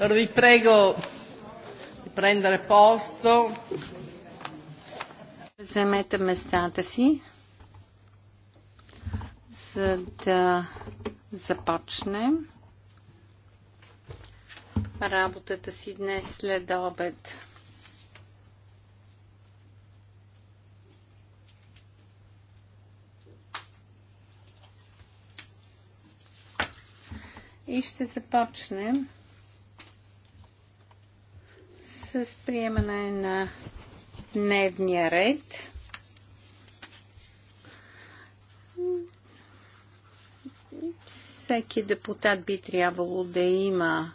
Allora vi prego di prendere posto. Вземете местата си, за да започнем работата си днес след обед. И ще започнем с приемане на дневния ред. Всеки депутат би трябвало да има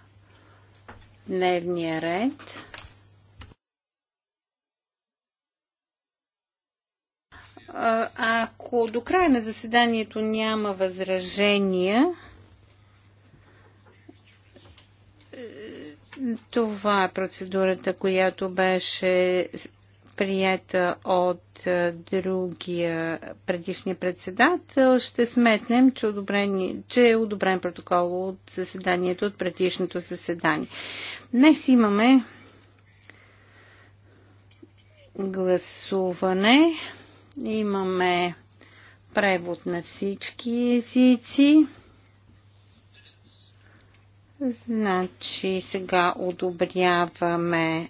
дневния ред. Ако до края на заседанието няма възражения, Това е процедурата, която беше прията от е, другия предишния председател, ще сметнем, че, одобрен, че е одобрен протокол от заседанието, от предишното заседание. Днес имаме гласуване, имаме превод на всички езици. Значи сега одобряваме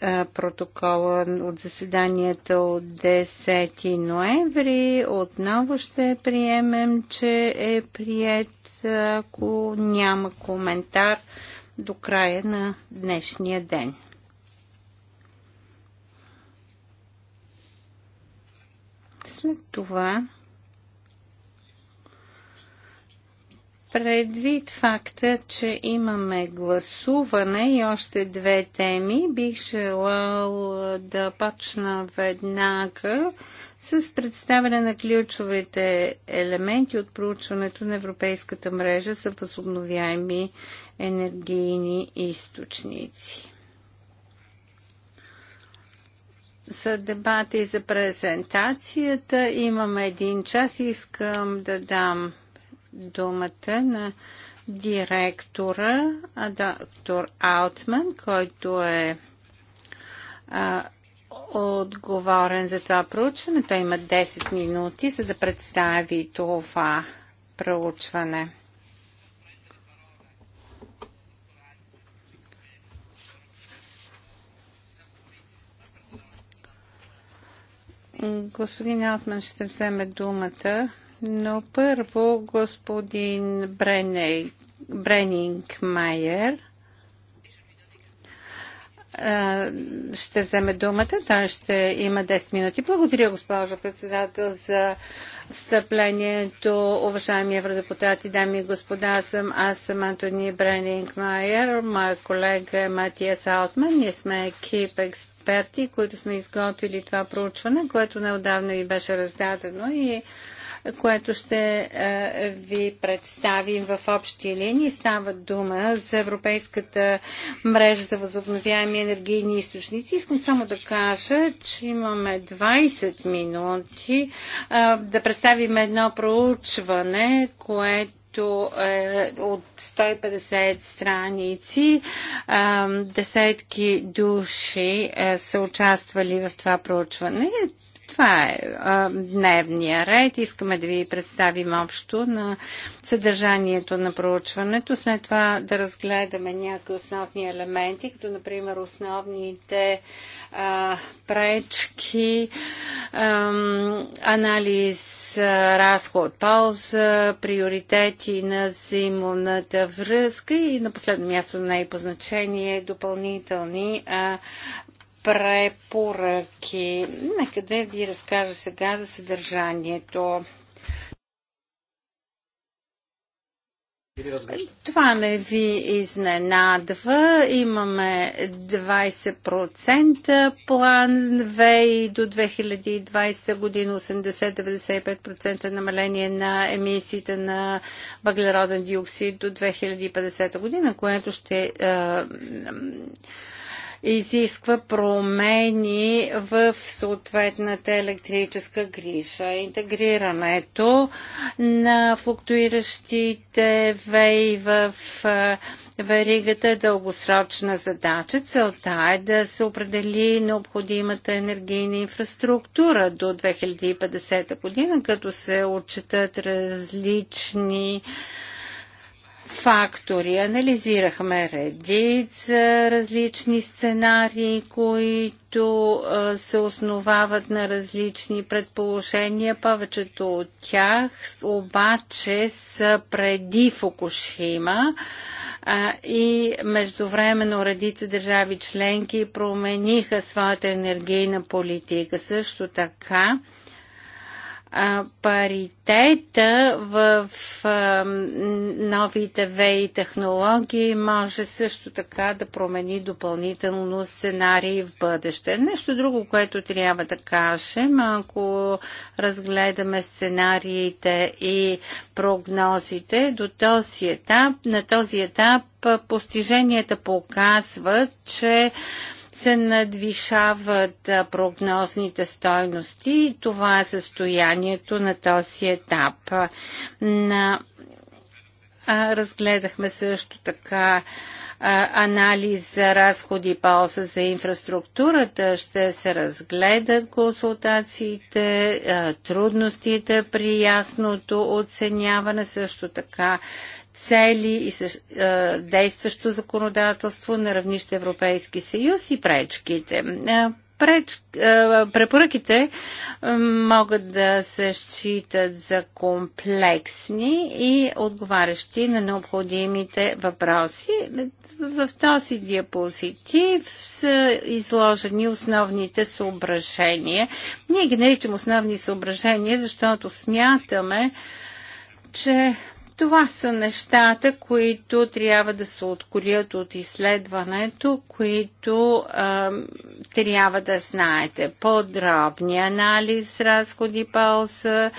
е, протокола от заседанието от 10 ноември. Отново ще приемем, че е прият, ако няма коментар до края на днешния ден. След това Предвид факта, че имаме гласуване и още две теми, бих желал да почна веднага с представяне на ключовите елементи от проучването на Европейската мрежа за възобновяеми енергийни източници. За дебата и за презентацията имаме един час. Искам да дам думата на директора, доктор Аутман, който е а, отговорен за това проучване. Той има 10 минути, за да представи това проучване. Господин Алтман ще вземе думата но първо господин Бренинг Майер ще вземе думата. Той ще има 10 минути. Благодаря, госпожо председател, за встъплението. Уважаеми евродепутати, дами и господа, съм аз съм Антони Бренинг Майер. Моя колега е Матия Саутман. Ние сме екип експерти, които сме изготвили това проучване, което неодавна ви беше раздадено и което ще е, ви представим в общи линии. Става дума за Европейската мрежа за възобновяеми енергийни източници. Искам само да кажа, че имаме 20 минути е, да представим едно проучване, което е от 150 страници. Е, десетки души са участвали в това проучване. Това е а, дневния ред. Искаме да ви представим общо на съдържанието на проучването. След това да разгледаме някои основни елементи, като например основните а, пречки, а, анализ, а, разход, полза, приоритети на взаимната връзка и на последно място на и по значение допълнителни а, препоръки. Нека да ви разкажа сега за съдържанието. Това не ви изненадва. Имаме 20% план ВЕИ до 2020 година, 80-95% намаление на емисиите на въглероден диоксид до 2050 година, което ще е, изисква промени в съответната електрическа грижа. Интегрирането на флуктуиращите вей в веригата е дългосрочна задача. Целта е да се определи необходимата енергийна инфраструктура до 2050 година, като се отчитат различни фактори. Анализирахме редица различни сценарии, които а, се основават на различни предположения. Повечето от тях обаче са преди Фукушима а, и междувременно редица държави членки промениха своята енергийна политика. Също така а, паритета в а, новите ВЕИ технологии може също така да промени допълнително сценарии в бъдеще. Нещо друго, което трябва да кажем, ако разгледаме сценариите и прогнозите до този етап, на този етап постиженията показват, че се надвишават прогнозните стойности и това е състоянието на този етап. На... Разгледахме също така анализ за разходи и полза за инфраструктурата, ще се разгледат консултациите, трудностите при ясното оценяване, също така цели и действащо законодателство на равнище Европейски съюз и пречките. Преч, препоръките могат да се считат за комплексни и отговарящи на необходимите въпроси. В този диапозитив са изложени основните съображения. Ние ги наричам основни съображения, защото смятаме, че това са нещата, които трябва да се откорят от изследването, които а, е, трябва да знаете. Подробни анализ, разходи, полза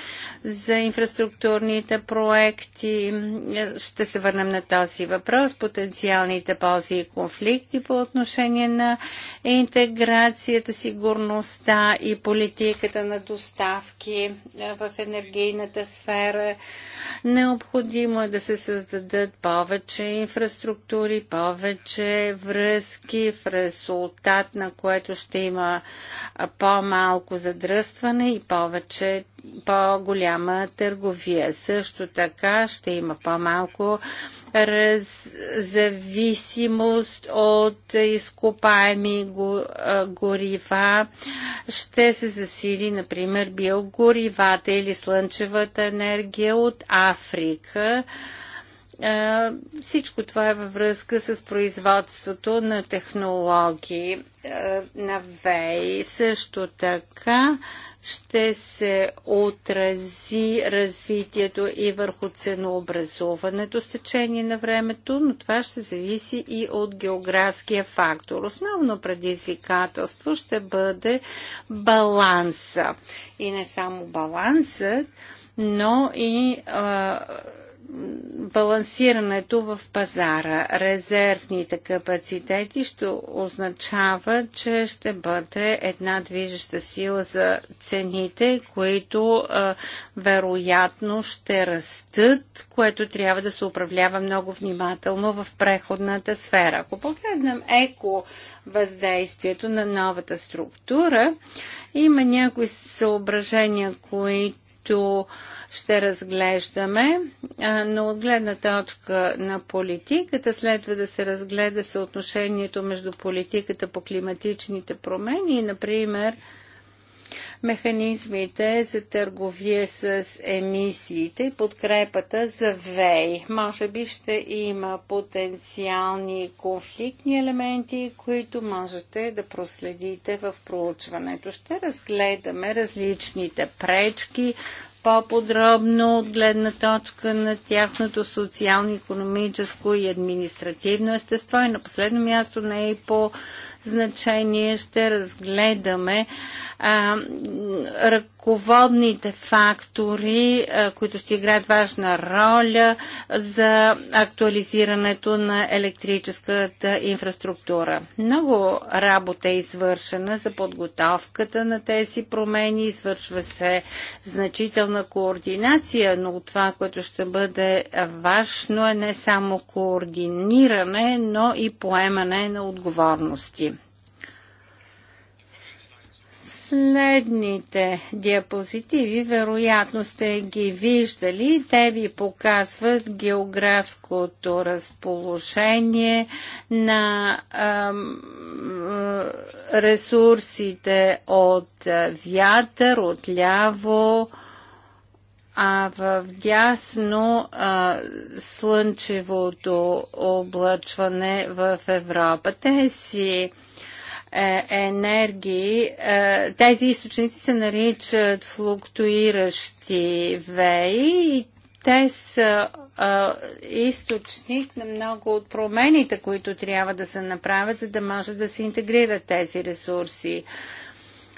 за инфраструктурните проекти. Ще се върнем на този въпрос. Потенциалните ползи и конфликти по отношение на интеграцията, сигурността и политиката на доставки в енергийната сфера. Необходимо Необходимо е да се създадат повече инфраструктури, повече връзки, в резултат на което ще има по-малко задръстване и повече по-голяма търговия. Също така ще има по-малко зависимост от изкопаеми горива. Ще се засили, например, биогоривата или слънчевата енергия от Африка. Всичко това е във връзка с производството на технологии на ВЕИ. Също така ще се отрази развитието и върху ценообразуването с течение на времето, но това ще зависи и от географския фактор. Основно предизвикателство ще бъде баланса. И не само балансът, но и а, балансирането в пазара, резервните капацитети ще означава, че ще бъде една движеща сила за цените, които а, вероятно ще растат, което трябва да се управлява много внимателно в преходната сфера. Ако погледнем еко въздействието на новата структура, има някои съображения, които които ще разглеждаме, но от гледна точка на политиката следва да се разгледа съотношението между политиката по климатичните промени и, например, механизмите за търговия с емисиите и подкрепата за ВЕЙ. Може би ще има потенциални конфликтни елементи, които можете да проследите в проучването. Ще разгледаме различните пречки, по-подробно от гледна точка на тяхното социално, економическо и административно естество и на последно място не и по значение ще разгледаме а, ръководните фактори, а, които ще играят важна роля за актуализирането на електрическата инфраструктура. Много работа е извършена за подготовката на тези промени, извършва се значителна координация, но това, което ще бъде важно е не само координиране, но и поемане на отговорности. Следните диапозитиви, вероятно сте ги виждали, те ви показват географското разположение на ам, ресурсите от вятър, от ляво, а в дясно а, слънчевото облъчване в Европа. Те си е, енергии, е, тези източници се наричат флуктуиращи веи и те са а, е, източник на много от промените, които трябва да се направят, за да може да се интегрират тези ресурси.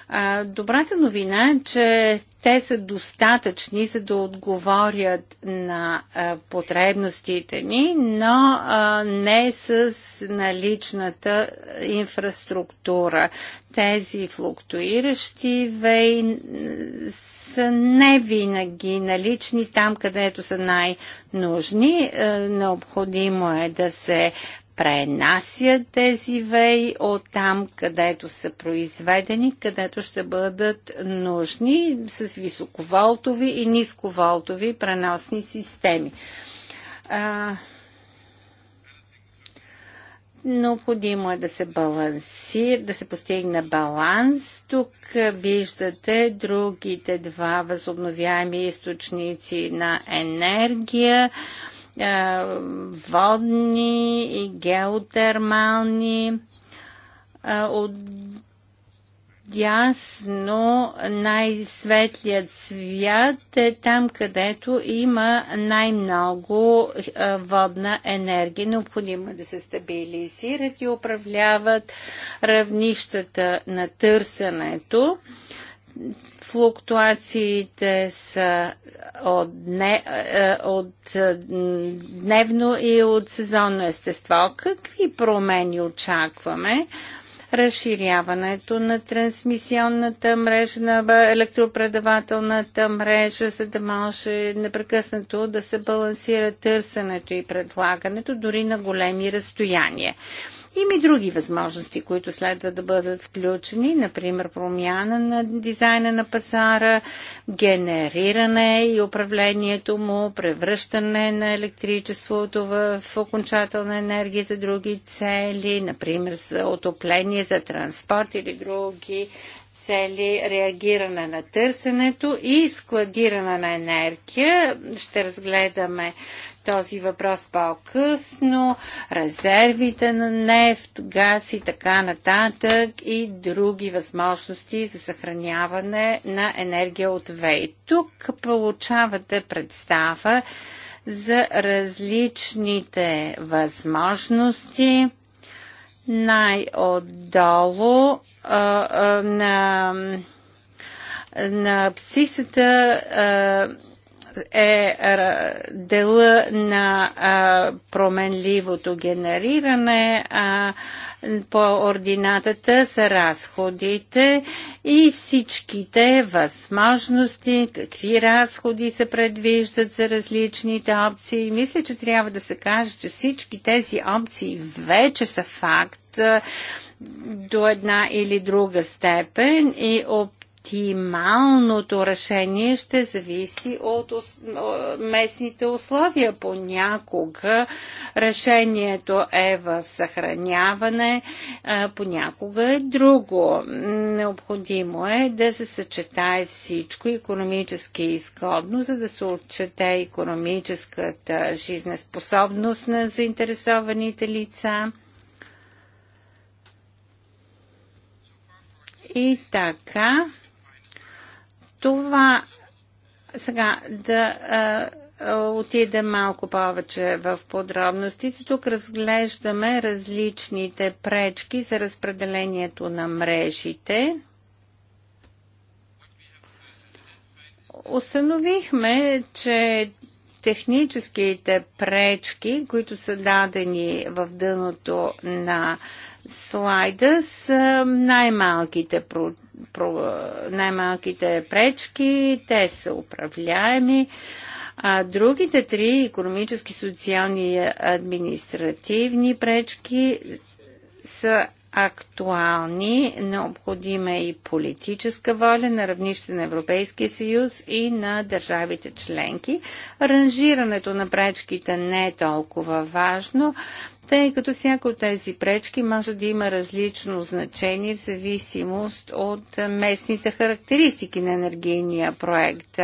А, добрата новина е, че те са достатъчни, за да отговорят на потребностите ни, но не с наличната инфраструктура. Тези флуктуиращи вей са не винаги налични там, където са най-нужни. Е, необходимо е да се пренасят тези веи от там, където са произведени, където ще бъдат нужни с високоволтови и нисковолтови преносни системи. А, необходимо е да се балансира, да се постигне баланс. Тук виждате другите два възобновяеми източници на енергия. А, водни и геотермални. От дясно най-светлият свят е там, където има най-много водна енергия. Необходимо е да се стабилизират и управляват равнищата на търсенето. Флуктуациите са от, дне, е, от е, дневно и от сезонно естество. Какви промени очакваме? разширяването на трансмисионната мрежа, на електропредавателната мрежа, за да може непрекъснато да се балансира търсенето и предлагането, дори на големи разстояния. Има и други възможности, които следва да бъдат включени, например промяна на дизайна на пазара, генериране и управлението му, превръщане на електричеството в окончателна енергия за други цели, например за отопление, за транспорт или други цели реагиране на търсенето и складиране на енергия. Ще разгледаме този въпрос по-късно, резервите на нефт, газ и така нататък и други възможности за съхраняване на енергия от ВЕЙ. Тук получавате представа за различните възможности най-отдолу на, на псисата е, е дела на променливото генериране, а по ординатата са разходите и всичките възможности, какви разходи се предвиждат за различните опции. Мисля, че трябва да се каже, че всички тези опции вече са факт до една или друга степен и оптималното решение ще зависи от местните условия. Понякога решението е в съхраняване, понякога е друго. Необходимо е да се съчетае всичко економически изгодно, за да се отчете економическата жизнеспособност на заинтересованите лица. И така, това сега да отида малко повече в подробностите. Тук разглеждаме различните пречки за разпределението на мрежите. Установихме, че техническите пречки, които са дадени в дъното на слайда, са най-малките най-малките пречки, те са управляеми. А другите три економически, социални и административни пречки са актуални, необходима е и политическа воля на равнище на Европейския съюз и на държавите членки. Ранжирането на пречките не е толкова важно тъй като всяка от тези пречки може да има различно значение в зависимост от местните характеристики на енергийния проект.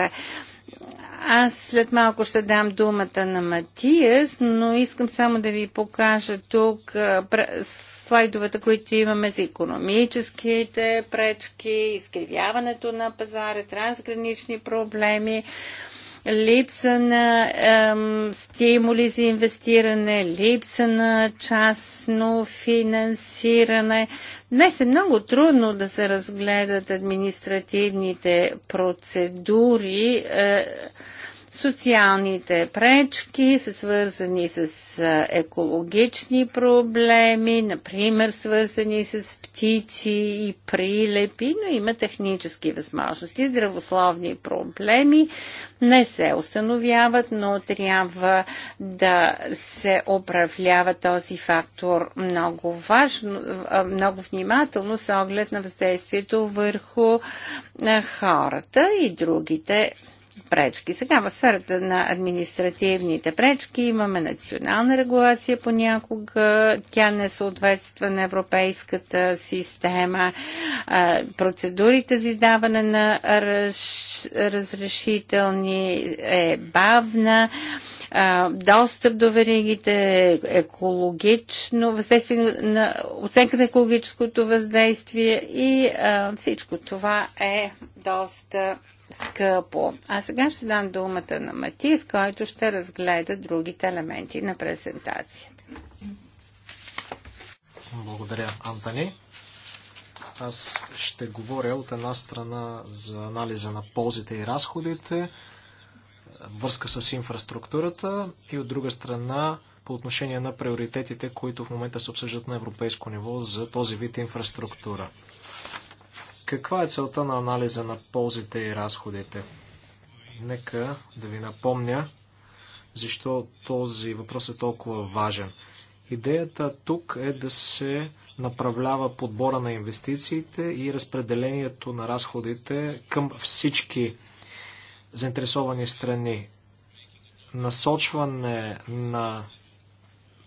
Аз след малко ще дам думата на Матиас, но искам само да ви покажа тук слайдовете, които имаме за економическите пречки, изкривяването на пазара, трансгранични проблеми липса на ем, стимули за инвестиране, липса на частно финансиране. Днес е много трудно да се разгледат административните процедури. Е, Социалните пречки са свързани с екологични проблеми, например свързани с птици и прилепи, но има технически възможности. Здравословни проблеми не се установяват, но трябва да се управлява този фактор много важно, много внимателно с оглед на въздействието върху хората и другите пречки. Сега в сферата на административните пречки имаме национална регулация понякога. Тя не съответства на европейската система. Процедурите за издаване на раз... разрешителни е бавна достъп до веригите, е екологично въздействие, на, оценка на екологическото въздействие и всичко това е доста скъпо. А сега ще дам думата на Матис, който ще разгледа другите елементи на презентацията. Благодаря, Антони. Аз ще говоря от една страна за анализа на ползите и разходите, връзка с инфраструктурата и от друга страна по отношение на приоритетите, които в момента се обсъждат на европейско ниво за този вид инфраструктура. Каква е целта на анализа на ползите и разходите? Нека да ви напомня защо този въпрос е толкова важен. Идеята тук е да се направлява подбора на инвестициите и разпределението на разходите към всички заинтересовани страни. Насочване на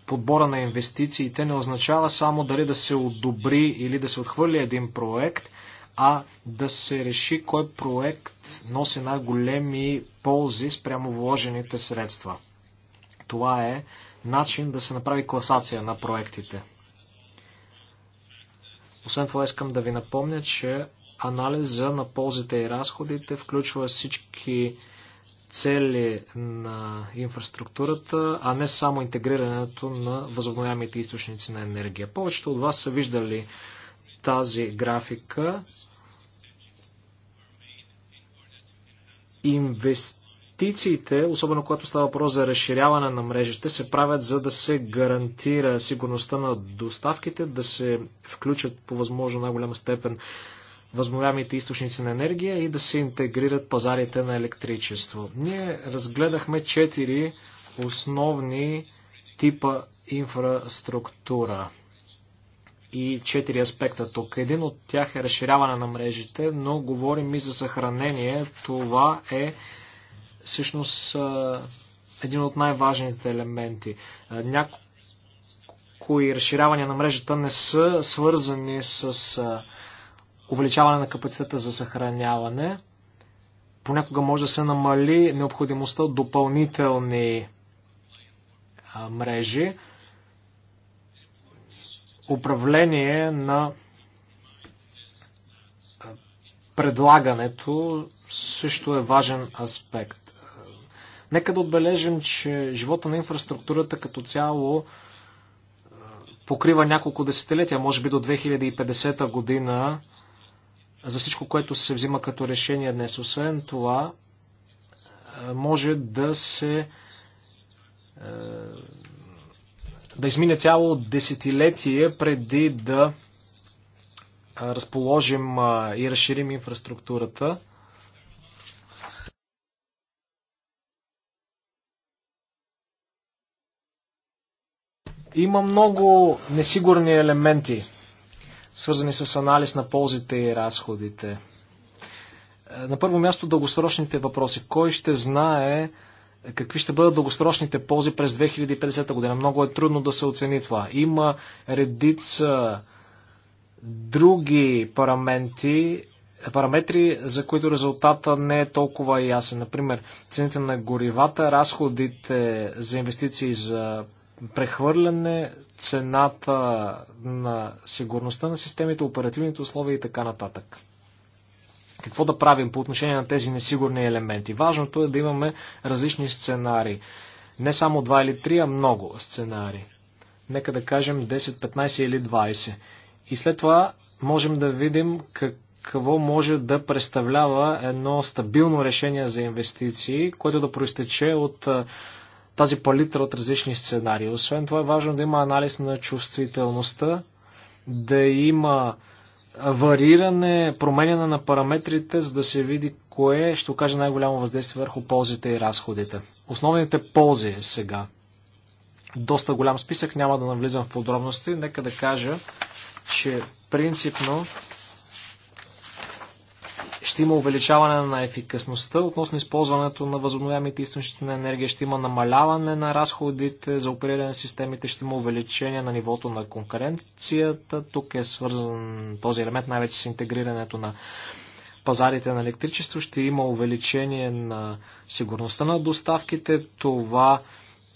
подбора на инвестициите не означава само дали да се одобри или да се отхвърли един проект, а да се реши кой проект носи най-големи ползи спрямо вложените средства. Това е начин да се направи класация на проектите. Освен това искам да ви напомня, че анализа на ползите и разходите включва всички цели на инфраструктурата, а не само интегрирането на възобновяемите източници на енергия. Повечето от вас са виждали тази графика. Инвестициите, особено когато става въпрос за разширяване на мрежите, се правят за да се гарантира сигурността на доставките, да се включат по възможно най-голяма степен възмолямите източници на енергия и да се интегрират пазарите на електричество. Ние разгледахме четири основни типа инфраструктура и четири аспекта тук. Един от тях е разширяване на мрежите, но говорим и за съхранение. Това е всъщност един от най-важните елементи. Някои разширявания на мрежата не са свързани с увеличаване на капацитета за съхраняване. Понякога може да се намали необходимостта от допълнителни мрежи управление на предлагането също е важен аспект. Нека да отбележим, че живота на инфраструктурата като цяло покрива няколко десетилетия, може би до 2050 година, за всичко, което се взима като решение днес. Освен това, може да се да измине цяло десетилетие преди да разположим и разширим инфраструктурата. Има много несигурни елементи, свързани с анализ на ползите и разходите. Е, на първо място дългосрочните въпроси. Кой ще знае, какви ще бъдат дългосрочните ползи през 2050 година. Много е трудно да се оцени това. Има редица други параменти, параметри, за които резултата не е толкова ясен. Например, цените на горивата, разходите за инвестиции за прехвърляне, цената на сигурността на системите, оперативните условия и така нататък. Какво да правим по отношение на тези несигурни елементи? Важното е да имаме различни сценари. Не само два или три, а много сценари. Нека да кажем 10, 15 или 20. И след това можем да видим какво може да представлява едно стабилно решение за инвестиции, което да проистече от тази палитра от различни сценарии. Освен това е важно да има анализ на чувствителността, да има вариране, променяне на параметрите, за да се види кое ще окаже най-голямо въздействие върху ползите и разходите. Основните ползи сега. Доста голям списък, няма да навлизам в подробности. Нека да кажа, че принципно ще има увеличаване на ефикасността относно използването на възобновяемите източници на енергия, ще има намаляване на разходите за опериране на системите, ще има увеличение на нивото на конкуренцията. Тук е свързан този елемент най-вече с интегрирането на пазарите на електричество, ще има увеличение на сигурността на доставките. Това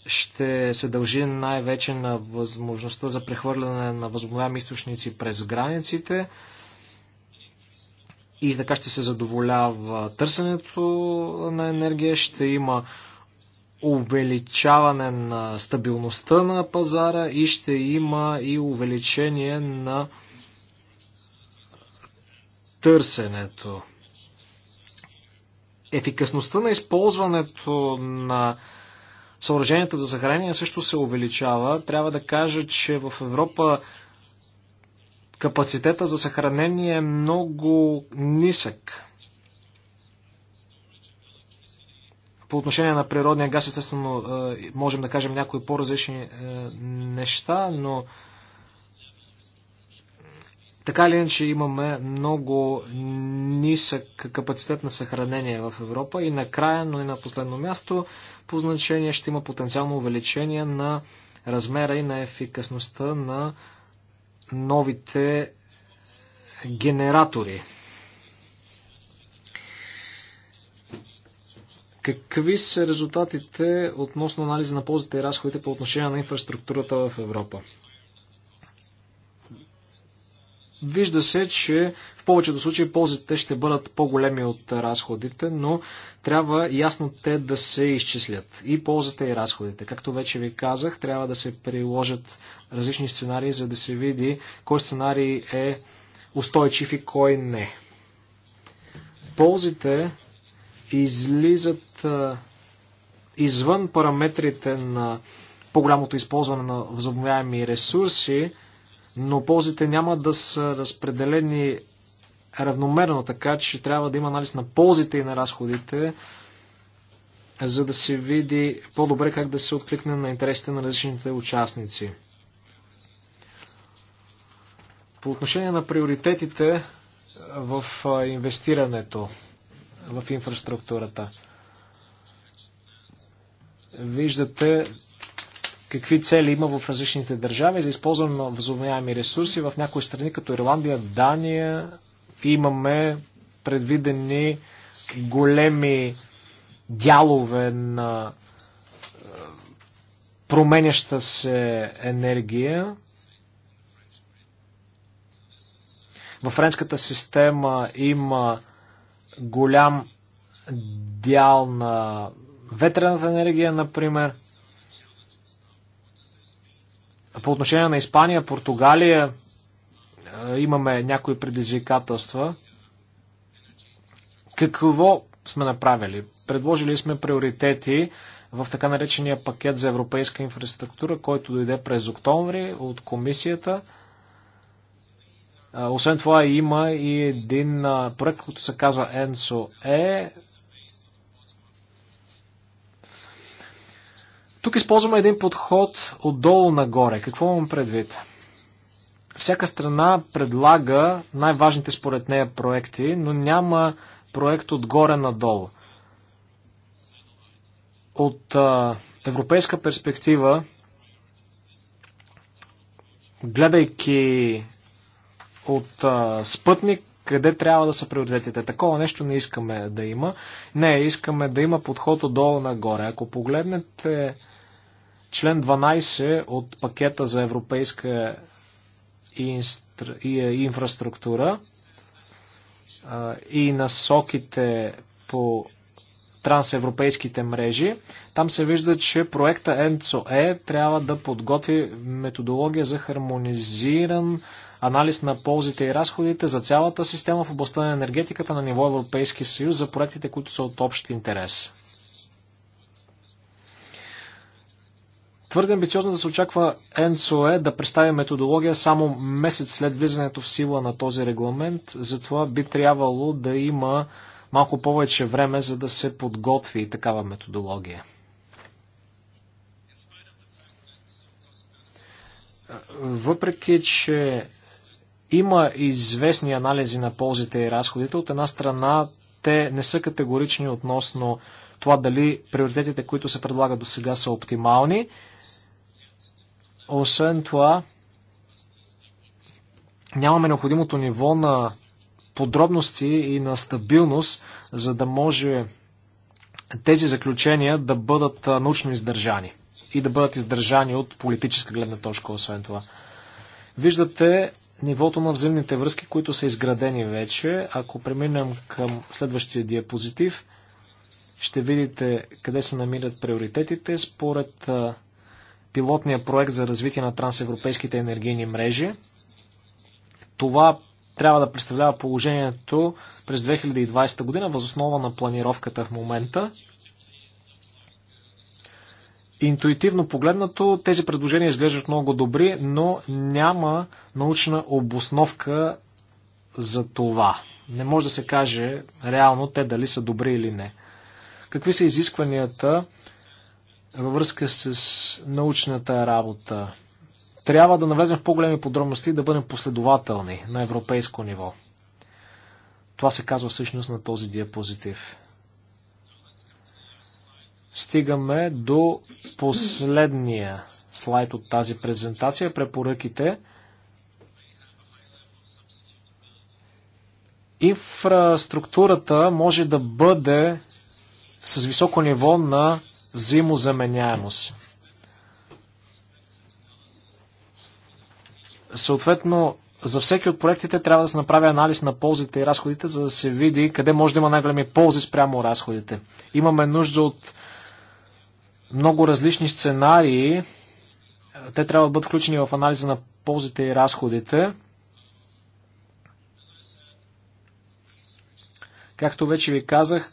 ще се дължи най-вече на възможността за прехвърляне на възобновяеми източници през границите и така ще се задоволява търсенето на енергия, ще има увеличаване на стабилността на пазара и ще има и увеличение на търсенето. Ефикасността на използването на съоръженията за съхранение също се увеличава. Трябва да кажа, че в Европа Капацитета за съхранение е много нисък. По отношение на природния газ, естествено, е, можем да кажем някои по-различни е, неща, но така или иначе имаме много нисък капацитет на съхранение в Европа и накрая, но и на последно място, по значение ще има потенциално увеличение на размера и на ефикасността на новите генератори. Какви са резултатите относно анализа на ползите и разходите по отношение на инфраструктурата в Европа? Вижда се, че в повечето случаи ползите ще бъдат по-големи от разходите, но трябва ясно те да се изчислят. И ползите, и разходите. Както вече ви казах, трябва да се приложат различни сценарии, за да се види кой сценарий е устойчив и кой не. Ползите излизат извън параметрите на по-голямото използване на възобновяеми ресурси, но ползите няма да са разпределени равномерно, така че трябва да има анализ на ползите и на разходите, за да се види по-добре как да се откликне на интересите на различните участници. По отношение на приоритетите в инвестирането в инфраструктурата. Виждате какви цели има в различните държави за използване на възобновяеми ресурси. В някои страни, като Ирландия, Дания, имаме предвидени големи дялове на променяща се енергия Във френската система има голям дял на ветрената енергия, например. По отношение на Испания, Португалия е, имаме някои предизвикателства. Какво сме направили? Предложили сме приоритети в така наречения пакет за европейска инфраструктура, който дойде през октомври от комисията – освен това има и един проект, който се казва ENSO-E. Тук използваме един подход отдолу нагоре. Какво имам предвид? Всяка страна предлага най-важните според нея проекти, но няма проект отгоре надолу. От а, европейска перспектива, гледайки от а, спътник, къде трябва да са приоритетите. Такова нещо не искаме да има. Не, искаме да има подход отдолу нагоре. Ако погледнете член 12 от пакета за европейска и е, инфраструктура а, и насоките по трансевропейските мрежи. Там се вижда, че проекта ЕНЦОЕ e трябва да подготви методология за хармонизиран анализ на ползите и разходите за цялата система в областта на енергетиката на ниво Европейски съюз за проектите, които са от общ интерес. Твърде амбициозно да се очаква НСОЕ да представи методология само месец след влизането в сила на този регламент, затова би трябвало да има малко повече време, за да се подготви такава методология. Въпреки, че има известни анализи на ползите и разходите. От една страна, те не са категорични относно това дали приоритетите, които се предлагат до сега, са оптимални. Освен това, нямаме необходимото ниво на подробности и на стабилност, за да може тези заключения да бъдат научно издържани и да бъдат издържани от политическа гледна точка, освен това. Виждате нивото на взаимните връзки, които са изградени вече. Ако преминем към следващия диапозитив, ще видите къде се намират приоритетите според пилотния проект за развитие на трансевропейските енергийни мрежи. Това трябва да представлява положението през 2020 година, възоснова на планировката в момента. Интуитивно погледнато тези предложения изглеждат много добри, но няма научна обосновка за това. Не може да се каже реално те дали са добри или не. Какви са изискванията във връзка с научната работа? Трябва да навлезем в по-големи подробности и да бъдем последователни на европейско ниво. Това се казва всъщност на този диапозитив стигаме до последния слайд от тази презентация, препоръките. Инфраструктурата може да бъде с високо ниво на взаимозаменяемост. Съответно, за всеки от проектите трябва да се направи анализ на ползите и разходите, за да се види къде може да има най-големи ползи спрямо разходите. Имаме нужда от много различни сценарии. Те трябва да бъдат включени в анализа на ползите и разходите. Както вече ви казах,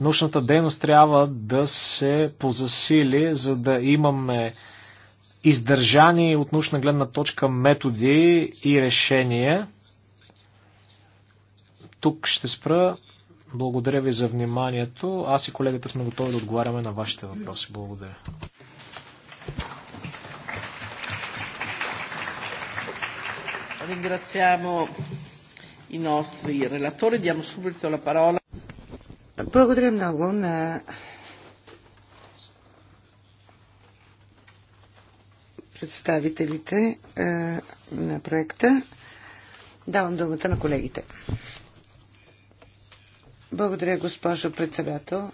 научната дейност трябва да се позасили, за да имаме издържани от научна гледна точка методи и решения. Тук ще спра. Благодаря ви за вниманието. Аз и колегата сме готови да отговаряме на вашите въпроси. Благодаря. Ringraziamo i nostri relatori. Diamo subito la parola. Благодаря много на представителите е, на проекта. Давам думата на колегите. Благодаря, госпожо председател.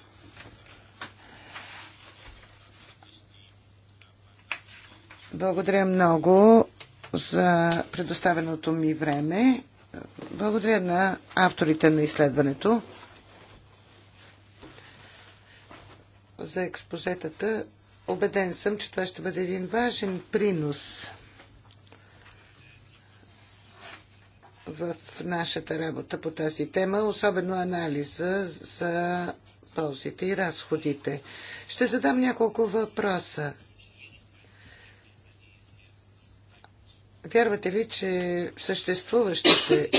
Благодаря много за предоставеното ми време. Благодаря на авторите на изследването за експозетата. Обеден съм, че това ще бъде един важен принос в нашата работа по тази тема, особено анализа за ползите и разходите. Ще задам няколко въпроса. Вярвате ли, че съществуващите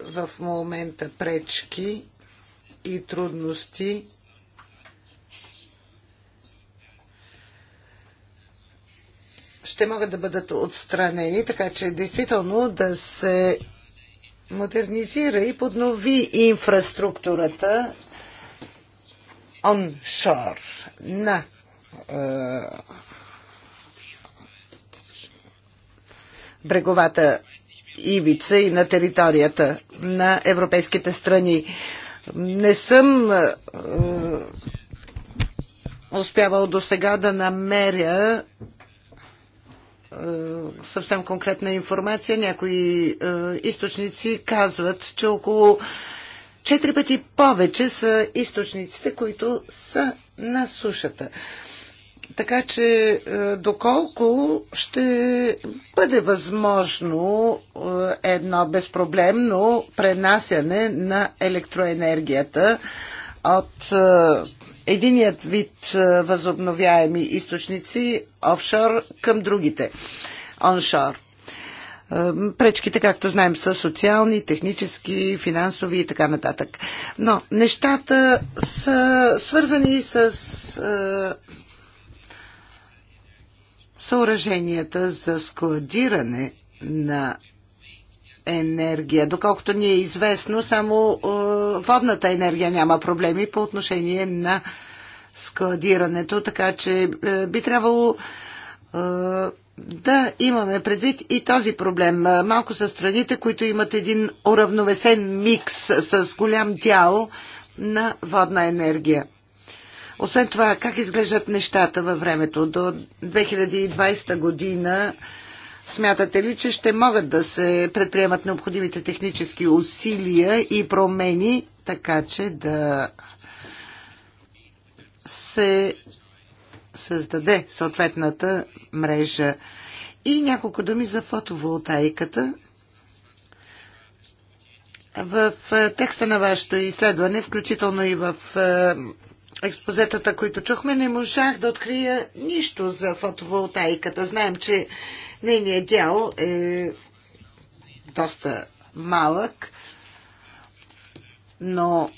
в момента пречки и трудности ще могат да бъдат отстранени, така че действително да се модернизира и поднови инфраструктурата оншор на е, бреговата ивица и на територията на европейските страни. Не съм е, е успявал до сега да намеря е, съвсем конкретна информация. Някои е, източници казват, че около 4 пъти повече са източниците, които са на сушата. Така че е, доколко ще бъде възможно едно безпроблемно пренасяне на електроенергията от единият вид възобновяеми източници офшор към другите оншор. Пречките, както знаем, са социални, технически, финансови и така нататък. Но нещата са свързани с съоръженията за складиране на енергия. Доколкото ни е известно, само водната енергия няма проблеми по отношение на складирането, така че е, би трябвало е, да имаме предвид и този проблем. Е, малко са страните, които имат един уравновесен микс с голям дял на водна енергия. Освен това, как изглеждат нещата във времето? До 2020 година Смятате ли, че ще могат да се предприемат необходимите технически усилия и промени, така че да се създаде съответната мрежа? И няколко думи за фотоволтаиката. В е, текста на вашето изследване, включително и в е, експозетата, които чухме, не можах да открия нищо за фотоволтаиката. Знаем, че нейният дял е доста малък, но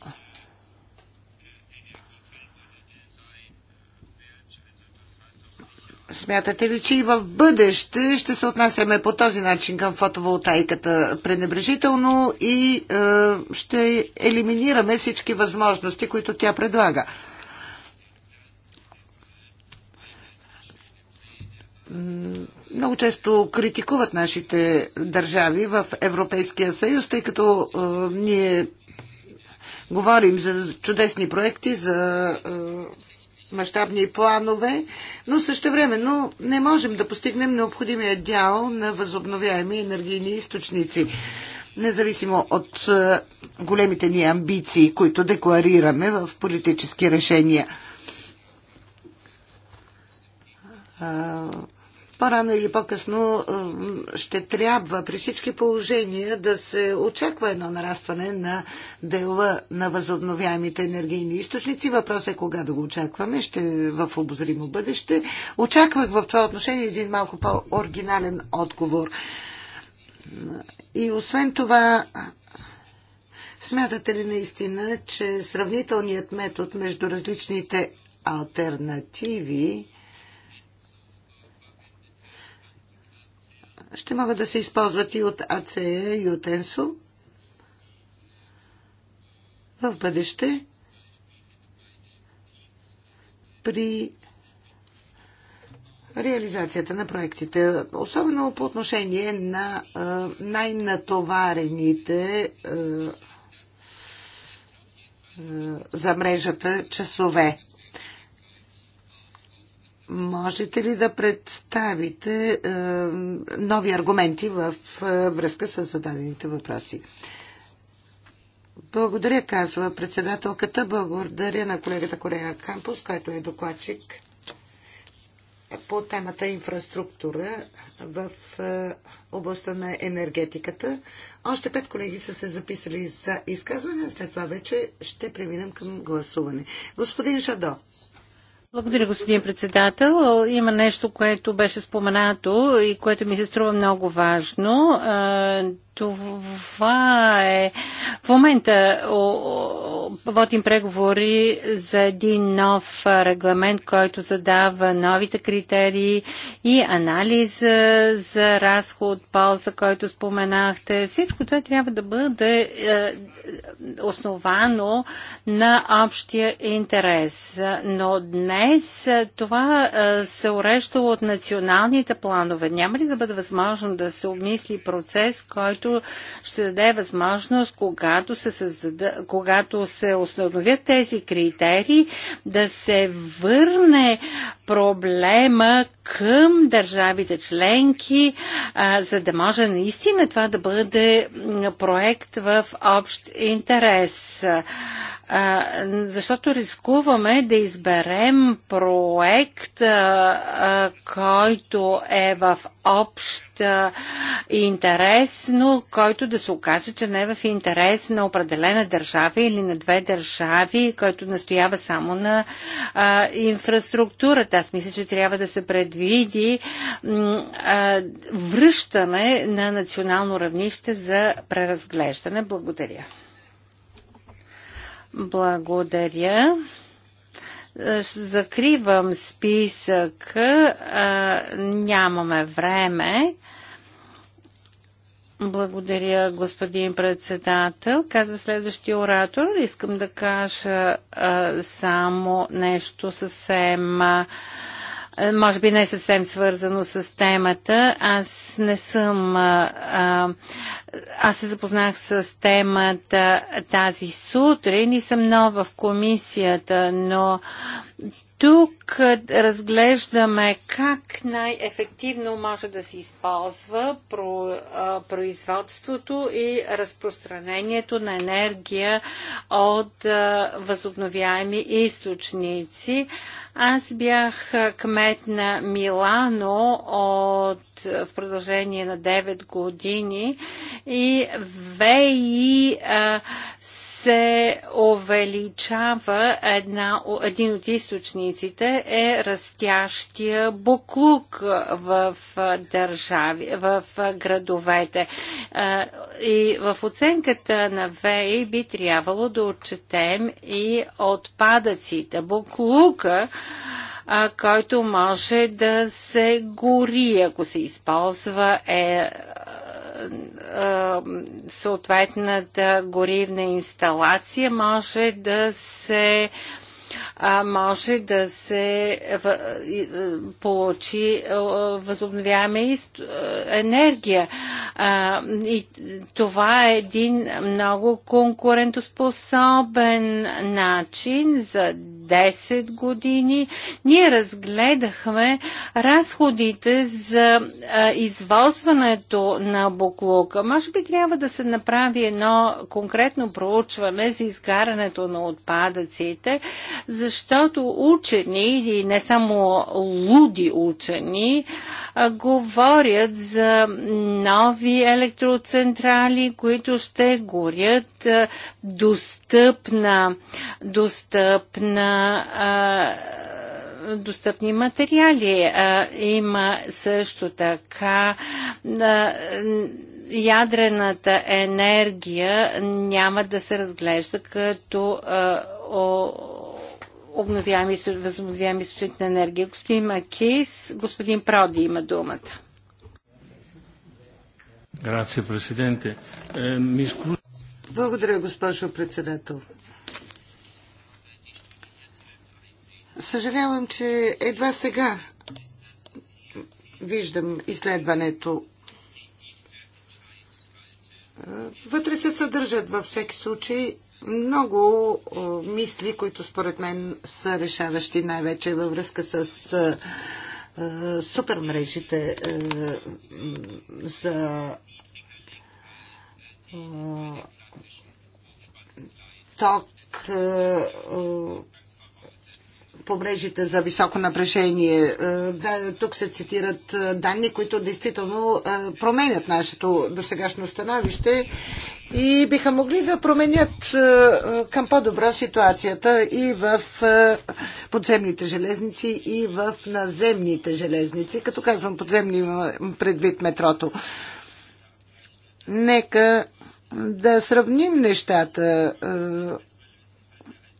Смятате ли, че и в бъдеще ще се отнасяме по този начин към фотоволтайката пренебрежително и е, ще елиминираме всички възможности, които тя предлага? много често критикуват нашите държави в Европейския съюз, тъй като ние говорим за чудесни проекти, за мащабни планове, но същевременно не можем да постигнем необходимия дял на възобновяеми енергийни източници. Независимо от големите ни амбиции, които декларираме в политически решения. По-рано или по-късно ще трябва при всички положения да се очаква едно нарастване на дела на възобновяемите енергийни източници. Въпросът е кога да го очакваме, ще е в обозримо бъдеще. Очаквах в това отношение един малко по-оригинален отговор. И освен това, смятате ли наистина, че сравнителният метод между различните альтернативи ще могат да се използват и от АЦЕ и от ЕНСО в бъдеще при реализацията на проектите, особено по отношение на най-натоварените за мрежата часове. Можете ли да представите е, нови аргументи в е, връзка с зададените въпроси? Благодаря, казва председателката. Благодаря на колегата Корея Кампус, който е докладчик по темата инфраструктура в е, областта на енергетиката. Още пет колеги са се записали за изказване, след това вече ще преминем към гласуване. Господин Шадо. Благодаря, господин председател. Има нещо, което беше споменато и което ми се струва много важно. Това е. В момента водим преговори за един нов регламент, който задава новите критерии и анализа за разход, полза, който споменахте. Всичко това трябва да бъде е, основано на общия интерес. Но днес е, това е, се урежда от националните планове. Няма ли да бъде възможно да се обмисли процес, който което ще даде възможност, когато се, създаде, когато се установят тези критерии, да се върне проблема към държавите членки, а, за да може наистина това да бъде проект в общ интерес защото рискуваме да изберем проект, който е в общ интерес, но който да се окаже, че не е в интерес на определена държава или на две държави, който настоява само на инфраструктурата. Аз мисля, че трябва да се предвиди връщане на национално равнище за преразглеждане. Благодаря. Благодаря. Е, закривам списък. Е, нямаме време. Благодаря, господин председател. Казва следващия оратор. Искам да кажа е, само нещо съвсем може би не съвсем свързано с темата. Аз не съм. А, аз се запознах с темата тази сутрин и съм нова в комисията, но тук разглеждаме как най-ефективно може да се използва про, а, производството и разпространението на енергия от а, възобновяеми източници. Аз бях кмет на Милано от, в продължение на 9 години и ВИ а, се увеличава една, един от източниците е растящия буклук в държави, в градовете. И в оценката на ВЕИ би трябвало да отчетем и отпадъците. Буклука а, който може да се гори, ако се използва е, съответната горивна инсталация може да се а, може да се в, получи възобновяема енергия. А, и това е един много конкурентоспособен начин за 10 години. Ние разгледахме разходите за а, извозването на буклука. Може би трябва да се направи едно конкретно проучване за изгарането на отпадъците, защото учени, и не само луди учени, говорят за нови електроцентрали, които ще горят достъпна, достъпна достъпни материали. Има също така ядрената енергия няма да се разглежда като възобновяеми източник на енергия. Господин Макис, господин Проди има думата. Е, Благодаря, госпожо председател. Съжалявам, че едва сега виждам изследването. Е, вътре се съдържат във всеки случай много мисли, които според мен са решаващи най-вече във връзка с супермрежите за ток, по мрежите за високо напрежение. Е, да, тук се цитират е, данни, които действително е, променят нашето досегашно становище и биха могли да променят към по добра ситуацията и в подземните железници, и в наземните железници. Като казвам подземни, предвид метрото. Нека да сравним нещата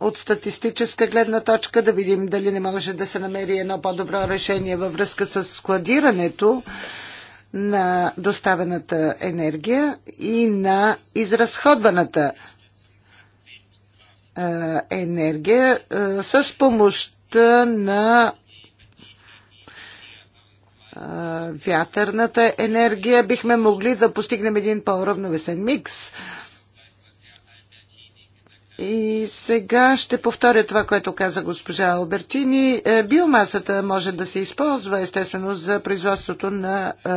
от статистическа гледна точка, да видим дали не може да се намери едно по-добро решение във връзка с складирането на доставената енергия и на изразходваната енергия с помощта на вятърната енергия бихме могли да постигнем един по-равновесен микс и сега ще повторя това, което каза госпожа Албертини. Е, биомасата може да се използва естествено за производството на е,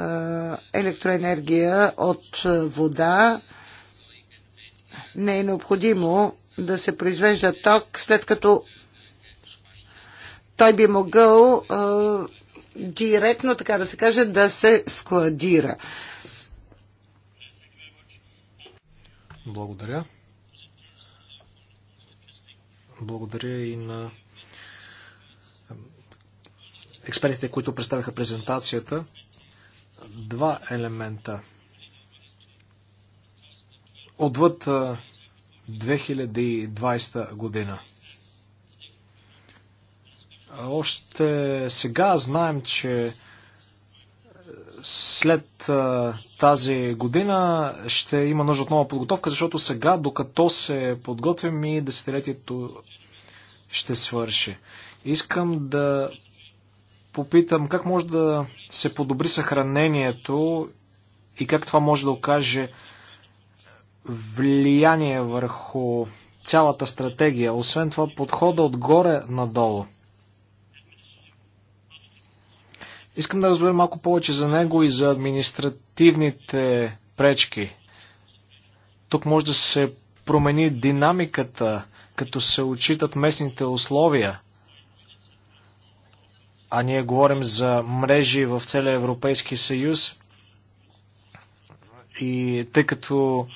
е, електроенергия от вода. Не е необходимо да се произвежда ток, след като той би могъл директно, така да се каже, да се складира. Благодаря. Благодаря и на експертите, които представиха презентацията. Два елемента. Отвъд 2020 година. Още сега знаем, че след тази година ще има нужда от нова подготовка, защото сега, докато се подготвим и десетилетието ще свърши. Искам да попитам как може да се подобри съхранението и как това може да окаже влияние върху цялата стратегия. Освен това, подхода отгоре надолу. Искам да разбера малко повече за него и за административните пречки. Тук може да се промени динамиката като се отчитат местните условия, а ние говорим за мрежи в целия Европейски съюз, и тъй като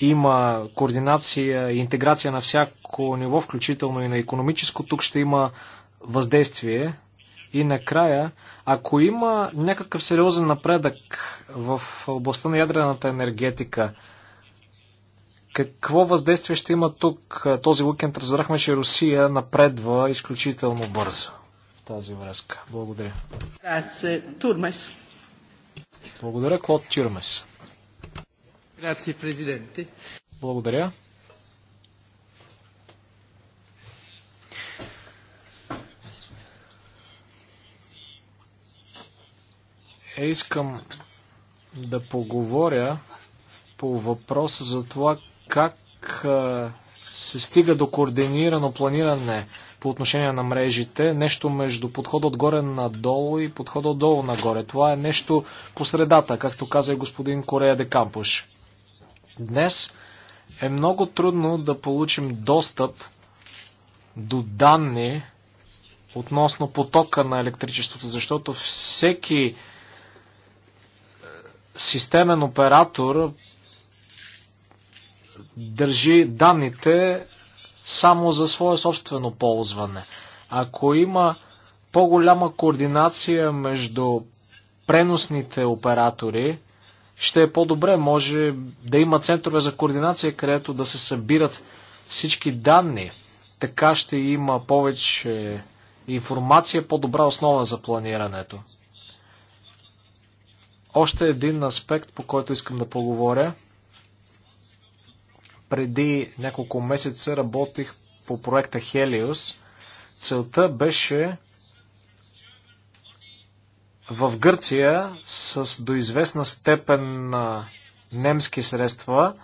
има координация и интеграция на всяко ниво, включително и на економическо, тук ще има въздействие. И накрая, ако има някакъв сериозен напредък в областта на ядрената енергетика, какво въздействие ще има тук? Този уикенд разбрахме, че Русия напредва изключително бързо в тази връзка. Благодаря. Турмес. Благодаря, Клод Тюрмес. Грация, Благодаря. Е, искам да поговоря по въпроса за това как се стига до координирано планиране по отношение на мрежите, нещо между подхода отгоре надолу и подхода отдолу нагоре. Това е нещо по средата, както каза и господин Корея де Кампуш. Днес е много трудно да получим достъп до данни относно потока на електричеството, защото всеки е, системен оператор държи данните само за свое собствено ползване. Ако има по-голяма координация между преносните оператори, ще е по-добре. Може да има центрове за координация, където да се събират всички данни. Така ще има повече информация, по-добра основа за планирането. Още един аспект, по който искам да поговоря – преди няколко месеца работих по проекта Helios. Целта беше в Гърция с доизвестна степен на немски средства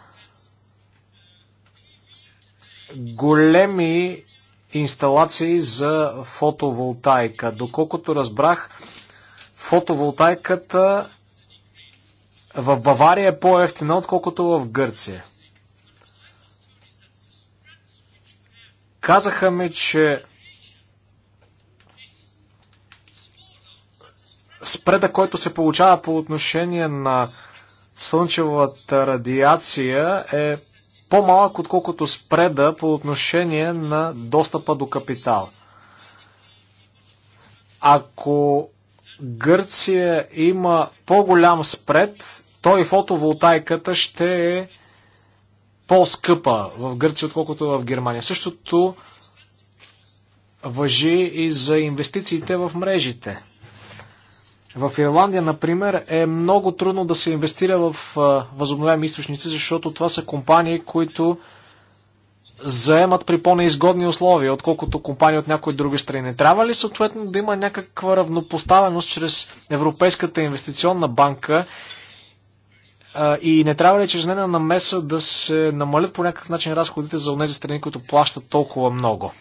големи инсталации за фотоволтайка. Доколкото разбрах, фотоволтайката в Бавария е по-ефтина, отколкото в Гърция. Казаха ми, че спреда, който се получава по отношение на слънчевата радиация е по-малък, отколкото спреда по отношение на достъпа до капитал. Ако Гърция има по-голям спред, то и фотоволтайката ще е по-скъпа в Гърция, отколкото в Германия. Същото въжи и за инвестициите в мрежите. В Ирландия, например, е много трудно да се инвестира в възобновяеми източници, защото това са компании, които заемат при по-неизгодни условия, отколкото компании от някои други страни. Трябва ли съответно да има някаква равнопоставеност чрез Европейската инвестиционна банка и не трябва ли чрез на намеса да се намалят по някакъв начин разходите за тези страни, които плащат толкова много?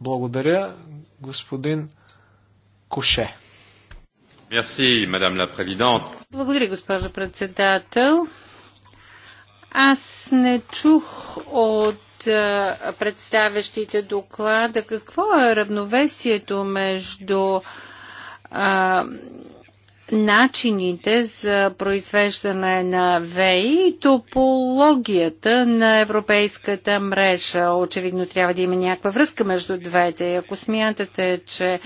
Благодаря, господин Коше. Merci, madame la présidente. Благодаря, госпожо председател. Аз не чух от представящите доклада какво е равновесието между а, начините за произвеждане на ВЕИ и топологията на европейската мрежа. Очевидно трябва да има някаква връзка между двете. Ако смятате, че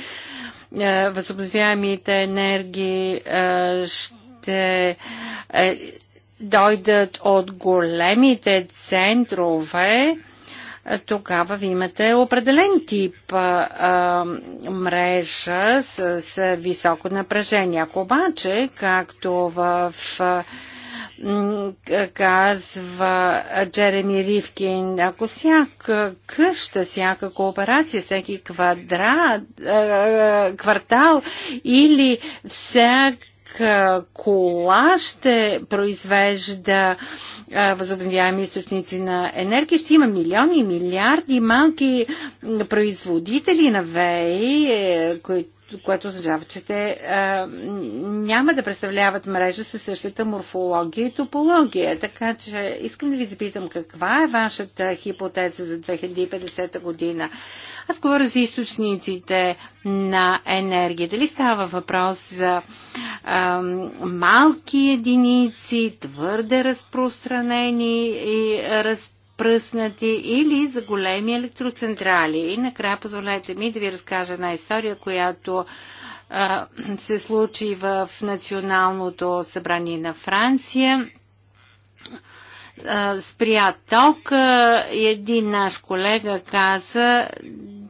е, възобновяемите енергии е, ще е, дойдат от големите центрове, тогава ви имате определен тип а, мрежа с, с високо напрежение. Ако обаче, както в а, казва Джереми Ривкин, ако всяка къща, всяка кооперация, всеки квадрат, квартал или всяка е, кола ще произвежда е, възобновяеми източници на енергия, ще има милиони, милиарди малки производители на ВЕИ, е, които което означава, че те а, няма да представляват мрежа със същата морфология и топология. Така че искам да ви запитам каква е вашата хипотеза за 2050 година. Аз говоря за източниците на енергия. Дали става въпрос за а, малки единици, твърде разпространени и разпространени? пръснати или за големи електроцентрали. И накрая позволете ми да ви разкажа една история, която а, се случи в Националното събрание на Франция спря ток. Един наш колега каза,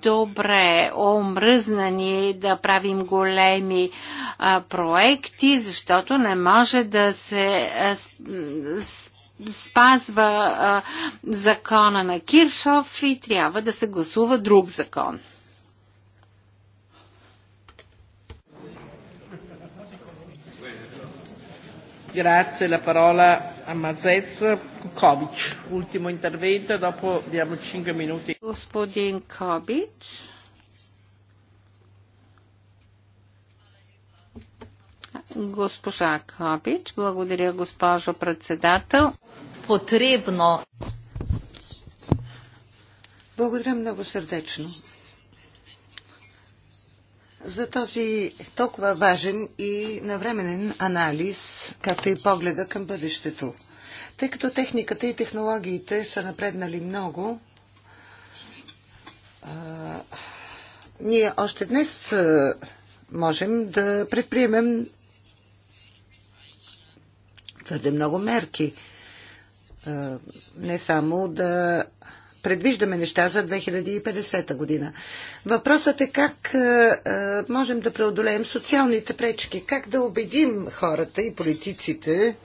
добре, омръзнани е да правим големи а, проекти, защото не може да се а, с, спазва а, закона на Киршов и трябва да се гласува друг закон. Grazie, la parola a Mazez Kukovic. Ultimo intervento, dopo diamo 5 minuti. Господин Кобич. Госпожа Капич. благодаря госпожо председател. Потребно. Благодаря много сърдечно за този толкова важен и навременен анализ, както и погледа към бъдещето. Тъй като техниката и технологиите са напреднали много, а, ние още днес можем да предприемем твърде много мерки. Не само да предвиждаме неща за 2050 година. Въпросът е как можем да преодолеем социалните пречки, как да убедим хората и политиците,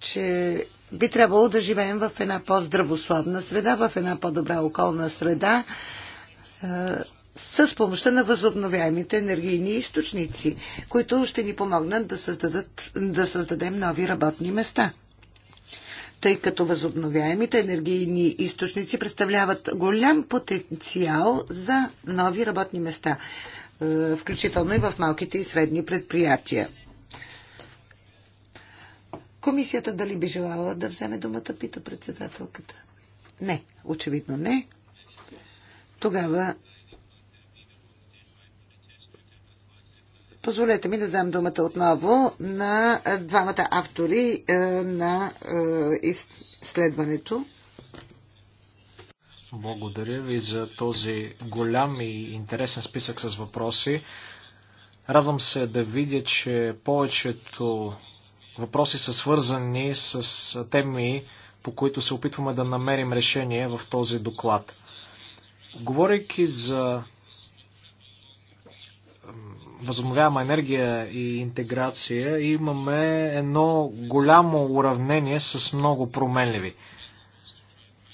че би трябвало да живеем в една по-здравословна среда, в една по-добра околна среда с помощта на възобновяемите енергийни източници, които ще ни помогнат да, създадат, да създадем нови работни места. Тъй като възобновяемите енергийни източници представляват голям потенциал за нови работни места, е, включително и в малките и средни предприятия. Комисията дали би желала да вземе думата, пита председателката. Не, очевидно не. Тогава Позволете ми да дам думата отново на е, двамата автори е, на е, изследването. Благодаря ви за този голям и интересен списък с въпроси. Радвам се да видя, че повечето въпроси са свързани с теми, по които се опитваме да намерим решение в този доклад. Говорейки за възобновяема енергия и интеграция имаме едно голямо уравнение с много променливи.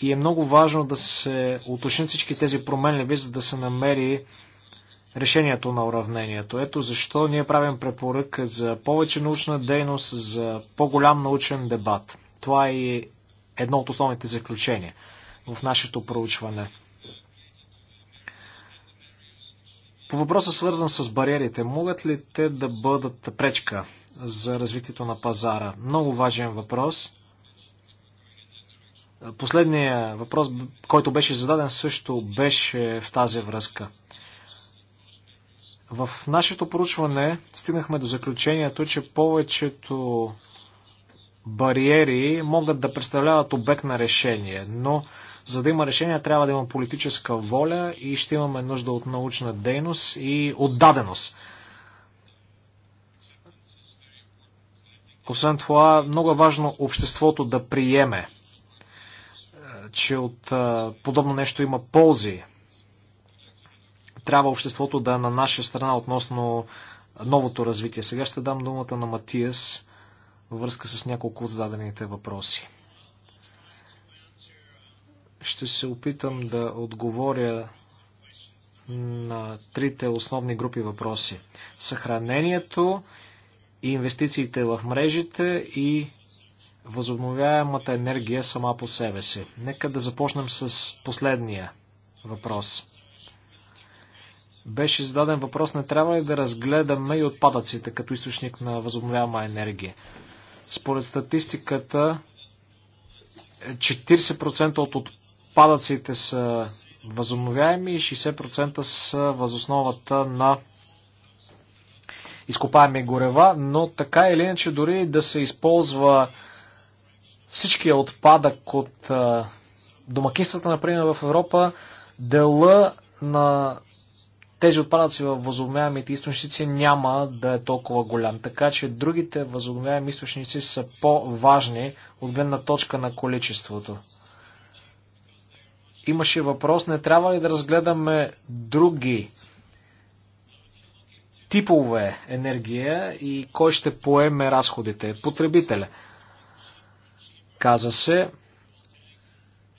И е много важно да се уточнят всички тези променливи, за да се намери решението на уравнението. Ето защо ние правим препоръка за повече научна дейност, за по-голям научен дебат. Това е едно от основните заключения в нашето проучване. По въпроса свързан с бариерите, могат ли те да бъдат пречка за развитието на пазара? Много важен въпрос. Последният въпрос, който беше зададен, също беше в тази връзка. В нашето проучване стигнахме до заключението, че повечето бариери могат да представляват обект на решение, но за да има решение, трябва да има политическа воля и ще имаме нужда от научна дейност и отдаденост. Освен това, много е важно обществото да приеме, е, че от е, подобно нещо има ползи. Трябва обществото да е на наша страна относно новото развитие. Сега ще дам думата на Матиас във връзка с няколко от зададените въпроси. Ще се опитам да отговоря на трите основни групи въпроси. Съхранението и инвестициите в мрежите и възобновяемата енергия сама по себе си. Нека да започнем с последния въпрос. Беше зададен въпрос, не трябва ли да разгледаме и отпадъците като източник на възобновяема енергия. Според статистиката, 40% от отпадъците са възобновяеми и 60% са възосновата на изкопаеми горева, но така или иначе дори да се използва всичкия отпадък от домакинствата, например, в Европа, дела на тези отпадъци в възобновяемите източници няма да е толкова голям. Така че другите възобновяеми източници са по-важни от гледна точка на количеството имаше въпрос, не трябва ли да разгледаме други типове енергия и кой ще поеме разходите? Потребителя. Каза се,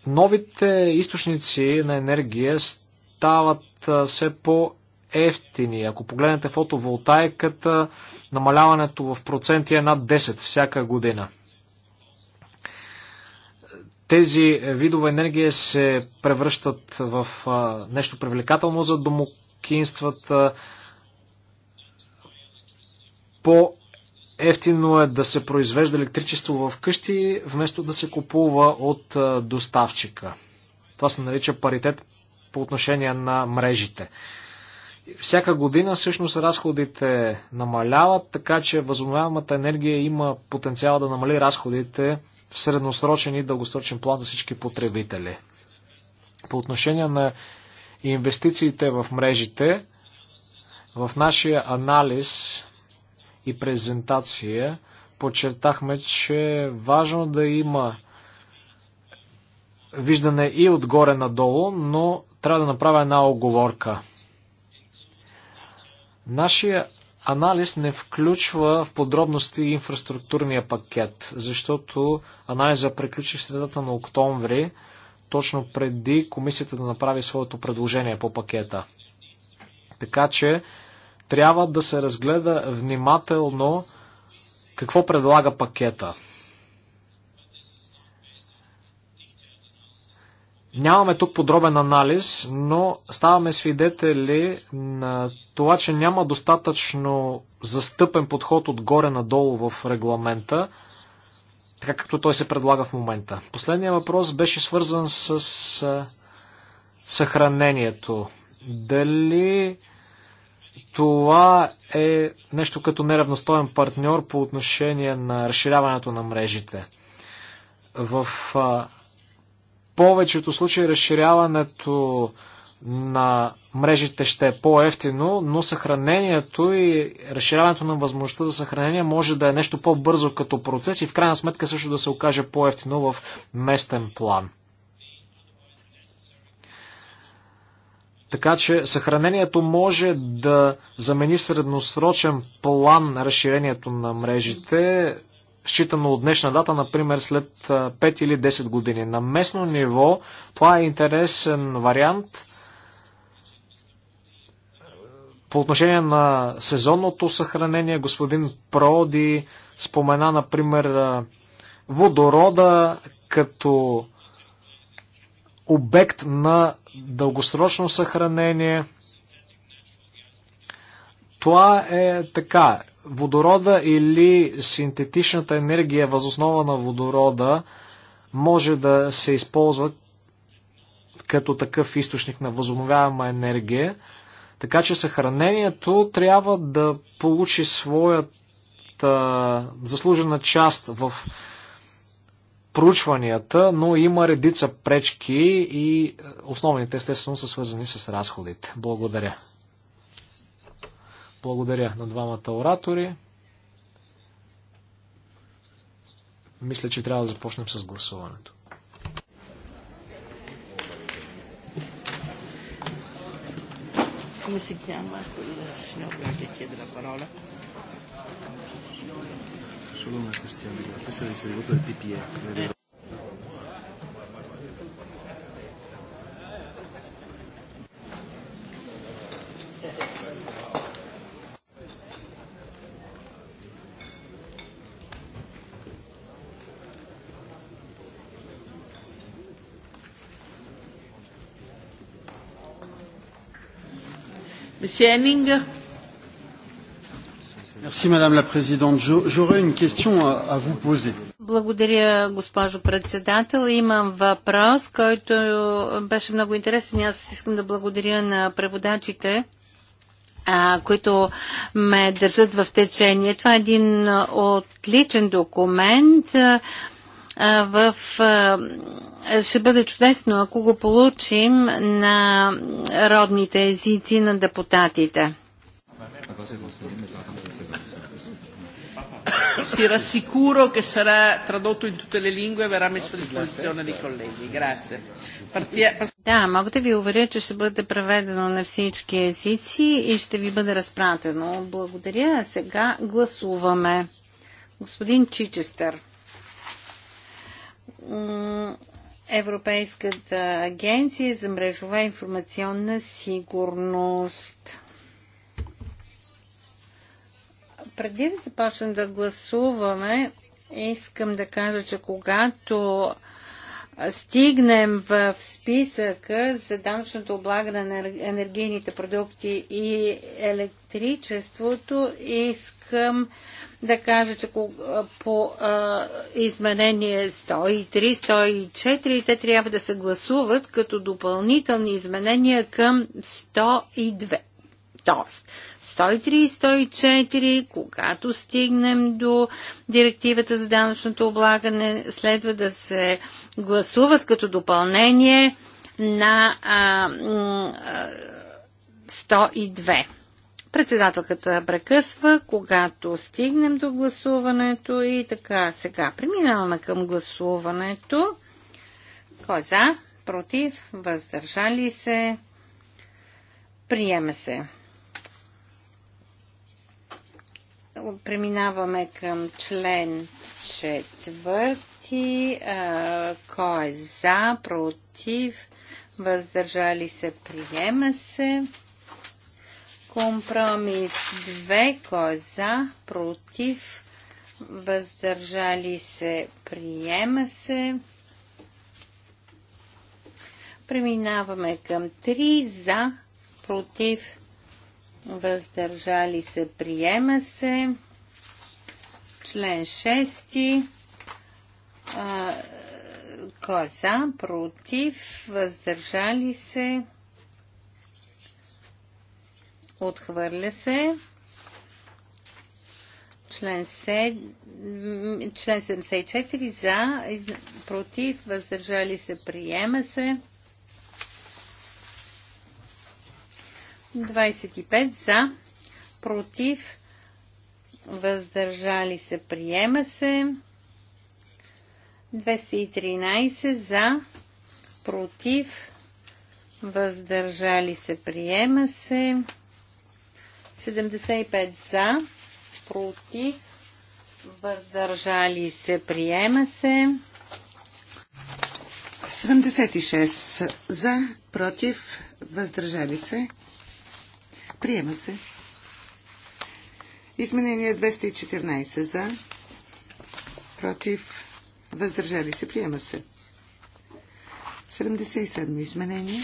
новите източници на енергия стават все по-ефтини. Ако погледнете фотоволтайката, намаляването в проценти е над 10 всяка година тези видове енергия се превръщат в нещо привлекателно за домокинствата. По-ефтино е да се произвежда електричество в къщи, вместо да се купува от доставчика. Това се нарича паритет по отношение на мрежите. Всяка година всъщност разходите намаляват, така че възобновяемата енергия има потенциал да намали разходите в средносрочен и дългосрочен план за всички потребители. По отношение на инвестициите в мрежите, в нашия анализ и презентация подчертахме, че е важно да има виждане и отгоре надолу, но трябва да направя една оговорка. Нашия анализ не включва в подробности инфраструктурния пакет, защото анализа приключи в средата на октомври, точно преди комисията да направи своето предложение по пакета. Така че трябва да се разгледа внимателно какво предлага пакета Нямаме тук подробен анализ, но ставаме свидетели на това, че няма достатъчно застъпен подход отгоре надолу в регламента, така както той се предлага в момента. Последният въпрос беше свързан с съхранението. Дали това е нещо като неравностоен партньор по отношение на разширяването на мрежите? В повечето случаи разширяването на мрежите ще е по-ефтино, но съхранението и разширяването на възможността за съхранение може да е нещо по-бързо като процес и в крайна сметка също да се окаже по-ефтино в местен план. Така че съхранението може да замени в средносрочен план на разширението на мрежите считано от днешна дата, например след 5 или 10 години. На местно ниво това е интересен вариант по отношение на сезонното съхранение. Господин Проди спомена, например, водорода като обект на дългосрочно съхранение. Това е така водорода или синтетичната енергия възоснова на водорода може да се използва като такъв източник на възобновяема енергия. Така че съхранението трябва да получи своята заслужена част в проучванията, но има редица пречки и основните естествено са свързани с разходите. Благодаря. Благодаря на двамата оратори. Мисля, че трябва да започнем с гласуването. Come si chiama quella signora che chiede la parola? Solo una questione, questa è il voto del PPE. Sieming. Merci Madame la Présidente. J'aurais une question à, à vous poser. Благодаря, госпожо председател. Имам въпрос, който беше много интересен. Аз искам да благодаря на преводачите, а, които ме държат в течение. Това е един отличен документ в ще бъде чудесно, ако го получим на родните езици на депутатите. Si rassicuro che sarà tradotto in tutte le lingue e verrà messo a disposizione dei colleghi. Grazie. Да, мога да ви уверя, че ще бъде преведено на всички езици и ще ви бъде разпратено. Благодаря. Сега гласуваме. Господин Чичестър. Европейската агенция за мрежова информационна сигурност. Преди да започнем да гласуваме, искам да кажа, че когато стигнем в списъка за данъчното облагане на енергийните продукти и електричеството, искам да кажа, че по а, изменение 103, 104 те трябва да се гласуват като допълнителни изменения към 102. Тоест, 103 и 104, когато стигнем до директивата за данъчното облагане, следва да се гласуват като допълнение на а, а, 102. Председателката прекъсва, когато стигнем до гласуването и така сега. Преминаваме към гласуването. Кой за? Против? Въздържали се? Приеме се. Преминаваме към член четвърти. Кой е за? Против? Въздържали се? Приема се. Компромис 2. Кой е за? Против? Въздържали се? Приема се. Преминаваме към 3. За? Против? Въздържали се? Приема се. Член 6. Коза, е против, въздържали се, Отхвърля се. Член, 7, член 74 за, из, против, въздържали се, приема се. 25 за, против, въздържали се, приема се. 213 за, против, въздържали се, приема се. 75 за, против, въздържали се, приема се. 76 за, против, въздържали се, приема се. Изменение 214 за, против, въздържали се, приема се. 77 изменение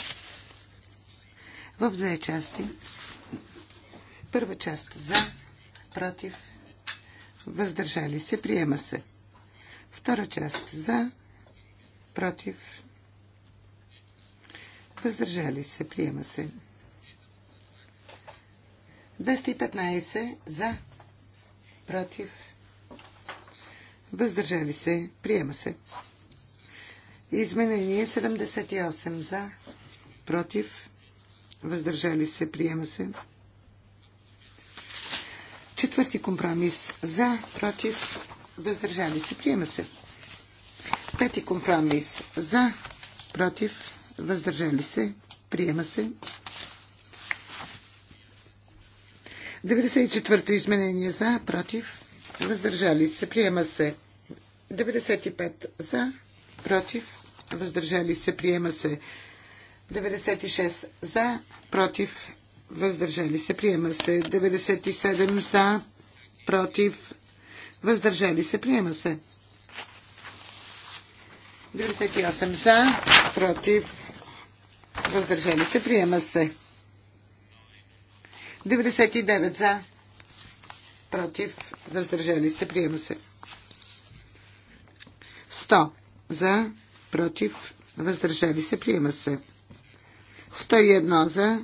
в две части. Първа част за, против, въздържали се, приема се. Втора част за, против, въздържали се, приема се. 215 за, против, въздържали се, приема се. Изменение 78 за, против, въздържали се, приема се. Четвърти компромис за, против, въздържали се. Приема се. Пети компромис за, против, въздържали се. Приема се. 94-то изменение за, против, въздържали се. Приема се. 95 за, против, въздържали се. Приема се. 96 за, против, въздържали се, приема се. 97 за, против, въздържали се, приема се. 98 за, против, въздържали се, приема се. 99 за, против, въздържали се, приема се. 100 за, против, въздържали се, приема се. 101 за,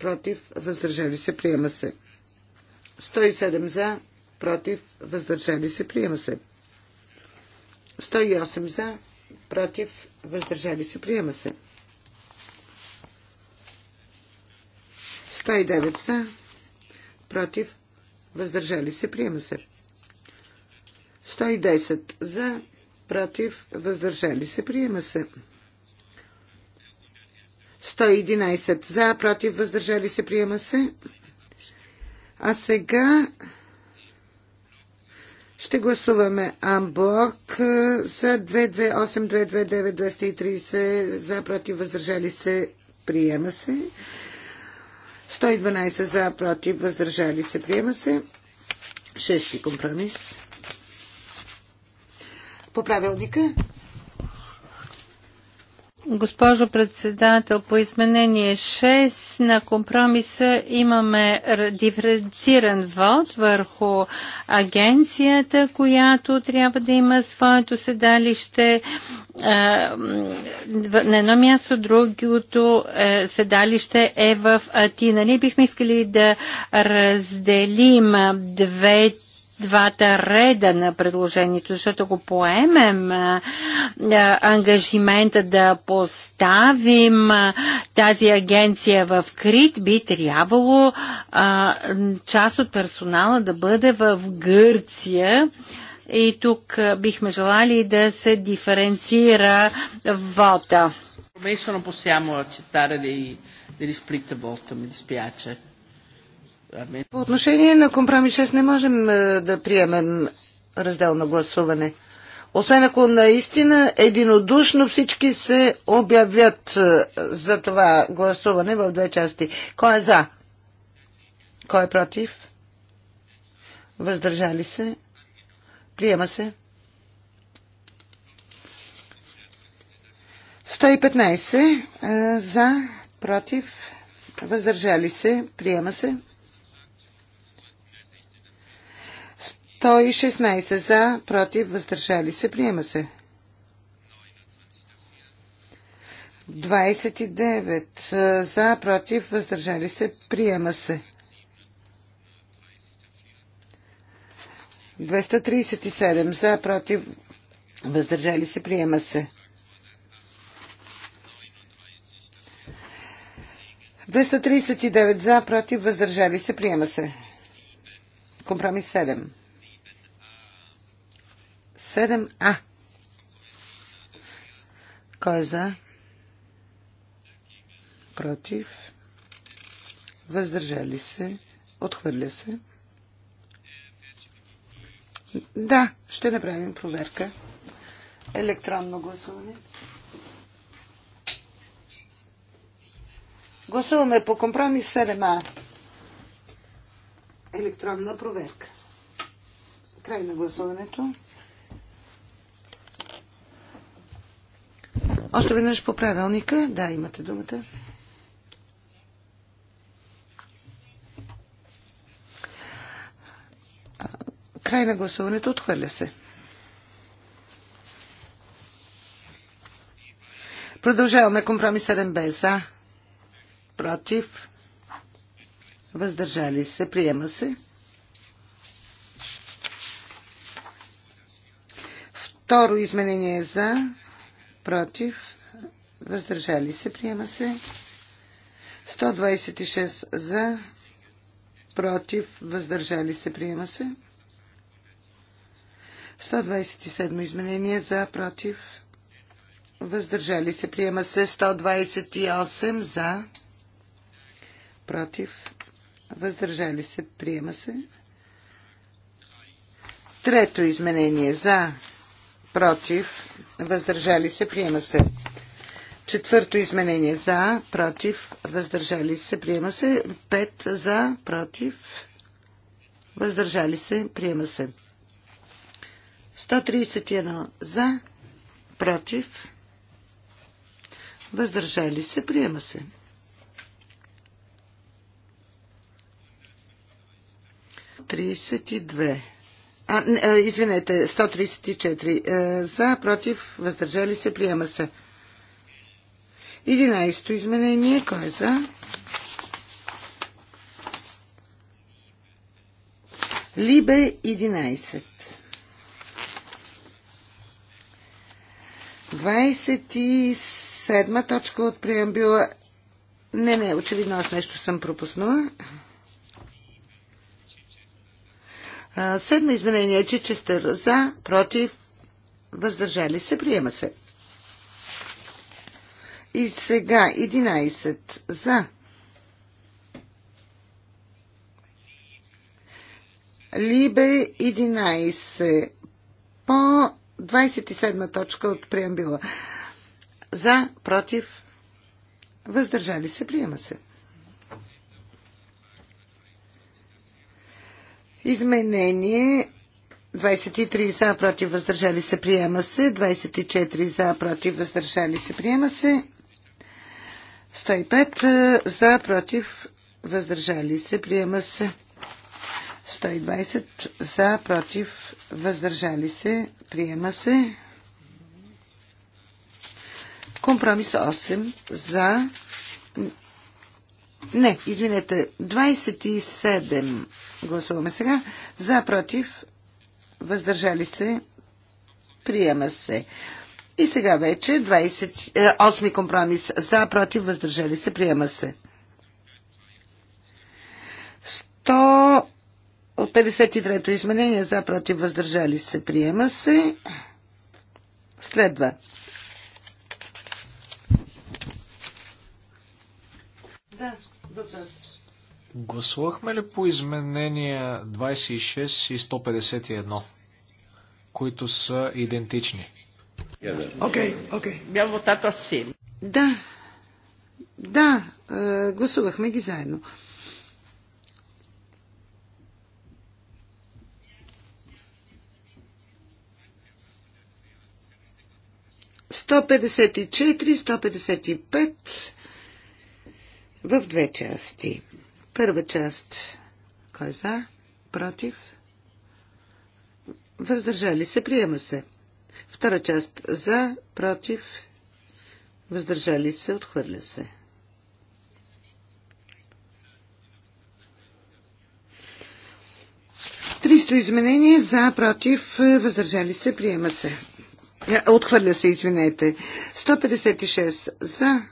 против, въздържали се, приема се. 107 за, против, въздържали се, приема се. 108 за, против, въздържали се, приема се. 109 за, против, въздържали се, приема се. 110 за, против, въздържали се, приема се. 111 за, против, въздържали се, приема се. А сега ще гласуваме Амблок за 228, 229, 230 за, против, въздържали се, приема се. 112 за, против, въздържали се, приема се. Шести компромис. По правилника Госпожо председател, по изменение 6 на компромиса имаме диференциран вод върху агенцията, която трябва да има своето седалище е, на едно място, другото е, седалище е в Атина. Ние бихме искали да разделим двете двата реда на предложението, защото ако поемем ангажимента да поставим тази агенция в Крит, би трябвало част от персонала да бъде в Гърция. И тук бихме желали да се диференцира вота. Commesso non possiamo accettare dei, degli split vote, mi dispiace. По отношение на компромис 6 не можем е, да приемем разделно гласуване. Освен ако наистина единодушно всички се обявят е, за това гласуване в две части. Кой е за? Кой е против? Въздържали се? Приема се. 115 е, за, против, въздържали се, приема се. 116 за, против, въздържали се, приема се. 29 за, против, въздържали се, приема се. 237 за, против, въздържали се, приема се. 239 за, против, въздържали се, приема се. Компромис 7. 7А. Кой е за? Против. Въздържали се. Отхвърля се. Да, ще направим проверка. Електронно гласуване. Гласуваме по компромис 7А. Електронна проверка. Край на гласуването. Още веднъж по правилника. Да, имате думата. Край на гласуването. Отхвърля се. Продължаваме компромис 7 без за. Против. Въздържали се. Приема се. Второ изменение за против, въздържали се, приема се. 126 за, против, въздържали се, приема се. 127 изменение за, против, въздържали се, приема се. 128 за, против, въздържали се, приема се. Трето изменение за, против, въздържали се, приема се. Четвърто изменение за, против, въздържали се, приема се. Пет за, против, въздържали се, приема се. 131 за, против, въздържали се, приема се. Тридесет две. А, а, извинете, 134. Е, за, против, въздържали се, приема се. 11-то изменение. Кой е за? Либе 11. 27 точка от преамбила. Не, не, очевидно аз нещо съм пропуснала. Седмо изменение е, Чичестър за, против, въздържали се, приема се. И сега 11 за. Либе 11 по 27 точка от преамбила. За, против, въздържали се, приема се. Изменение 23 за, против, въздържали се, приема се. 24 за, против, въздържали се, приема се. 105 е, за, против, въздържали се, приема се. 120 за, против, въздържали се, приема се. Компромис 8 за, не, извинете, 27 гласуваме сега. За, против, въздържали се, приема се. И сега вече 28 е, компромис. За, против, въздържали се, приема се. 153-то изменение за, против, въздържали се, приема се. Следва. Да. Гласувахме ли по изменения 26 и 151, които са идентични? Окей, окей. Бяха вотато си. Да. Да, е, гласувахме ги заедно. Сто пятьдесят и четири, сто пятьдесят и пет в две части. Първа част. Кой е за? Против? Въздържали се. Приема се. Втора част. За? Против? Въздържали се. Отхвърля се. Тристо изменение. За? Против? Въздържали се. Приема се. Е, отхвърля се, извинете. 156 за,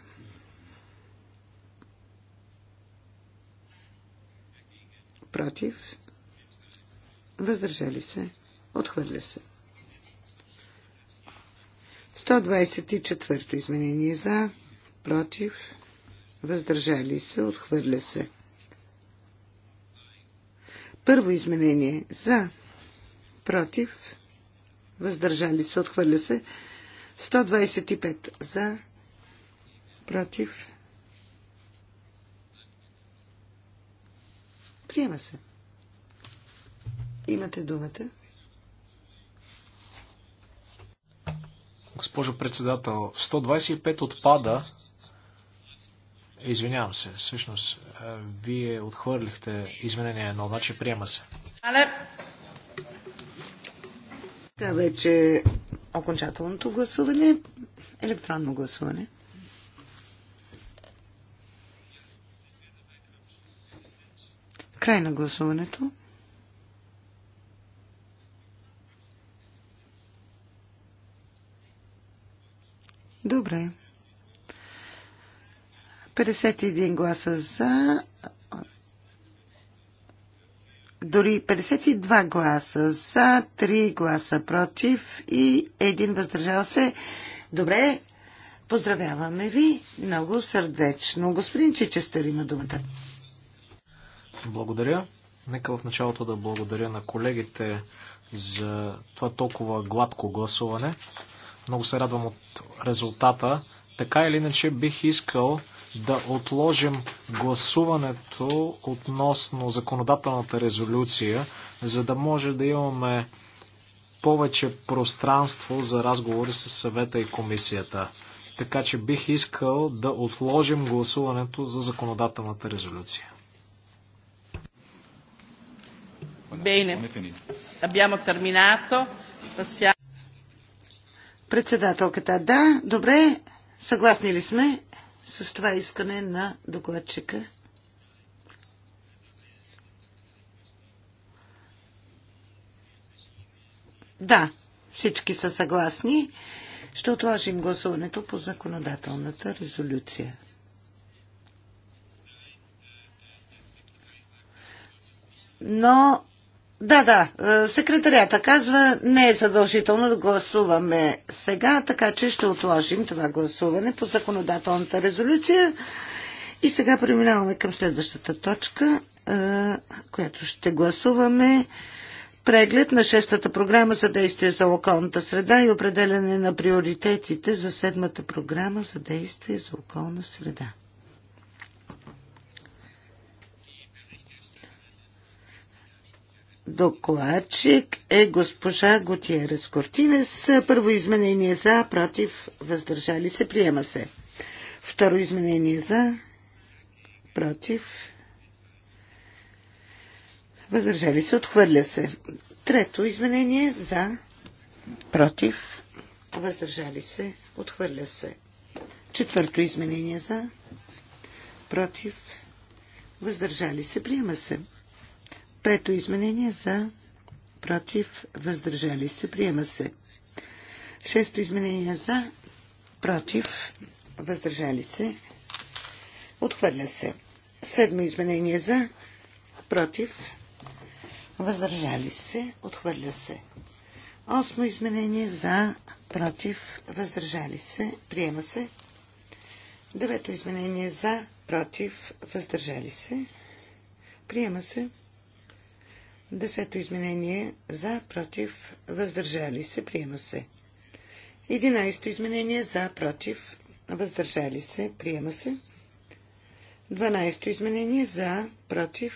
против, въздържали се, отхвърля се. 124-то изменение за, против, въздържали се, отхвърля се. Първо изменение за, против, въздържали се, отхвърля се. 125 за, против, Приема се. Имате думата. Госпожо председател, 125 отпада. Извинявам се, всъщност, вие отхвърлихте изменение едно, значи приема се. Але... Това вече окончателното гласуване, електронно гласуване. Край на гласуването. Добре. 51 гласа за. Дори 52 гласа за, 3 гласа против и един въздържал се. Добре, поздравяваме ви много сърдечно. Господин Чичестър има думата. Благодаря. Нека в началото да благодаря на колегите за това толкова гладко гласуване. Много се радвам от резултата. Така или иначе бих искал да отложим гласуването относно законодателната резолюция, за да може да имаме повече пространство за разговори с съвета и комисията. Така че бих искал да отложим гласуването за законодателната резолюция. Bene, abbiamo terminato. Passiamo. Председателката, да, добре, съгласни ли сме с това искане на докладчика? Да, всички са съгласни. Ще отложим гласуването по законодателната резолюция. Но да, да. Е, Секретарията казва, не е задължително да гласуваме сега, така че ще отложим това гласуване по законодателната резолюция. И сега преминаваме към следващата точка, е, която ще гласуваме. Преглед на шестата програма за действие за околната среда и определяне на приоритетите за седмата програма за действие за околна среда. Докладчик е госпожа Готиерес с Първо изменение за, против, въздържали се, приема се. Второ изменение за, против, въздържали се, отхвърля се. Трето изменение за, против, въздържали се, отхвърля се. Четвърто изменение за, против, въздържали се, приема се. Пето изменение за против, въздържали се, приема се. Шесто изменение за против, въздържали се, отхвърля се. Седмо изменение за против, въздържали се, отхвърля се. Осмо изменение за против, въздържали се, приема се. Девето изменение за против, въздържали се, приема се. Десето изменение за, против, въздържали се, приема се. Единайсто изменение за, против, въздържали се, приема се. Дванайсто изменение за, против,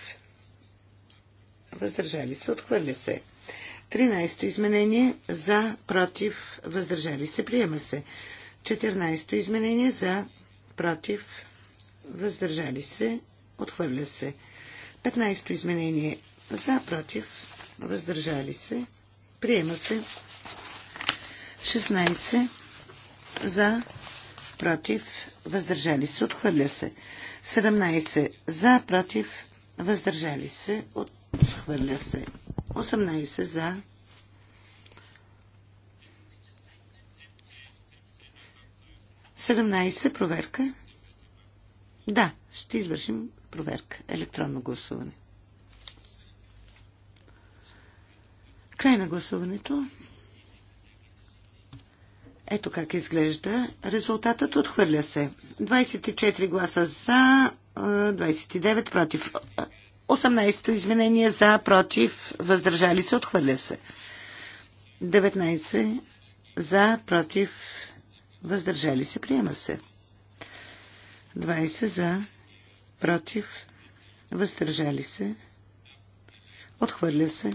въздържали се, отхвърля се. Тринайсто изменение за, против, въздържали се, приема се. Четирнайсто изменение за, против, въздържали се, отхвърля се. Петнайсто изменение за, против, въздържали се. Приема се. 16. За, против, въздържали се. Отхвърля се. 17. За, против, въздържали се. Отхвърля се. 18. За, Седемнайсе. проверка. Да, ще извършим проверка. Електронно гласуване. Край на гласуването. Ето как изглежда. Резултатът отхвърля се. 24 гласа за, 29 против. 18-то изменение за, против, въздържали се, отхвърля се. 19 за, против, въздържали се, приема се. 20 за, против, въздържали се, отхвърля се.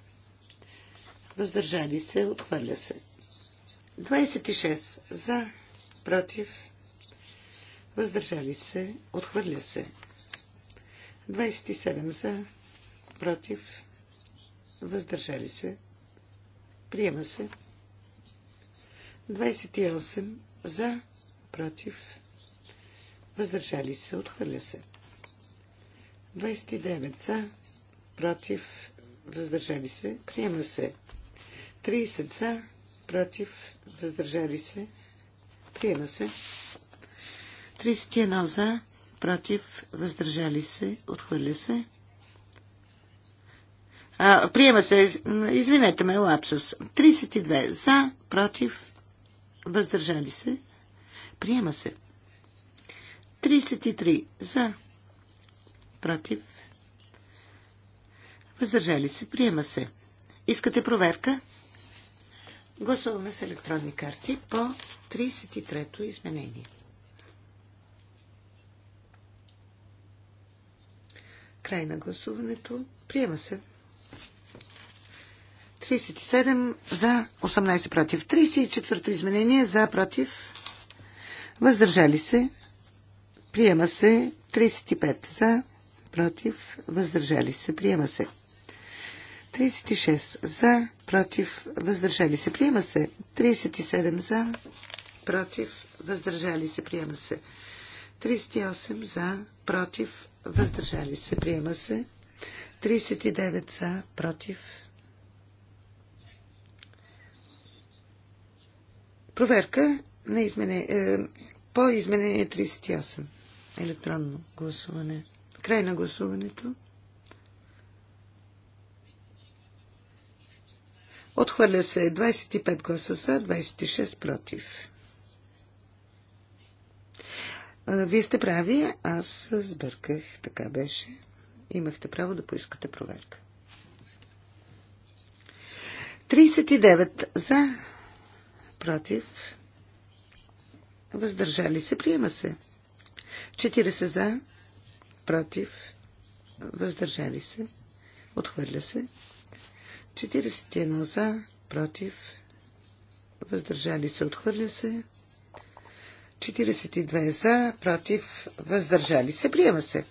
въздържали се, отхвърля се. 26 за, против, въздържали се, отхвърля се. 27 за, против, въздържали се, приема се. 28 за, против, въздържали се, отхвърля се. 29 за, против, въздържали се, приема се. 30 за, против, въздържали се, приема се. 31 за, против, въздържали се, отхвърля се. А, приема се, извинете ме, лапсус. 32 за, против, въздържали се, приема се. 33 за, против, въздържали се, приема се. Искате проверка? Гласуваме с електронни карти по 33-то изменение. Край на гласуването. Приема се. 37 за 18 против. 34-то изменение за против. Въздържали се. Приема се. 35 за против. Въздържали се. Приема се. 36 за, против, въздържали се, приема се. 37 за, против, въздържали се, приема се. 38 за, против, въздържали се, приема се. 39 за, против. Проверка на измене, е, по изменение 38. Електронно гласуване. Край на гласуването. Отхвърля се 25 гласа за, 26 против. Вие сте прави, аз сбърках, така беше. Имахте право да поискате проверка. 39 за, против, въздържали се, приема се. 40 за, против, въздържали се, отхвърля се. 41 за, против, въздържали се, отхвърля се. 42 за, против, въздържали се, приема се.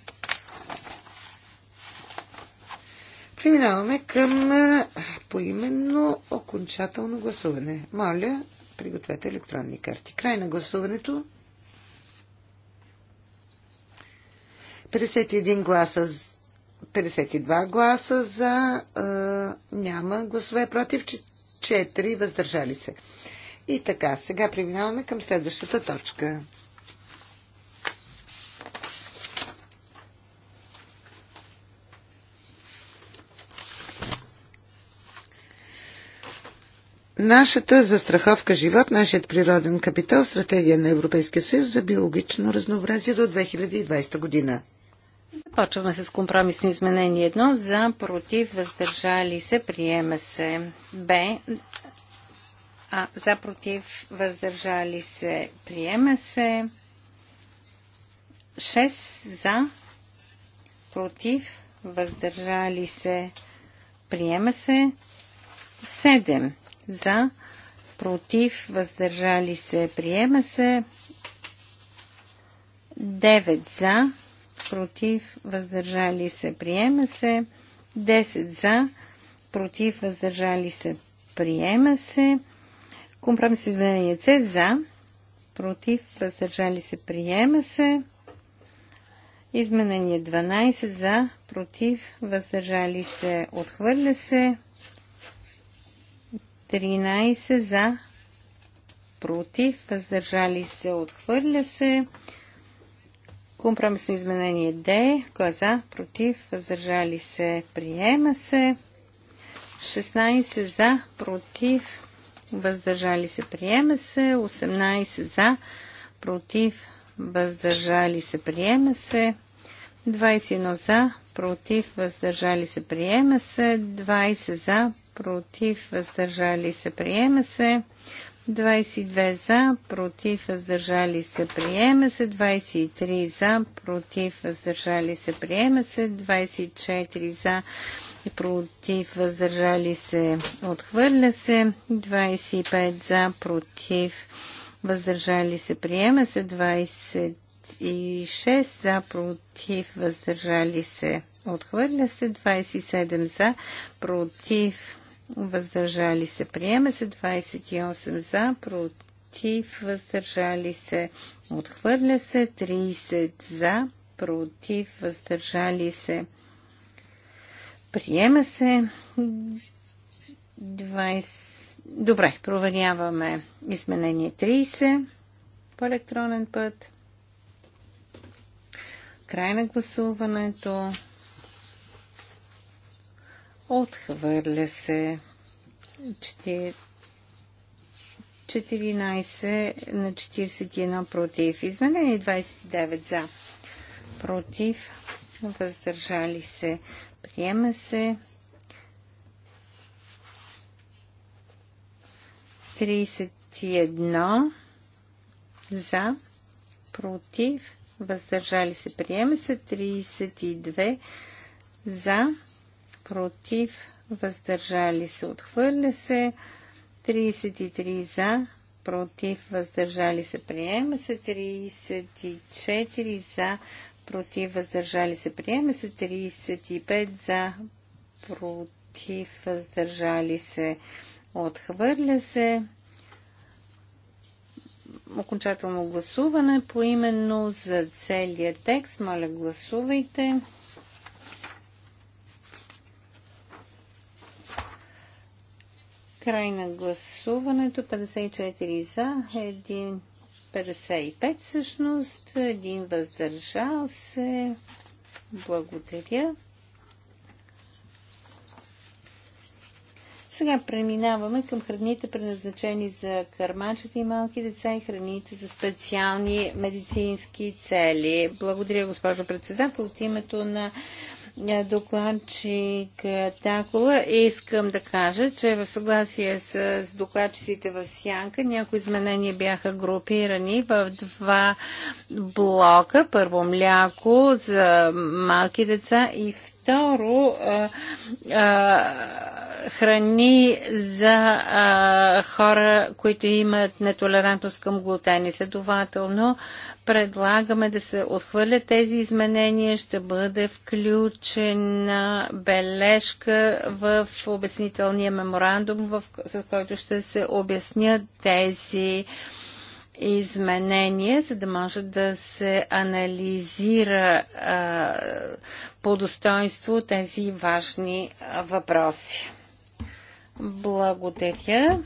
Преминаваме към поименно окончателно гласуване. Моля, пригответе електронни карти. Край на гласуването. 51 гласа 52 гласа за, няма гласове против, 4 въздържали се. И така, сега преминаваме към следващата точка. Нашата застраховка живот, нашият природен капитал, стратегия на Европейския съюз за биологично разнообразие до 2020 година. Започваме с компромисно изменение 1. За, против, въздържали се, приема се. Б. А, за, против, въздържали се, приема се. 6. За, против, въздържали се, приема се. 7. За, против, въздържали се, приема се. 9 за, против, въздържали се, приема се. 10 за, против, въздържали се, приема се. компромис изменение С за, против, въздържали се, приема се. Изменение 12 за, против, въздържали се, отхвърля се. 13 за, против, въздържали се, отхвърля се. Компромисно изменение Д. Кой е за? Против? Въздържали се? Приема се. 16 за, против, въздържали се, приема се. 18 за, против, въздържали се, приема се. 21 за, против, въздържали се, приема се. 20 за, против, въздържали се, приема се. 22 за, против, въздържали се, приема се. 23 за, против, въздържали се, приема се. 24 за, против, въздържали се, отхвърля се. 25 за, против, въздържали се, приема се. 26 за, против, въздържали се, отхвърля се. 27 за, против, въздържали се, приема се 28 за, против, въздържали се, отхвърля се 30 за, против, въздържали се, приема се 20. Добре, проверяваме изменение 30 по електронен път. Край на гласуването. Отхвърля се 14 на 41 против. Изменени 29 за. Против. Въздържали се. Приема се. 31 за. Против. Въздържали се. Приема се. 32 за против, въздържали се, отхвърля се. 33 за, против, въздържали се, приема се. 34 за, против, въздържали се, приема се. 35 за, против, въздържали се, отхвърля се. Окончателно гласуване по именно за целият текст. Моля, гласувайте. Край на гласуването. 54 за, 1 55 всъщност, един въздържал се. Благодаря. Сега преминаваме към храните, предназначени за кърманчета и малки деца и храните за специални медицински цели. Благодаря, госпожо председател, от името на е, докладчик е, Такова. Искам да кажа, че в съгласие с докладчиците в Сянка някои изменения бяха групирани в два блока. Първо мляко за малки деца и второ а, е, а, храни за а, хора, които имат нетолерантност към глутен. И следователно предлагаме да се отхвърлят тези изменения. Ще бъде включена бележка в обяснителния меморандум, в, с който ще се обяснят тези изменения, за да може да се анализира а, по достоинство тези важни а, въпроси. Благодаря.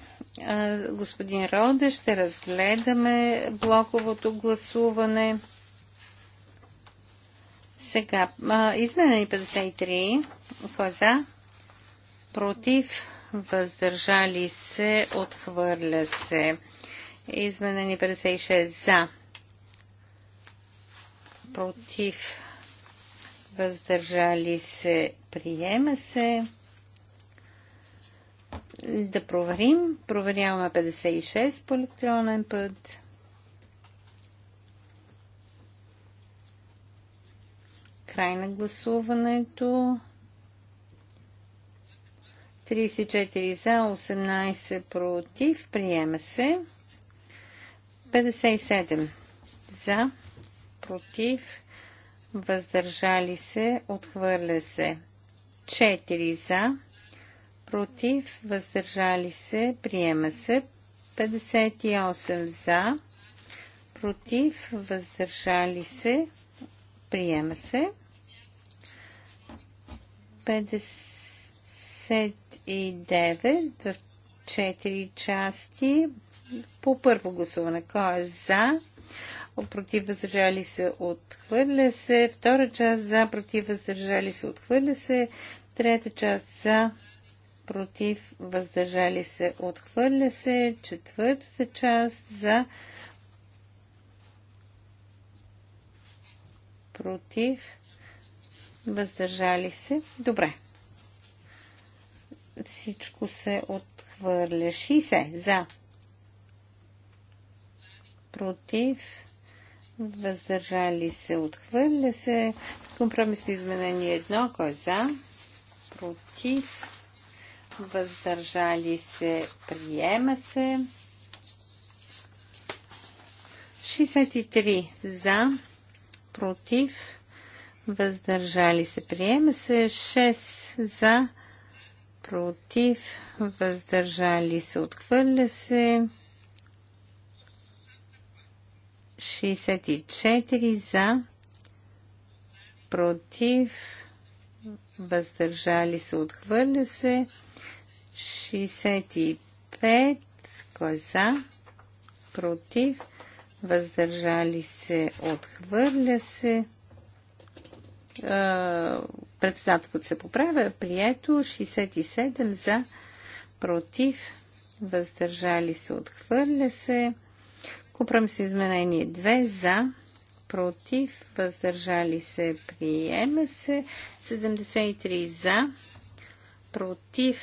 Господин Роде, ще разгледаме блоковото гласуване. Сега, изменени 53. Кой е за? Против? Въздържали се? Отхвърля се. Изменени 56 за. Против? Въздържали се? Приема се да проверим. Проверяваме 56 по електронен път. Край на гласуването. 34 за, 18 против. Приема се. 57 за, против, въздържали се, отхвърля се. 4 за, против, въздържали се, приема се. 58 за, против, въздържали се, приема се. 59 в 4 части по първо гласуване. Кой е за? против въздържали се, отхвърля се. Втора част за, против въздържали се, отхвърля се. Трета част за, против, въздържали се, отхвърля се. Четвъртата част за против, въздържали се. Добре. Всичко се отхвърля. 60 за против, въздържали се, отхвърля се. Компромисно изменение едно, кой е за, против, въздържали се, приема се. 63 за, против, въздържали се, приема се. 6 за, против, въздържали се, отхвърля се. 64 за, против, въздържали се, отхвърля се. 65. Кой е за? Против. Въздържали се. Отхвърля се. Председателът се поправя. Прието. 67 за. Против. Въздържали се. Отхвърля се. Купрам се изменение 2 за против, въздържали се, приема се, 73 за, против,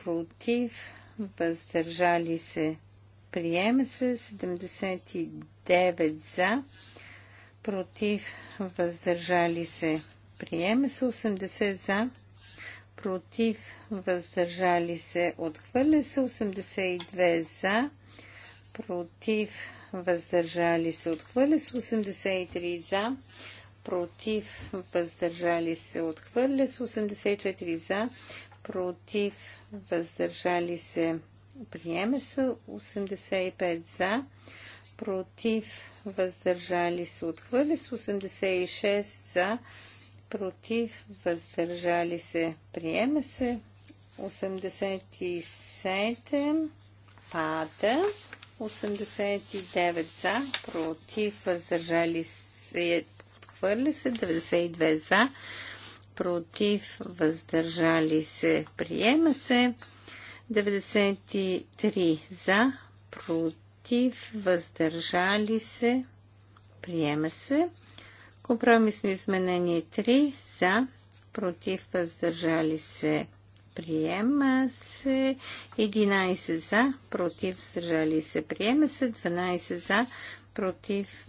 против, въздържали се, приема се, 79 за, против, въздържали се, приема се, 80 за, против, въздържали се, отхвърля се, 82 за, против, въздържали се, отхвърля се, 83 за, против, въздържали се, отхвърля се, 84 за, против, въздържали се, приема се 85 за, против, въздържали се, отхвърля се 86 за, против, въздържали се, приема се 87 пада, 89 за, против, въздържали се, отхвърля се 92 за, против, въздържали се, приема се. 93 за, против, въздържали се, приема се. Компромисно изменение 3 за, против, въздържали се, приема се. 11 за, против, въздържали се, приема се. 12 за, против,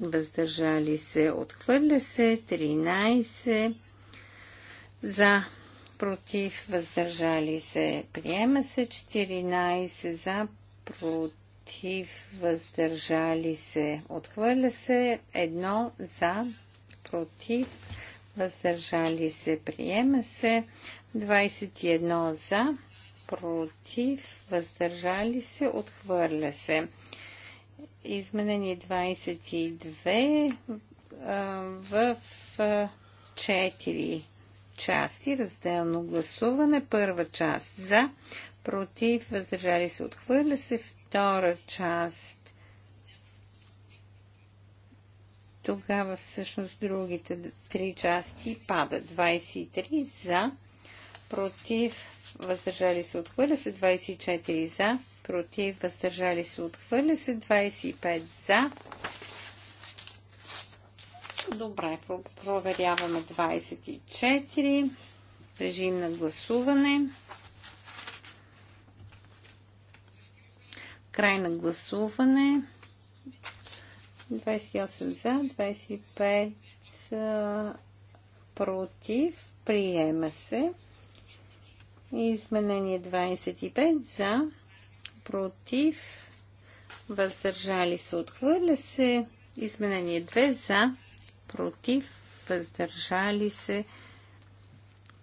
въздържали се, отхвърля се. 13 за, против, въздържали се, приема се 14 за, против, въздържали се, отхвърля се 1 за, против, въздържали се, приема се 21 за, против, въздържали се, отхвърля се. Изменени 22 в 4 части, разделно гласуване. Първа част за, против, въздържали се, отхвърля се. Втора част тогава всъщност другите три части падат. 23 за, против, въздържали се, отхвърля се, 24 за, против, въздържали се, отхвърля се, 25 за, Добре, проверяваме 24. Режим на гласуване. Край на гласуване. 28 за, 25 против. Приема се. Изменение 25 за, против. Въздържали се. Отхвърля се. Изменение 2 за, против, въздържали се,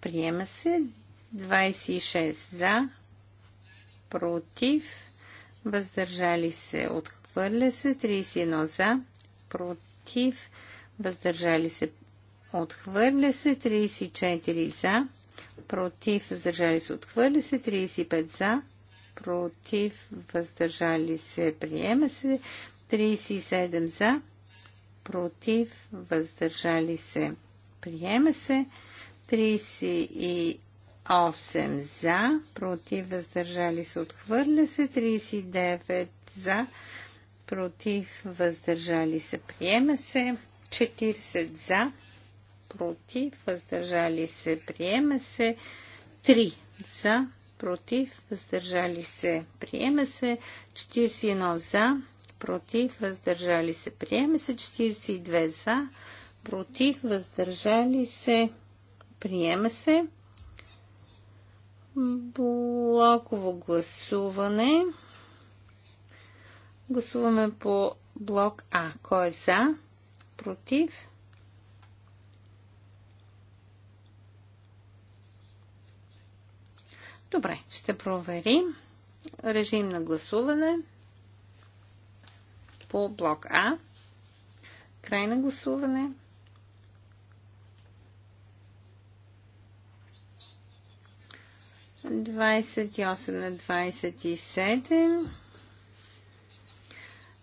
приема се. 26 за, против, въздържали се, отхвърля се. 31 за, против, въздържали се, отхвърля се. 34 за, против, въздържали се, отхвърля се. 35 за, против, въздържали се, приема се. 37 за, против, въздържали се, приема се. 38 за, против, въздържали се, отхвърля се. 39 за, против, въздържали се, приема се. 40 за, против, въздържали се, приема се. 3 за, против, въздържали се, приема се. 41 за, против, въздържали се. Приема се 42 за, против, въздържали се. Приема се. Блоково гласуване. Гласуваме по блок А. Кой е за? Против? Добре, ще проверим. Режим на гласуване по блок А. Край на гласуване. Двадесет и осем на 27.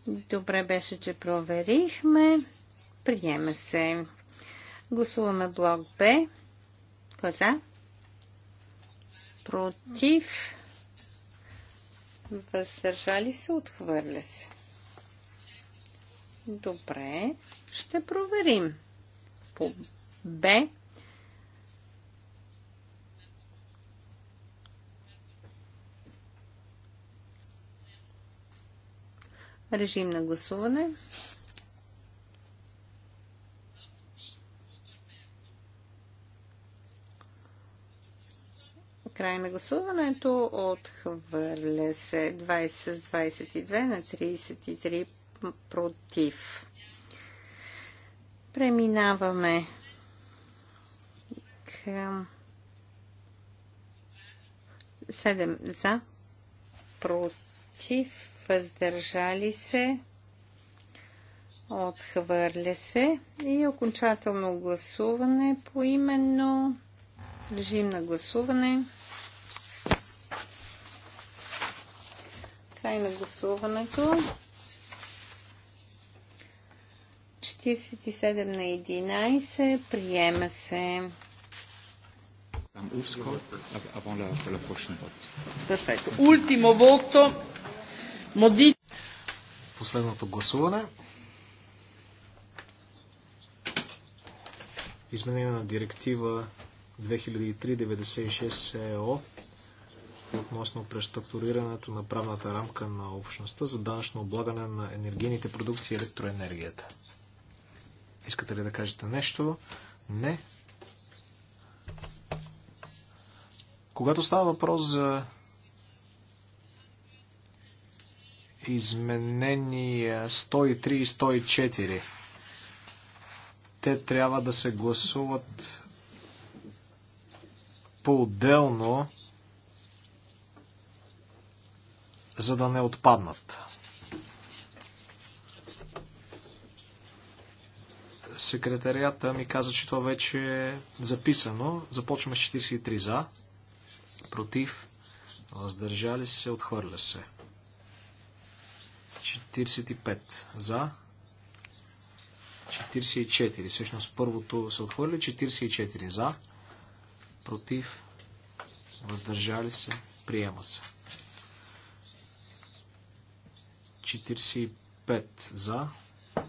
Добре беше, че проверихме. Приема се. Гласуваме блок Б. Коза. Е за? Против. Въздържали се, отхвърля се. Добре, ще проверим. По Б. Режим на гласуване. край на гласуването. Отхвърля се 20 с 22 на 33 против. Преминаваме към 7 за, против, въздържали се, отхвърля се и окончателно гласуване по именно режим на гласуване. Край на гласуването. 47 на 11. Приема се. Ултимо вото. Последното гласуване. Изменение на директива 2003-96 ЕО относно преструктурирането на правната рамка на общността за данъчно облагане на енергийните продукции и електроенергията. Искате ли да кажете нещо? Не. Когато става въпрос за изменения 103 и 104, те трябва да се гласуват по-отделно, за да не отпаднат. Секретарията ми каза, че това вече е записано. Започваме с 43 за, против, въздържали се, отхвърля се. 45 за, 44. Всъщност първото се отхвърли, 44 за, против, въздържали се, приема се. 45 за,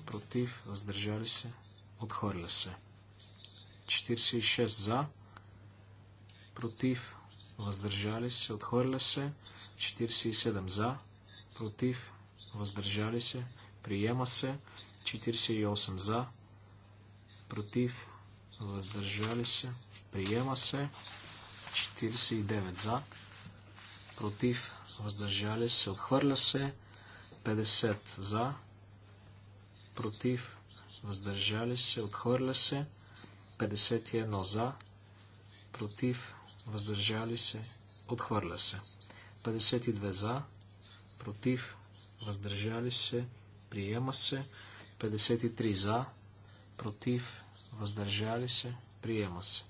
против, въздържали се, Отхвърля се. 46 за. Против. Въздържали се. Отхвърля се. 47 за. Против. Въздържали се. Приема се. 48 за. Против. Въздържали се. Приема се. 49 за. Против. Въздържали се. Отхвърля се. 50 за. Против въздържали се, отхвърля се. 51 за, против, въздържали се, отхвърля се. 52 за, против, въздържали се, приема се. 53 за, против, въздържали се, приема се.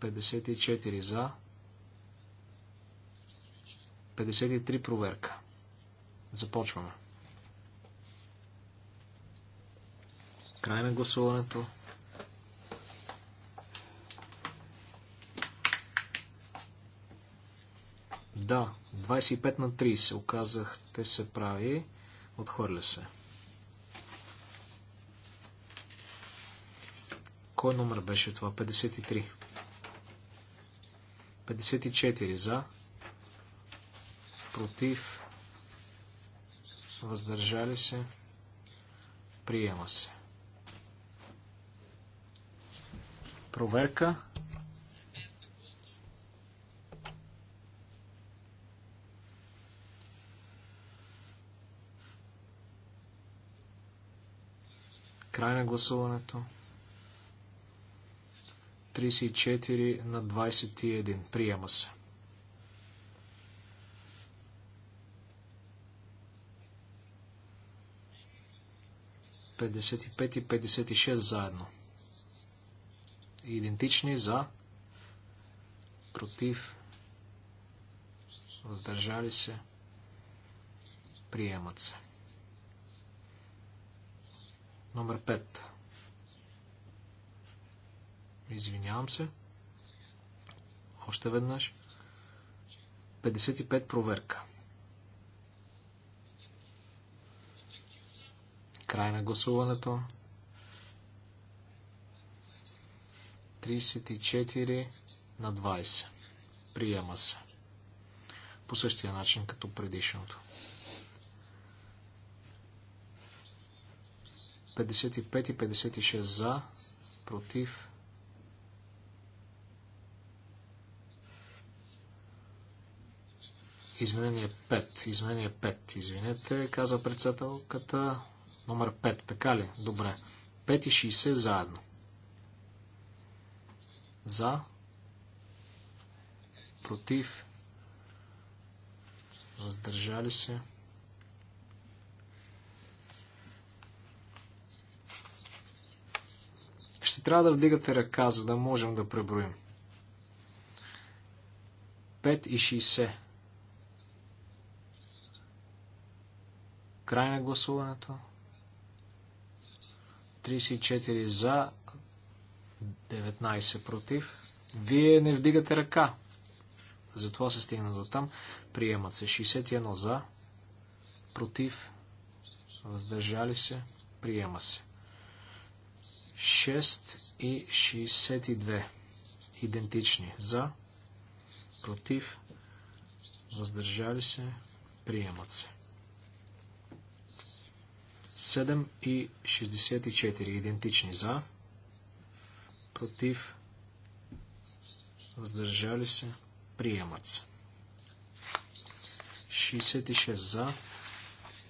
54 за, 53 проверка. Започваме. Край на гласуването. Да, 25 на оказах, оказахте се прави. Отхвърля се. Кой номер беше това? 53. 54 за. Против. Въздържали се. Приема се. Проверка. Край на гласуването. 34 на 21. Приема се. Петдесет и пет и петдесет и шест заедно идентични за, против, въздържали се, приемат се. Номер 5. Извинявам се. Още веднъж. 55 проверка. Край на гласуването. 34 на 20. Приема се. По същия начин като предишното. 55 и 56 за, против. Изменение 5. Изменение 5. Извинете, каза председателката. Номер 5. Така ли? Добре. 5 и 60 заедно. За. Против. Въздържали се. Ще трябва да вдигате ръка, за да можем да преброим. 5 и 60. Край на гласуването. 34 за, 19 против. Вие не вдигате ръка. Затова се стигна до там. Приемат се 61 за, против, въздържали се, приема се. 6 и 62 идентични за, против, въздържали се, приемат се. 7 и 64 идентични за, против, въздържали се, приемат се. 66 за,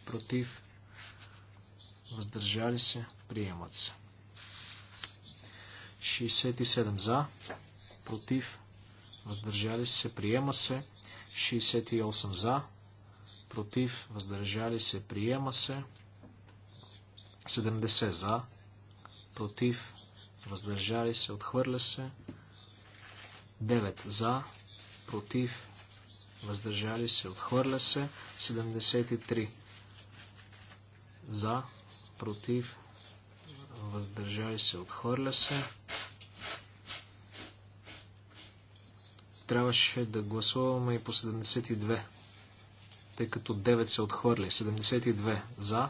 против, въздържали се, приемат се. 67 за, против, въздържали се, приема се. 68 за, против, въздържали се, приема се. 70 за, против, въздържали се, отхвърля се. 9 за, против, въздържали се, отхвърля се. 73 за, против, въздържали се, отхвърля се. Трябваше да гласуваме и по 72, тъй като 9 се отхвърли. 72 за,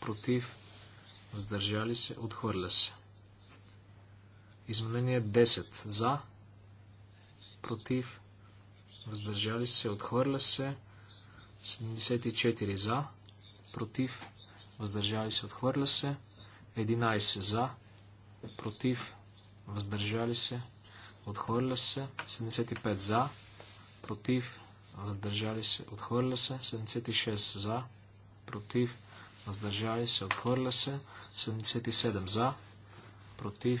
против, въздържали се, отхвърля се. Изменение 10. За. Против. Въздържали се. Отхвърля се. 74. За. Против. Въздържали се. Отхвърля се. 11. За. Против. Въздържали се. Отхвърля се. 75. За. Против. Въздържали се. Отхвърля се. 76. За. Против. Въздържали се. Отхвърля се. 77. За. Против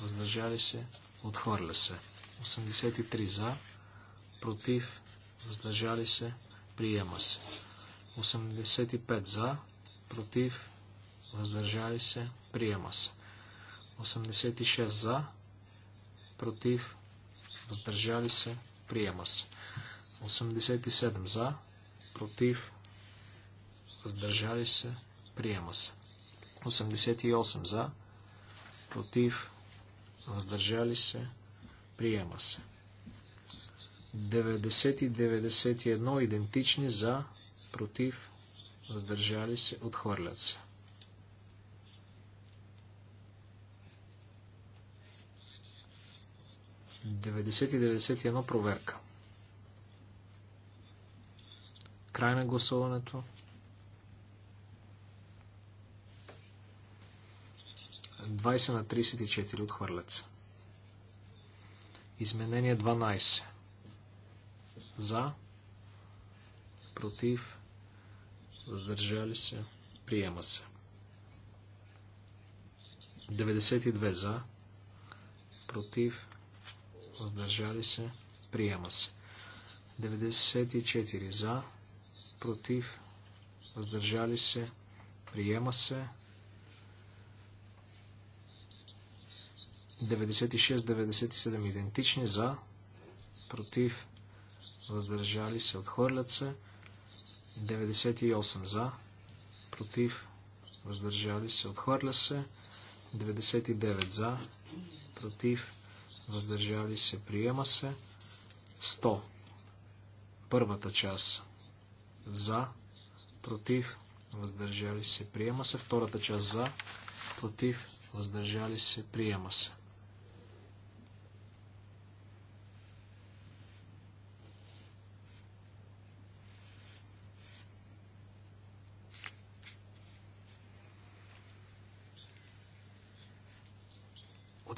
въздържали се, отхвърля се. 83 за, против, въздържали се, приема се. 85 за, против, въздържали се, приема се. 86 за, против, въздържали се, приема се. 87 за, против, въздържали се, приема се. 88 за, против, въздържали се, приема се. 90 и 91 идентични за, против, въздържали се, отхвърлят се. Деведесет и 91 проверка. Край на гласуването. 20 на 34 отхвърлят се. Изменение 12. За. Против. Въздържали се. Приема се. 92 за. Против. Въздържали се. Приема се. 94 за. Против. Въздържали се. Приема се. 96-97 идентични за, против, въздържали се, отхвърлят се. 98 за, против, въздържали се, отхвърля се. 99 за, против, въздържали се, приема се. 100. Първата част. За, против, въздържали се, приема се. Втората част за, против, въздържали се, приема се.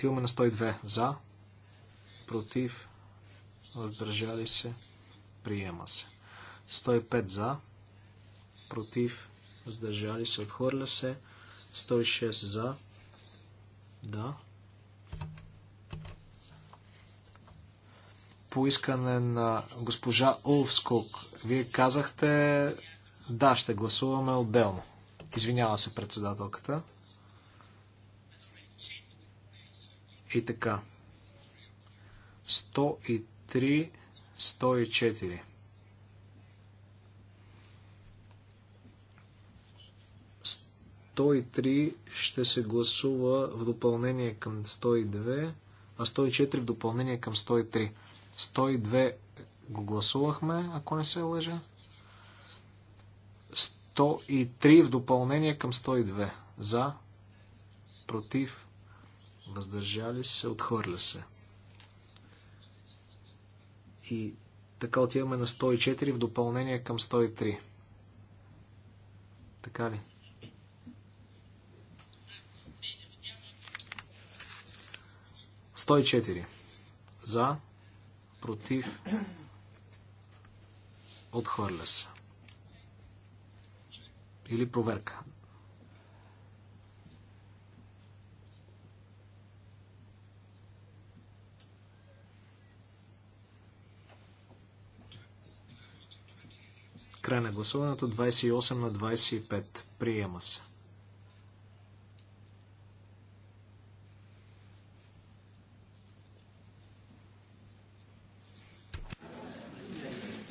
Отиваме на 102. За. Против. Въздържали се. Приема се. 105 за. Против. Въздържали се. Отхвърля се. 106 за. Да. Поискане на госпожа Улфскок. Вие казахте да, ще гласуваме отделно. Извинява се председателката. И така. 103, 104. 103 ще се гласува в допълнение към 102, а 104 в допълнение към 103. 102 го гласувахме, ако не се лъжа. 103 в допълнение към 102. За, против, въздържали се, отхвърля се. И така отиваме на 104 в допълнение към 103. Така ли? За, против, отхвърля се. Или проверка. Край на гласуването 28 на 25. Приема се.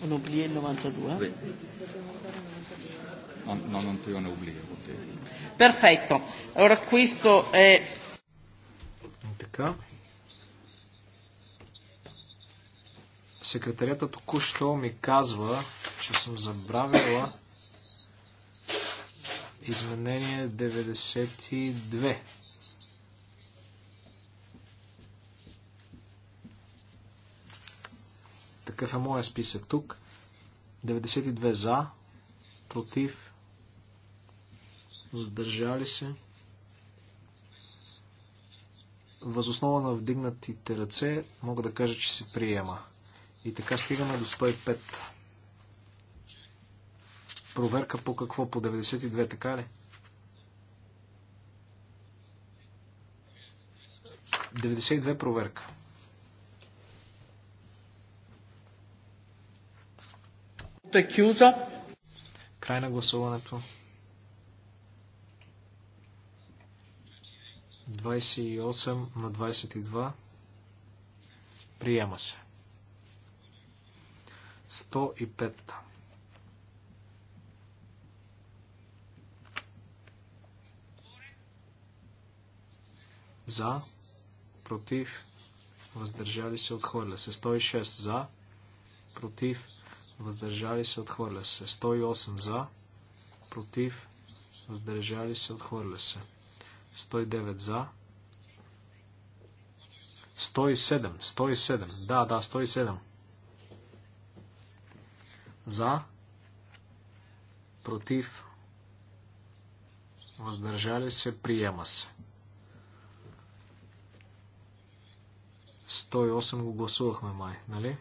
On oublie 92? Oui. On, no, non ti ho oblio. Perfetto. Allora questo è... Така. Секретарята току-що ми казва, че съм забравила изменение 92. Такъв е моят списък тук. 92 за, против, въздържали се. Възоснова на вдигнатите ръце мога да кажа, че се приема. И така стигаме до 105. Проверка по какво? По 92, така ли? 92 проверка. Текюза. Край на гласуването. 28 на 22. Приема се. 105. За, против, въздържали се, отхвърля се. 106 за, против, въздържали се, отхвърля се. 108 за, против, въздържали се, отхвърля се. 109 за, 107, 107, да, да, 107. За. Против. Въздържали се. Приема се. 108 го гласувахме май, нали?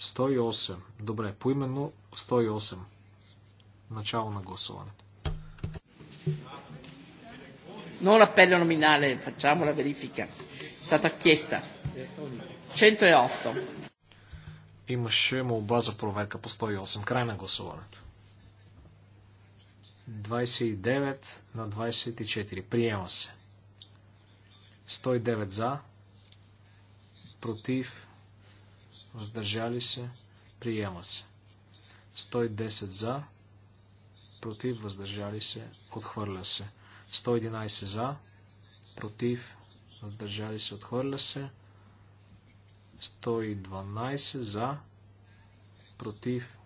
108. Добре, поименно 108. Начало на гласуването. Non l'appello nominale, facciamo la verifica. È stata chiesta. 108. Имаше молба за проверка по 108. Край на гласуването. 29 на 24. Приема се. 109 за. Против. Въздържали се. Приема се. 110 за. Против. Въздържали се. Отхвърля се. 111 за. Против. Въздържали се. Отхвърля се. 112 за, против,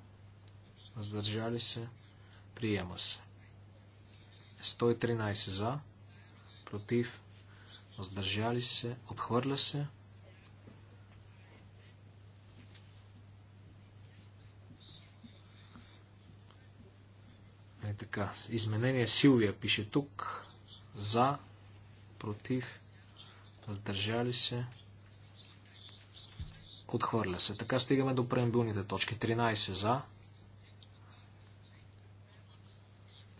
въздържали се, приема се. 113 за, против, въздържали се, отхвърля се. Е така, изменение Силвия пише тук, за, против, въздържали се, Отхвърля се. Така стигаме до преамбилните точки. 13 за.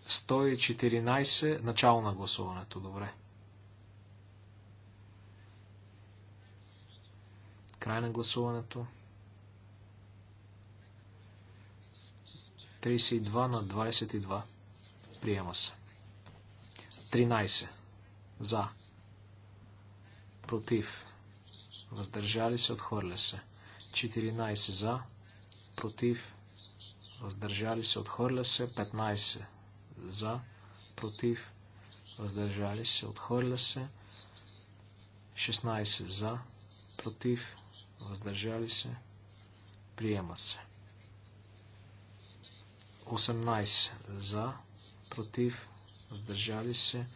114. Начало на гласуването. Добре. Край на гласуването. 32 на 22. Приема се. 13. За. Против въздържали се, отхвърля се. 14 за, против, въздържали се, отхвърля се. 15 за, против, въздържали се, отхвърля се. 16 за, против, въздържали се, приема се. 18 за, против, въздържали се,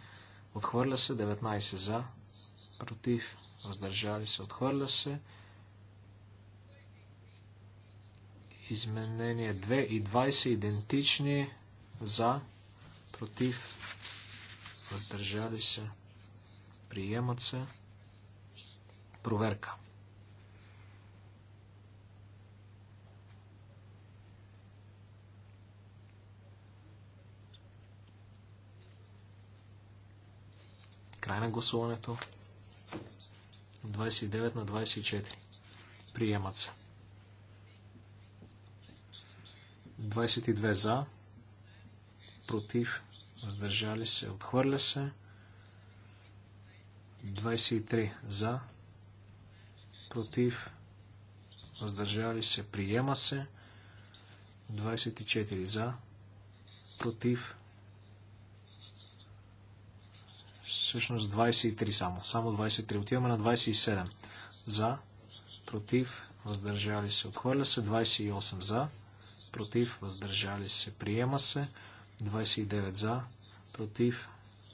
отхвърля се, 19 за, против, въздържали се, отхвърля се. Изменение 2 и 20 идентични за, против, въздържали се, приемат се. Проверка. край на гласуването. 29 на 24. Приемат се. 22 за, против, въздържали се, отхвърля се. 23 за, против, въздържали се, приема се. 24 за, против, Всъщност 23 само. Само 23. Отиваме на 27. За, против, въздържали се. Отхвърля се 28 за, против, въздържали се. Приема се 29 за, против,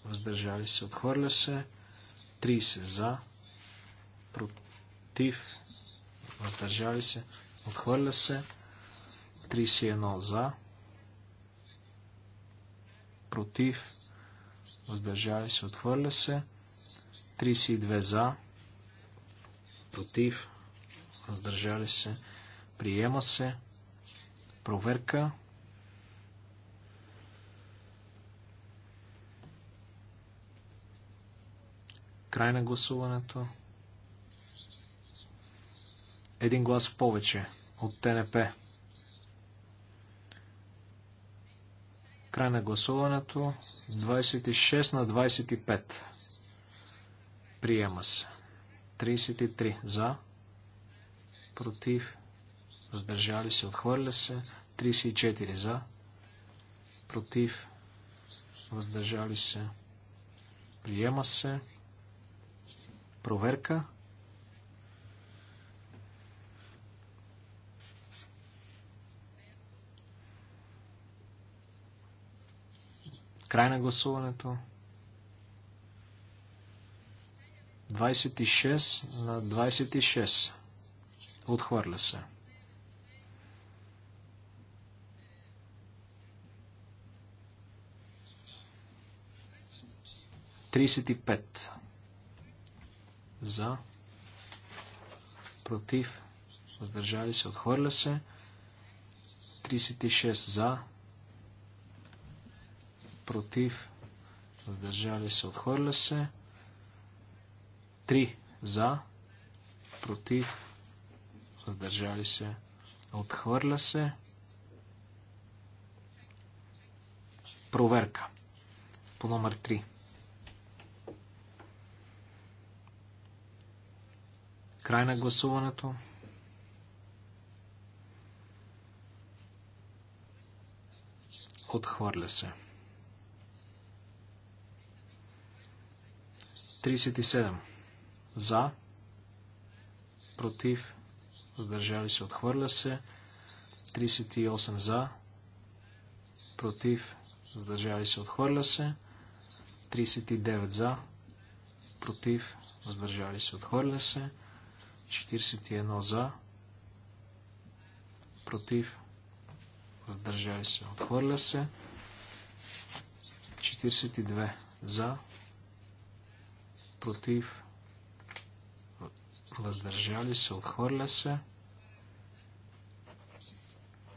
въздържали се. Отхвърля се 30 за, против, въздържали се. Отхвърля се 31 за, против, въздържали се, отхвърля се. 32 за, против, въздържали се, приема се. Проверка. Край на гласуването. Един глас повече от ТНП. Край на гласуването. 26 на 25. Приема се. 33 за. Против. Въздържали се. Отхвърля се. 34 за. Против. Въздържали се. Приема се. Проверка. Край на гласуването. 26 на 26. Отхвърля се. Тридесет и пет. За. Против. Въздържали се. Отхвърля се. 36 за против, въздържали се, отхвърля се. 3 за, против, въздържали се, отхвърля се. Проверка по номер 3. Край на гласуването. Отхвърля се. 37. За. Против. Въздържали се. Отхвърля се. 38 за. Против. Въздържали се. Отхвърля се. 39 за. Против. Въздържали се. Отхвърля се. 41 за. Против. Въздържали се. Отхвърля се. 42 за. Против против, въздържали се, отхвърля се.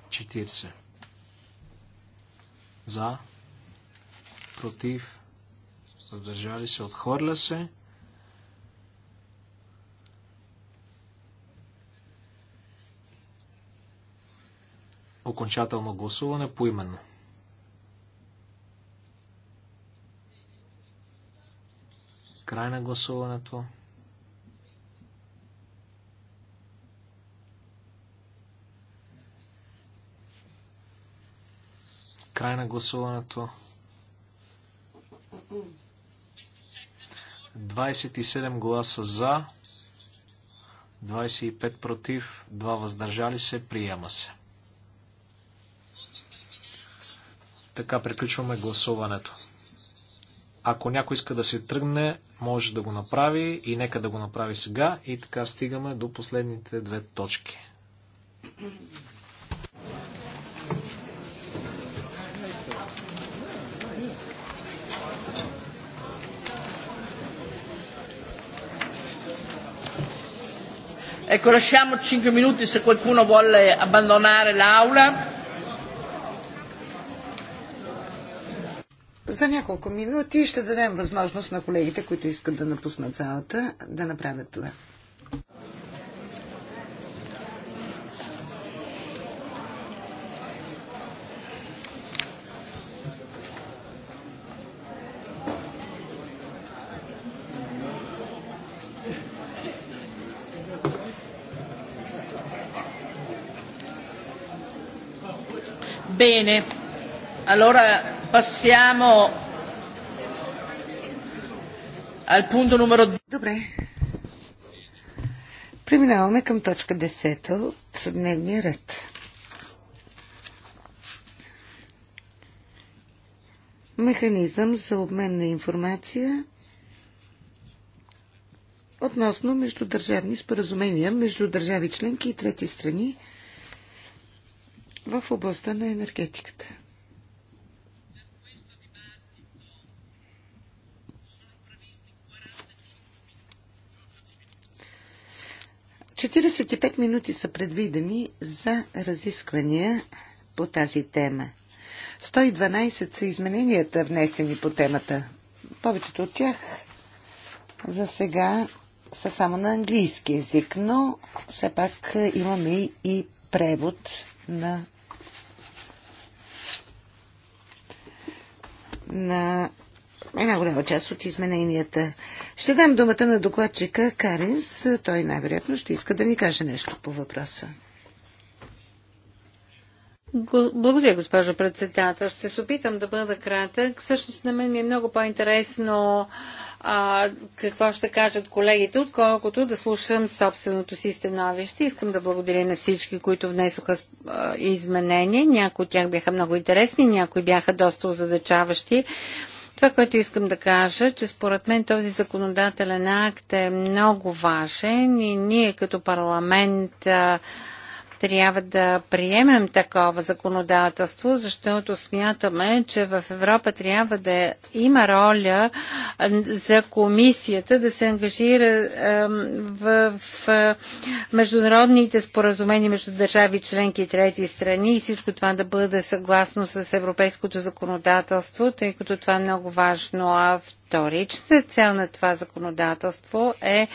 40. За, против, въздържали се, отхвърля се. Окончателно гласуване по именно. Край на гласуването. Край на гласуването. 27 гласа за, 25 против, 2 въздържали се, приема се. Така приключваме гласуването. Ако някой иска да се тръгне, може да го направи и нека да го направи сега. И така стигаме до последните две точки. Ecco, lasciamo 5 minuti se qualcuno vuole abbandonare l'aula. За няколко минути ще дадем възможност на колегите, които искат да напуснат залата, да направят това. Bene, allora Passiamo al punto numero... Добре. Преминаваме към точка 10 от дневния ред. Механизъм за обмен на информация относно междудържавни споразумения между държави членки и трети страни в областта на енергетиката. 45 минути са предвидени за разисквания по тази тема. 112 са измененията внесени по темата. Повечето от тях за сега са само на английски язик, но все пак имаме и превод на на една голяма част от измененията. Ще дам думата на докладчика Каринс. Той най-вероятно ще иска да ни каже нещо по въпроса. Благодаря, госпожо председател. Ще се опитам да бъда кратък. Всъщност на мен ми е много по-интересно а, какво ще кажат колегите, отколкото да слушам собственото си становище. Искам да благодаря на всички, които внесоха изменения. Някои от тях бяха много интересни, някои бяха доста озадачаващи. Това, което искам да кажа, че според мен този законодателен акт е много важен и ние като парламент трябва да приемем такова законодателство, защото смятаме, че в Европа трябва да има роля за комисията да се ангажира в, международните споразумения между държави, членки и трети страни и всичко това да бъде съгласно с европейското законодателство, тъй като това е много важно. А вторичната цел на това законодателство е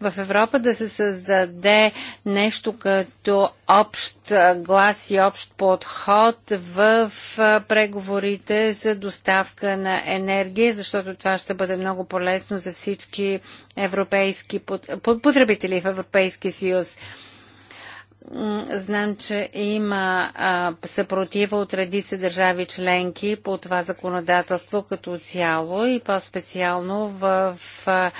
в Европа да се създаде нещо като общ глас и общ подход в преговорите за доставка на енергия, защото това ще бъде много полезно за всички европейски потребители в Европейския съюз знам, че има съпротива от редица държави членки по това законодателство като цяло и по-специално в а,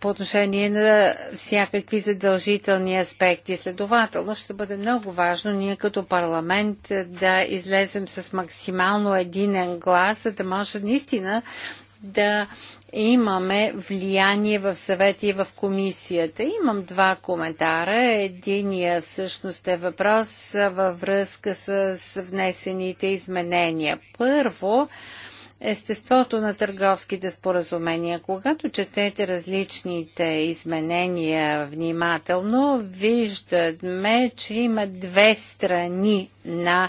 по отношение на всякакви задължителни аспекти. Следователно ще бъде много важно ние като парламент да излезем с максимално единен глас, за да може наистина да имаме влияние в съвета и в комисията. Имам два коментара. Единия всъщност е въпрос във връзка с внесените изменения. Първо, естеството на търговските споразумения. Когато четете различните изменения внимателно, виждаме, че има две страни на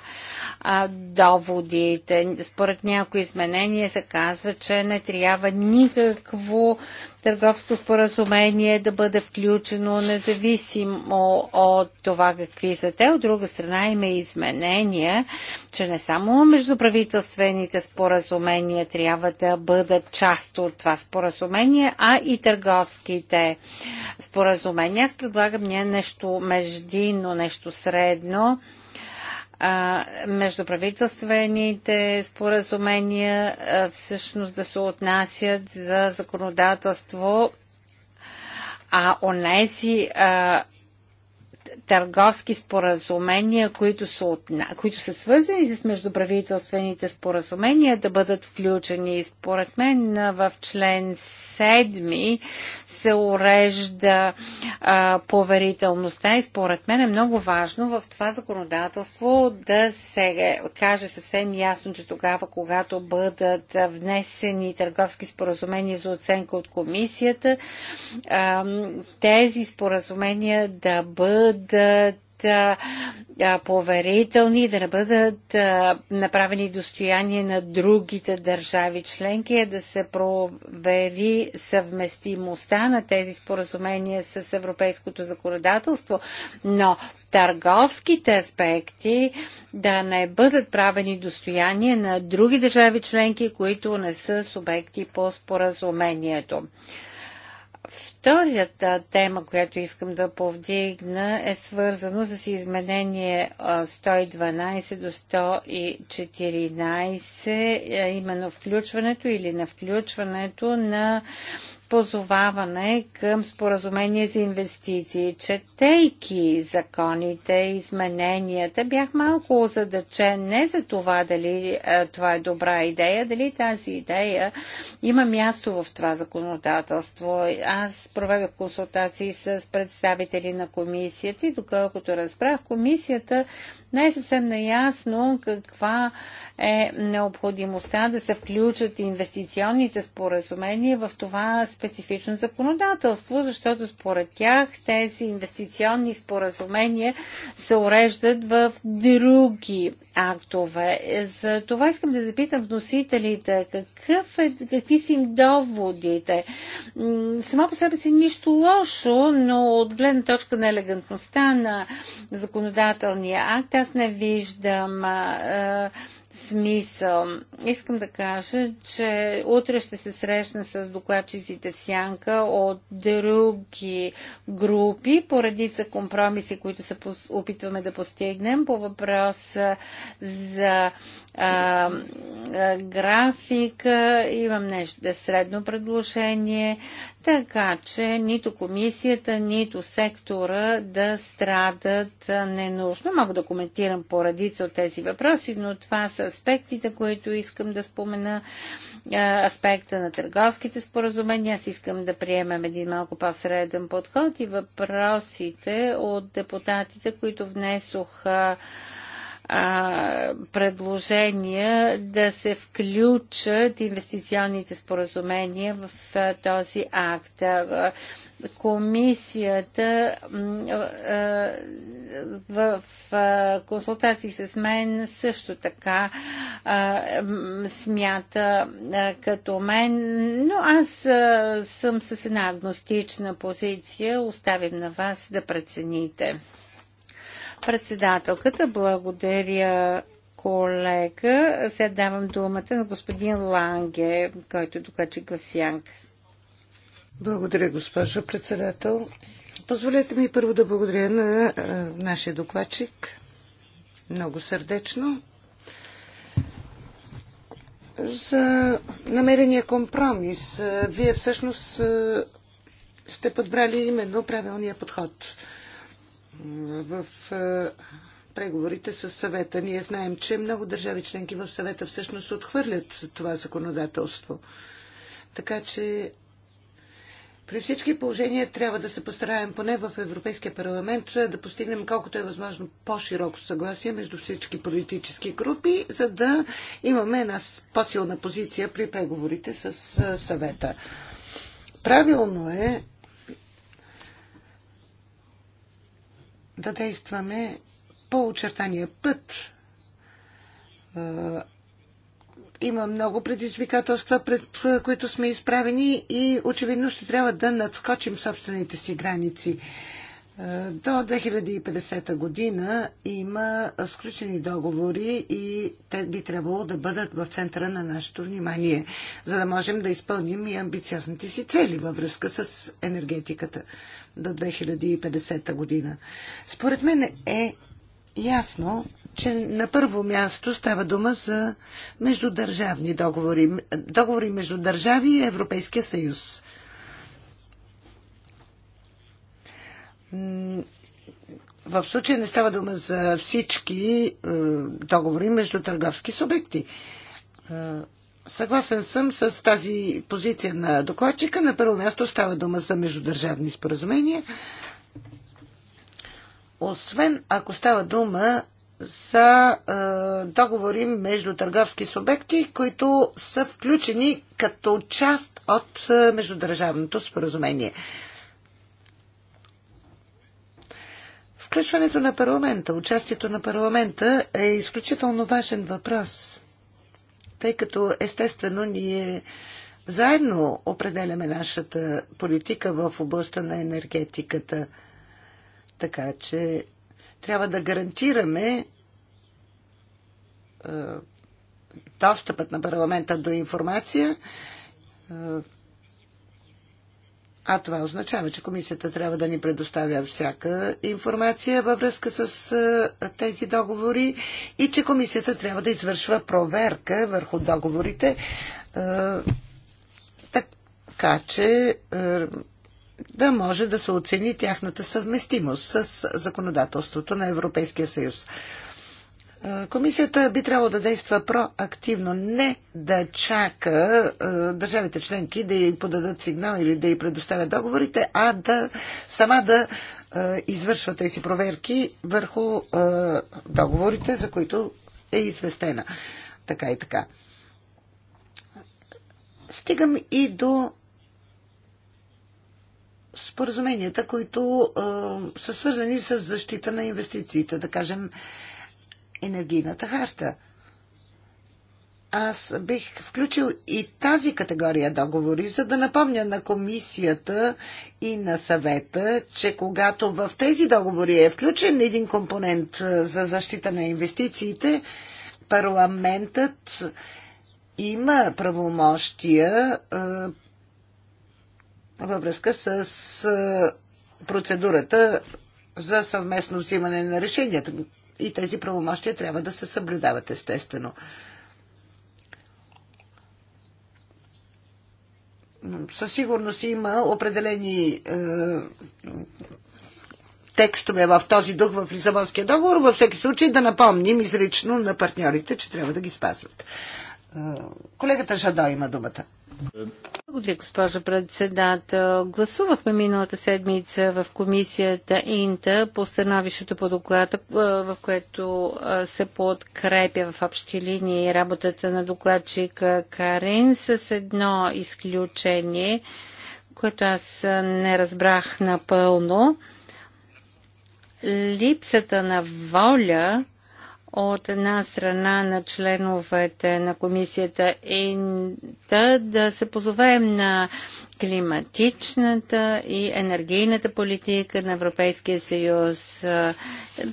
а, доводите. Според някои изменения се казва, че не трябва никакво търговско споразумение да бъде включено, независимо от това какви са те. От друга страна има изменения, че не само междуправителствените споразумения трябва да бъдат част от това споразумение, а и търговските споразумения. Аз предлагам ние нещо междинно, нещо средно междуправителствените споразумения всъщност да се отнасят за законодателство, а онези а, търговски споразумения, които са, от, които са свързани с междуправителствените споразумения, да бъдат включени. Според мен в член 7 се урежда а, поверителността и според мен е много важно в това законодателство да се каже съвсем ясно, че тогава, когато бъдат внесени търговски споразумения за оценка от комисията, а, тези споразумения да бъдат бъдат поверителни, да не бъдат направени достояние на другите държави членки, а да се провери съвместимостта на тези споразумения с европейското законодателство, но търговските аспекти да не бъдат правени достояние на други държави членки, които не са субекти по споразумението. Втората тема, която искам да повдигна, е свързано с изменение 112 до 114, именно включването или на включването на позоваване към споразумение за инвестиции. Четейки законите, измененията, бях малко озадачен не за това дали а, е, това е добра идея, дали тази идея има място в това законодателство. Аз проведох консултации с представители на комисията и доколкото разбрах, комисията не е съвсем наясно каква е необходимостта да се включат инвестиционните споразумения в това специфично законодателство, защото според тях тези инвестиционни споразумения се уреждат в други актове. За това искам да запитам вносителите какъв е, какви са им доводите. само по себе си нищо лошо, но от гледна точка на елегантността на законодателния акт аз не виждам а, смисъл. Искам да кажа, че утре ще се срещна с докладчиците в Сянка от други групи, поредица компромиси, които се опитваме да постигнем по въпрос за а, графика, имам нещо средно предложение, така че нито комисията, нито сектора да страдат ненужно. Мога да коментирам поредица от тези въпроси, но това са аспектите, които искам да спомена. Аспекта на търговските споразумения. Аз искам да приемем един малко по-среден подход и въпросите от депутатите, които внесоха а, предложения да се включат инвестиционните споразумения в а, този акт. А, комисията в консултации с мен също така смята като мен, но аз съм с една агностична позиция. Оставим на вас да прецените. Председателката, благодаря колега. Сега давам думата на господин Ланге, който е докачи в сянка. Благодаря, госпожо председател. Позволете ми първо да благодаря на нашия докладчик много сърдечно за намерения компромис. Вие всъщност сте подбрали именно правилния подход в е, преговорите с съвета. Ние знаем, че много държави членки в съвета всъщност отхвърлят това законодателство. Така че при всички положения трябва да се постараем поне в Европейския парламент да постигнем колкото е възможно по-широко съгласие между всички политически групи, за да имаме една по-силна позиция при преговорите с е, съвета. Правилно е да действаме по очертания път. Има много предизвикателства, пред които сме изправени и очевидно ще трябва да надскочим собствените си граници. До 2050 година има сключени договори и те би трябвало да бъдат в центъра на нашето внимание, за да можем да изпълним и амбициозните си цели във връзка с енергетиката до 2050 година. Според мен е ясно, че на първо място става дума за междудържавни договори. Договори между държави и Европейския съюз. в случая не става дума за всички е, договори между търговски субекти. Е, съгласен съм с тази позиция на докладчика. На първо място става дума за междудържавни споразумения. Освен ако става дума за е, договори между търговски субекти, които са включени като част от е, междудържавното споразумение. Е, Включването на парламента, участието на парламента е изключително важен въпрос, тъй като естествено ние заедно определяме нашата политика в областта на енергетиката. Така че трябва да гарантираме е, достъпът на парламента до информация е, а това означава, че комисията трябва да ни предоставя всяка информация във връзка с тези договори и че комисията трябва да извършва проверка върху договорите, така че да може да се оцени тяхната съвместимост с законодателството на Европейския съюз. Е, комисията би трябвало да действа проактивно, не да чака е, държавите членки да й подадат сигнал или да й предоставят договорите, а да сама да е, извършва тези проверки върху договорите, за които е известена. Така и така. Стигам и до споразуменията, които са свързани с защита на инвестициите, да кажем енергийната харта. Аз бих включил и тази категория договори, за да напомня на комисията и на съвета, че когато в тези договори е включен един компонент за защита на инвестициите, парламентът има правомощия във връзка с процедурата за съвместно взимане на решенията, и тези правомощия трябва да се съблюдават естествено. Със сигурност има определени е, текстове в този дух в Лизабонския договор. Във всеки случай да напомним изрично на партньорите, че трябва да ги спазват. Е, колегата Жадо има думата. Благодаря, госпожа председател. Гласувахме миналата седмица в комисията Инта по становището по доклада, в което се подкрепя в общи линии работата на докладчика Карин с едно изключение, което аз не разбрах напълно. Липсата на воля от една страна на членовете на комисията ИНТА да се позовем на климатичната и енергийната политика на Европейския съюз. Е,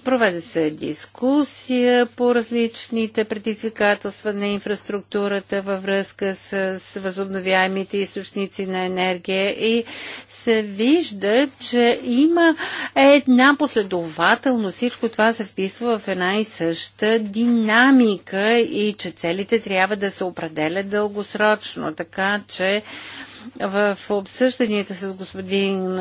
проведе се дискусия по различните предизвикателства на инфраструктурата във връзка с възобновяемите източници на енергия и се вижда, че има една последователно всичко това се вписва в една и съща динамика и че целите трябва да се определят дългосрочно, така че в обсъжданията с господин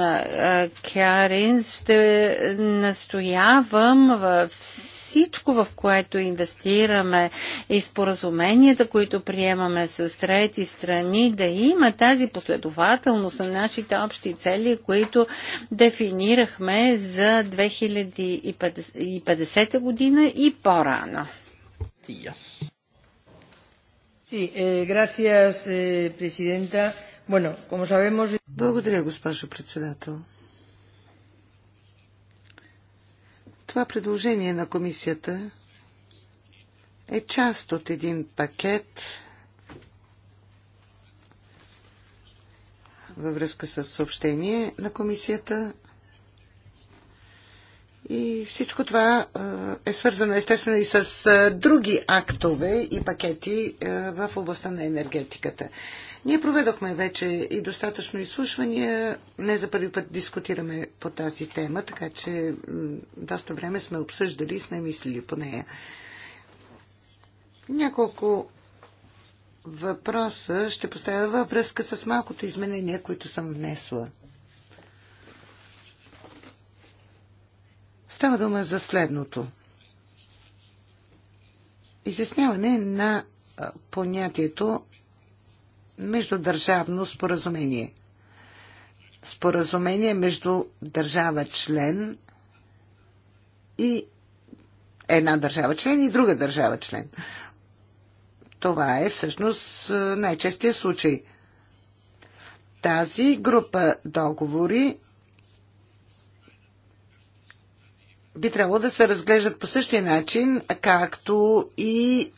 Кярин ще настоявам в всичко, в което инвестираме и споразуменията, които приемаме с трети страни, да има тази последователност на нашите общи цели, които дефинирахме за 2050 година и по-рано. Sí, eh, gracias, eh, Presidenta. Благодаря, госпожо председател. Това предложение на комисията е част от един пакет във връзка с съобщение на комисията. И всичко това е, е свързано естествено и с е, други актове и пакети е, в областта на енергетиката. Ние проведохме вече и достатъчно изслушвания. Не за първи път дискутираме по тази тема, така че доста време сме обсъждали и сме мислили по нея. Няколко въпроса ще поставя във връзка с малкото изменение, които съм внесла. Става дума за следното. Изясняване на понятието междудържавно споразумение. Споразумение между държава член и една държава член и друга държава член. Това е всъщност е, най-честия случай. Тази група договори би трябвало да се разглеждат по същия начин, както и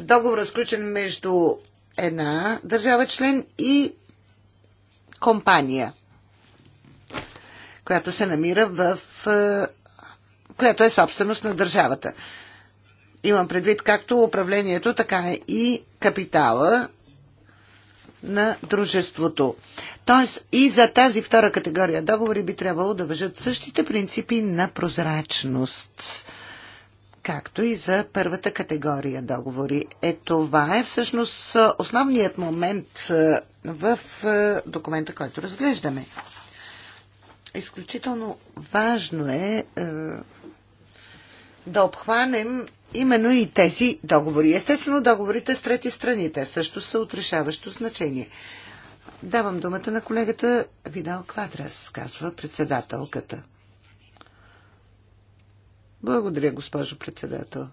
договора, сключен между една държава член и компания, която се намира в. Е, която е собственост на държавата. Имам предвид както управлението, така и капитала на дружеството. Тоест и за тази втора категория договори би трябвало да въжат същите принципи на прозрачност както и за първата категория договори. Е това е всъщност основният момент е, в е, документа, който разглеждаме. Изключително важно е, е да обхванем именно и тези договори. Естествено, договорите с трети страни, те също са отрешаващо значение. Давам думата на колегата Видал Квадрас, казва председателката. Благодаря, госпожо председател.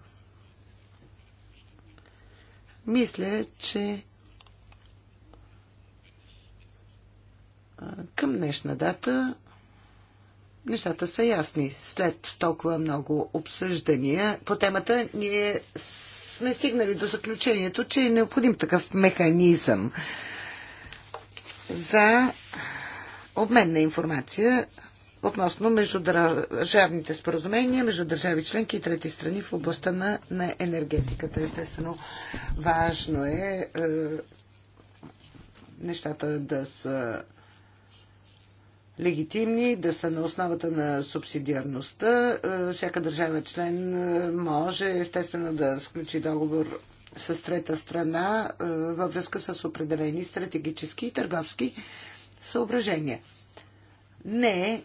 Мисля, че към днешна дата нещата са ясни. След толкова много обсъждания по темата, ние сме стигнали до заключението, че е необходим такъв механизъм за обмен на информация относно междудържавните споразумения между държави членки и трети страни в областта на, на енергетиката. Естествено, важно е, е нещата да са легитимни, да са на основата на субсидиарността. Е, всяка държава член е, може естествено да сключи договор с трета страна е, във връзка с определени стратегически и търговски съображения. Не е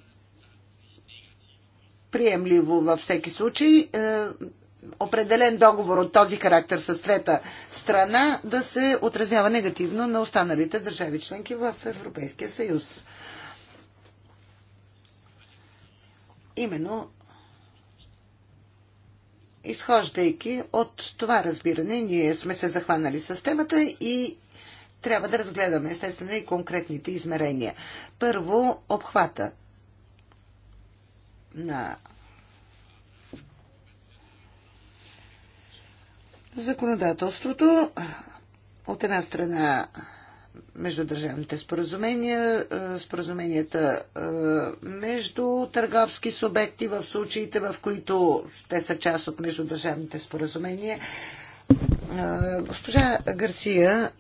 приемливо във всеки случай е, определен договор от този характер с трета страна да се отразява негативно на останалите държави членки в Европейския съюз. Именно изхождайки от това разбиране, ние сме се захванали с темата и трябва да разгледаме естествено и конкретните измерения. Първо, обхвата на законодателството. От една страна междудържавните споразумения, е, споразуменията е, между търговски субекти в случаите, в които те са част от междудържавните споразумения. Е, госпожа Гарсия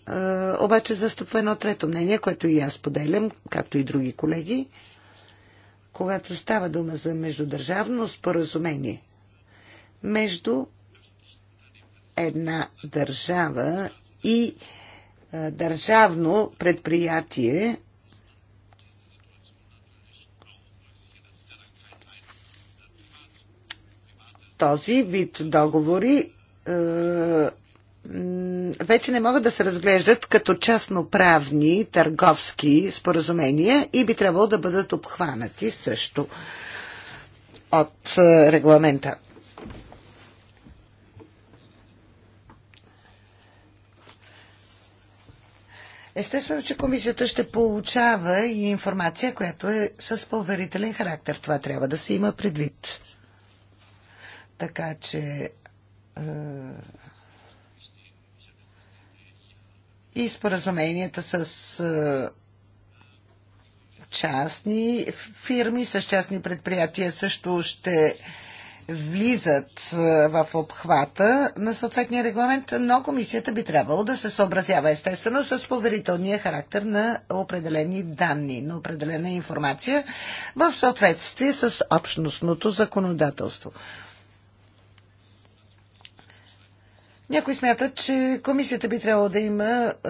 обаче застъпва едно трето мнение, което и аз поделям, както и други колеги когато става дума за междудържавно споразумение между една държава и а, държавно предприятие, този вид договори вече не могат да се разглеждат като частноправни търговски споразумения и би трябвало да бъдат обхванати също от е, регламента. Естествено, че комисията ще получава и информация, която е с поверителен характер. Това трябва да се има предвид. Така че е, и споразуменията с частни фирми, с частни предприятия също ще влизат в обхвата на съответния регламент, но комисията би трябвало да се съобразява естествено с поверителния характер на определени данни, на определена информация в съответствие с общностното законодателство. Някои смятат, че комисията би трябвало да има а,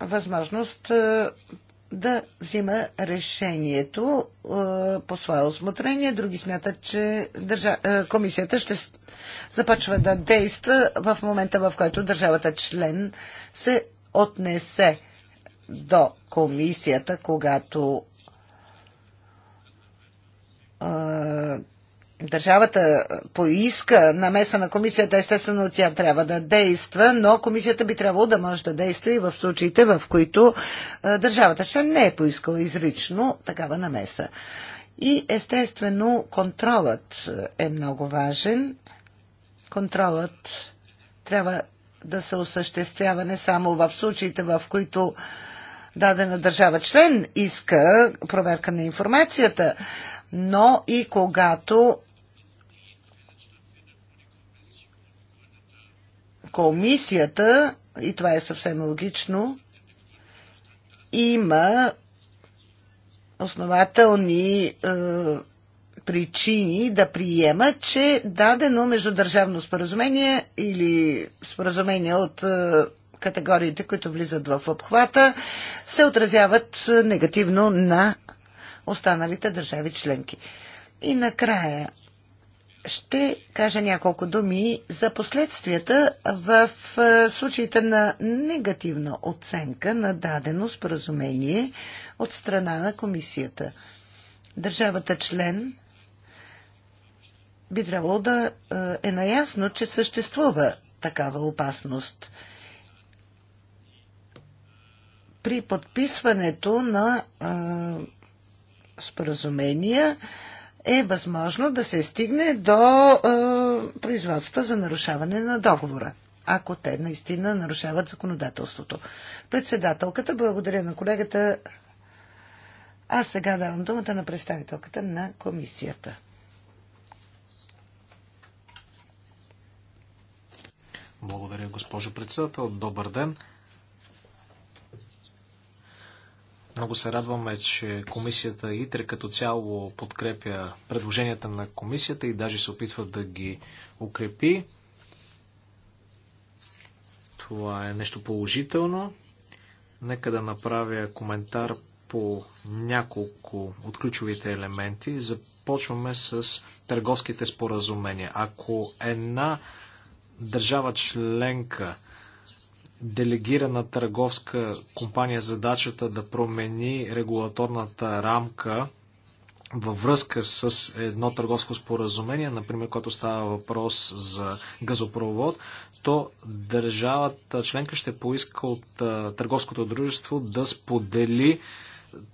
възможност а, да взима решението а, по свое осмотрение. Други смятат, че държа... а, комисията ще започва да действа в момента, в който държавата член се отнесе до комисията, когато държавата поиска намеса на комисията, естествено тя трябва да действа, но комисията би трябвало да може да действа и в случаите, в които държавата ще не е поискала изрично такава намеса. И естествено контролът е много важен. Контролът трябва да се осъществява не само в случаите, в които дадена държава член иска проверка на информацията, но и когато комисията, и това е съвсем логично, има основателни е, причини да приема, че дадено междудържавно споразумение или споразумение от е, категориите, които влизат в обхвата, се отразяват негативно на останалите държави членки. И накрая, ще кажа няколко думи за последствията в е, случаите на негативна оценка на дадено споразумение от страна на комисията. Държавата член би трябвало да е, е наясно, че съществува такава опасност. При подписването на е, споразумения, е възможно да се стигне до е, производства за нарушаване на договора, ако те наистина нарушават законодателството. Председателката, благодаря на колегата. Аз сега давам думата на представителката на комисията. Благодаря, госпожо председател. Добър ден. Много се радваме, че комисията ИТРЕ като цяло подкрепя предложенията на комисията и даже се опитва да ги укрепи. Това е нещо положително. Нека да направя коментар по няколко от ключовите елементи. Започваме с търговските споразумения. Ако една държава членка делегирана търговска компания задачата да промени регулаторната рамка във връзка с едно търговско споразумение, например, което става въпрос за газопровод, то държавата членка ще поиска от търговското дружество да сподели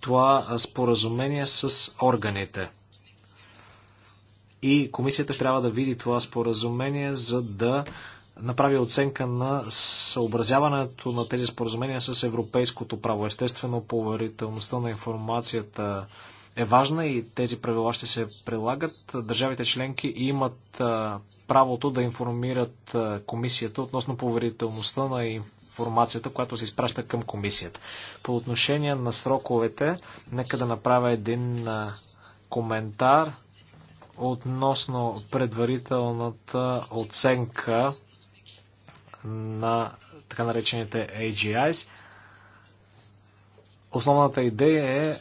това споразумение с органите. И комисията трябва да види това споразумение, за да направи оценка на съобразяването на тези споразумения с европейското право. Естествено, поверителността на информацията е важна и тези правила ще се прилагат. Държавите членки имат правото да информират комисията относно поверителността на информацията, която се изпраща към комисията. По отношение на сроковете, нека да направя един коментар относно предварителната оценка на така наречените AGIs. Основната идея е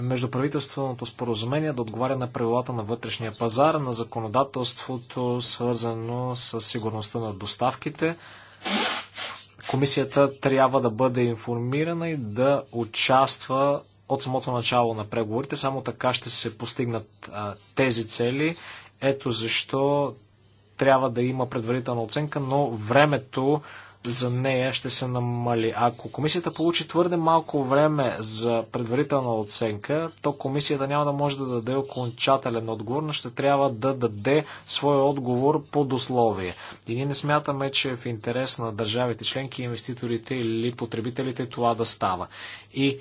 междуправителственото споразумение да отговаря на правилата на вътрешния пазар, на законодателството, свързано с сигурността на доставките. Комисията трябва да бъде информирана и да участва от самото начало на преговорите. Само така ще се постигнат а, тези цели. Ето защо трябва да има предварителна оценка, но времето за нея ще се намали. Ако комисията получи твърде малко време за предварителна оценка, то комисията няма да може да даде окончателен отговор, но ще трябва да даде своя отговор под условие. И ние не смятаме, че е в интерес на държавите членки, инвеститорите или потребителите това да става. И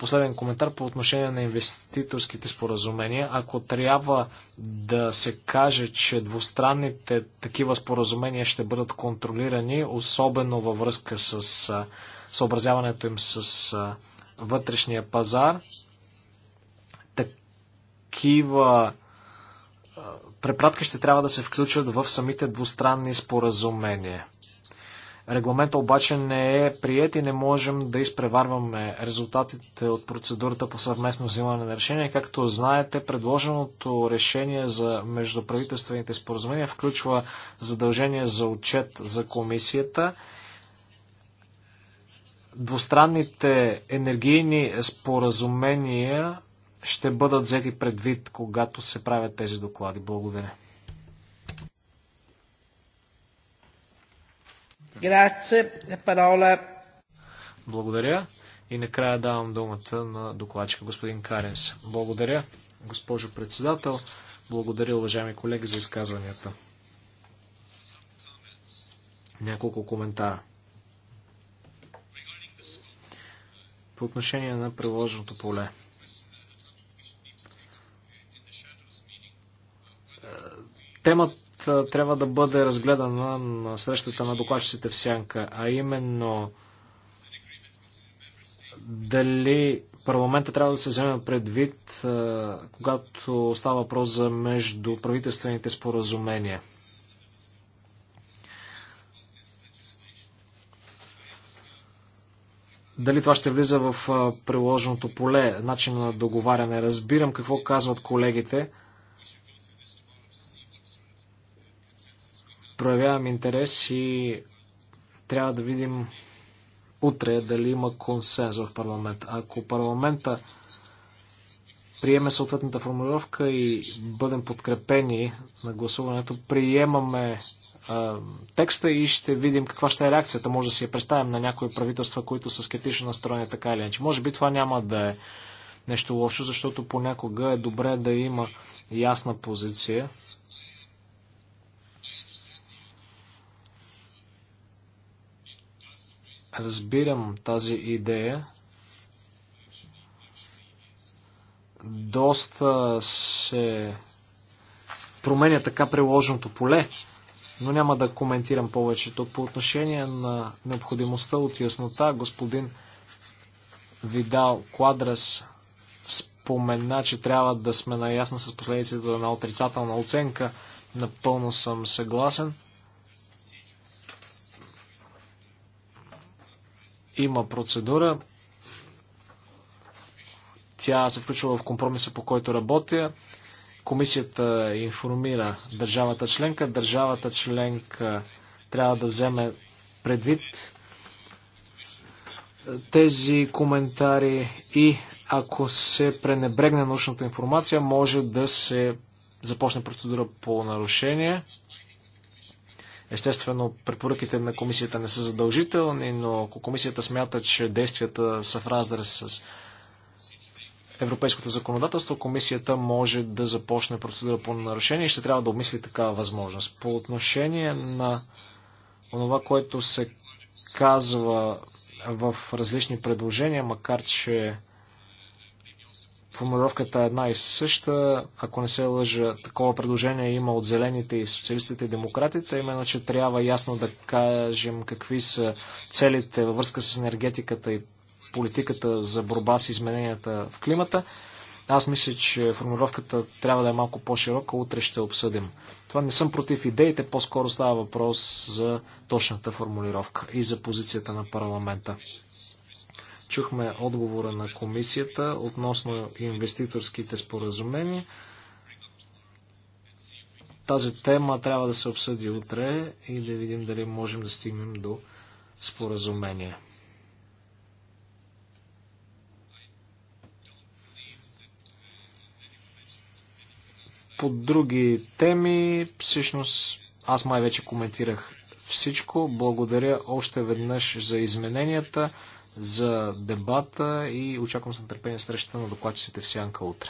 Последен коментар по отношение на инвеститорските споразумения. Ако трябва да се каже, че двустранните такива споразумения ще бъдат контролирани, особено във връзка с съобразяването им с вътрешния пазар, такива препратки ще трябва да се включват в самите двустранни споразумения. Регламента обаче не е прият и не можем да изпреварваме резултатите от процедурата по съвместно взимане на решение. Както знаете, предложеното решение за междуправителствените споразумения включва задължение за отчет за комисията. Двустранните енергийни споразумения ще бъдат взети предвид, когато се правят тези доклади. Благодаря. Благодаря. И накрая давам думата на докладчика господин Каренс. Благодаря, госпожо председател. Благодаря, уважаеми колеги, за изказванията. Няколко коментара. По отношение на приложеното поле. Е, темата трябва да бъде разгледана на срещата на докладчиците в Сянка, а именно дали парламента трябва да се вземе предвид, когато става въпрос за междуправителствените споразумения. Дали това ще влиза в приложеното поле, начин на договаряне? Разбирам какво казват колегите. проявявам интерес и трябва да видим утре дали има консенсус в парламента. Ако парламента приеме съответната формулировка и бъдем подкрепени на гласуването, приемаме а, текста и ще видим каква ще е реакцията. Може да си я представим на някои правителства, които са скептично настроени така или иначе. Може би това няма да е нещо лошо, защото понякога е добре да има ясна позиция. Разбирам тази идея. Доста се променя така приложеното поле, но няма да коментирам повечето. По отношение на необходимостта от яснота, господин Видал Квадрас спомена, че трябва да сме наясно с последиците на отрицателна оценка. Напълно съм съгласен. Има процедура. Тя се включва в компромиса, по който работя. Комисията информира държавата членка. Държавата членка трябва да вземе предвид тези коментари и ако се пренебрегне научната информация, може да се започне процедура по нарушение. Естествено, препоръките на комисията не са задължителни, но ако комисията смята, че действията са в разрез с европейското законодателство, комисията може да започне процедура по нарушение и ще трябва да обмисли такава възможност. По отношение на това, което се казва в различни предложения, макар че формулировката е една и съща. Ако не се лъжа, такова предложение има от зелените и социалистите и демократите, именно, че трябва ясно да кажем какви са целите във връзка с енергетиката и политиката за борба с измененията в климата. Аз мисля, че формулировката трябва да е малко по-широка, утре ще обсъдим. Това не съм против идеите, по-скоро става въпрос за точната формулировка и за позицията на парламента. Чухме отговора на комисията относно инвеститорските споразумения. Тази тема трябва да се обсъди утре и да видим дали можем да стигнем до споразумение. по други теми, всъщност аз май вече коментирах всичко. Благодаря още веднъж за измененията за дебата и очаквам с нетърпение срещата на докладчиците в Сянка утре.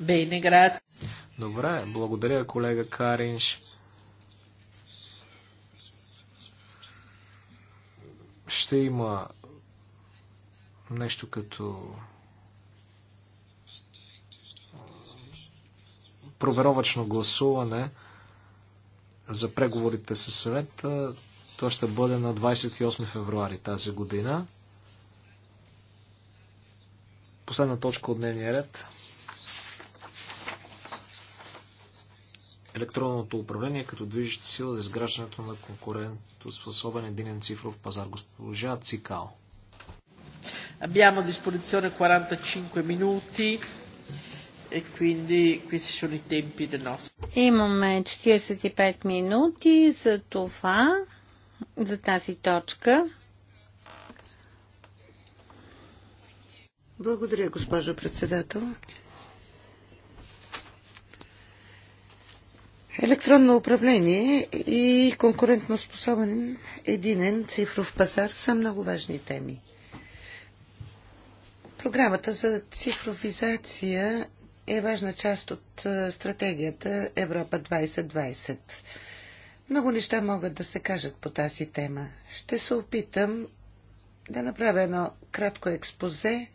Бейне град. Добре, благодаря колега Каринш. Ще има нещо като проверовачно гласуване за преговорите със съвета. То ще бъде на 28 февруари тази година. Последна точка от дневния ред. електронното управление като движеща сила за изграждането на конкурентоспособен единен цифров пазар. Госпожа Цикал. Abbiamo a disposizione 45 minuti e quindi questi sono i tempi del nostro. Имаме 45 минути за това за тази точка. Благодаря, госпожо председател. Електронно управление и конкурентноспособен единен цифров пазар са много важни теми. Програмата за цифровизация е важна част от стратегията Европа 2020. Много неща могат да се кажат по тази тема. Ще се опитам да направя едно кратко експозе,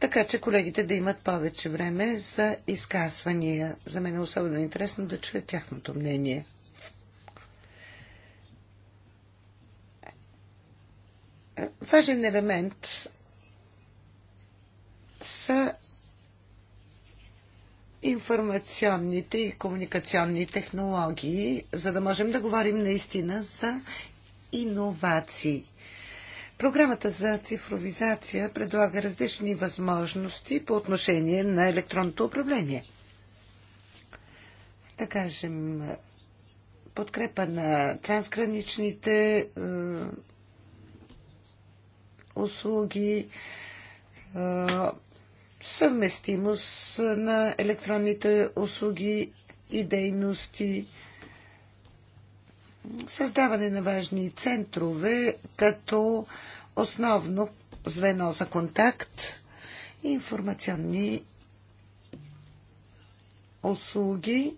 така че колегите да имат повече време за изказвания. За мен е особено интересно да чуя тяхното мнение. Важен елемент са информационните и комуникационни технологии, за да можем да говорим наистина за иновации. Програмата за цифровизация предлага различни възможности по отношение на електронното управление. Да кажем, подкрепа на трансграничните е, услуги, е, съвместимост на електронните услуги и дейности, създаване на важни центрове като основно звено за контакт и информационни услуги,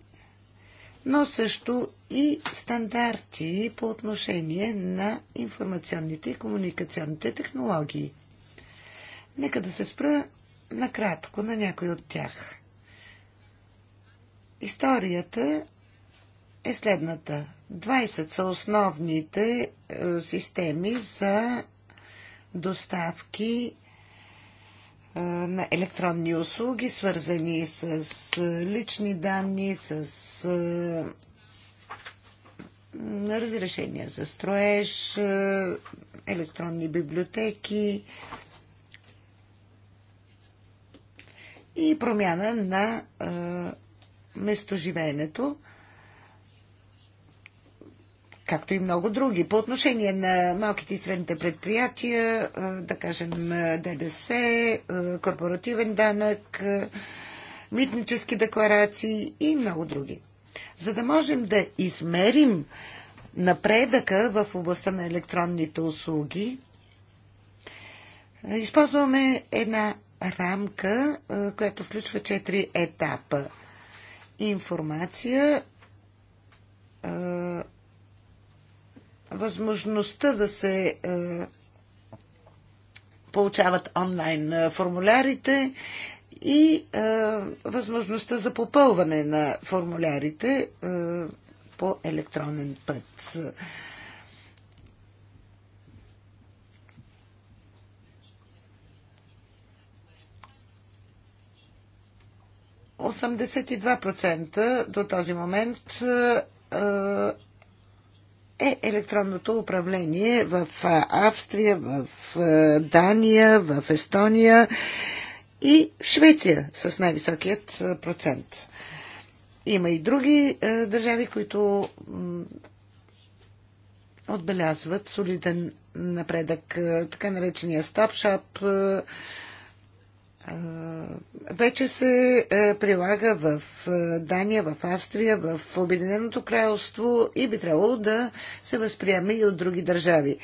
но също и стандарти по отношение на информационните и комуникационните технологии. Нека да се спра накратко на някой от тях. Историята е следната. 20 са основните е, системи за доставки е, на електронни услуги, свързани с е, лични данни, с е, разрешения за строеж, е, електронни библиотеки, и промяна на местоживеенето, както и много други. По отношение на малките и средните предприятия, да кажем ДДС, корпоративен данък, митнически декларации и много други. За да можем да измерим напредъка в областта на електронните услуги, използваме една рамка, която включва четири етапа. Информация, възможността да се получават онлайн формулярите и възможността за попълване на формулярите по електронен път. 82% до този момент е, е електронното управление в е, Австрия, в е, Дания, в Естония и Швеция с най-високият процент. Има и други държави, които отбелязват солиден напредък, така наречения стопшап, шап вече се е, прилага в е, Дания, в Австрия, в Обединеното кралство и би трябвало да се възприеме и от други държави.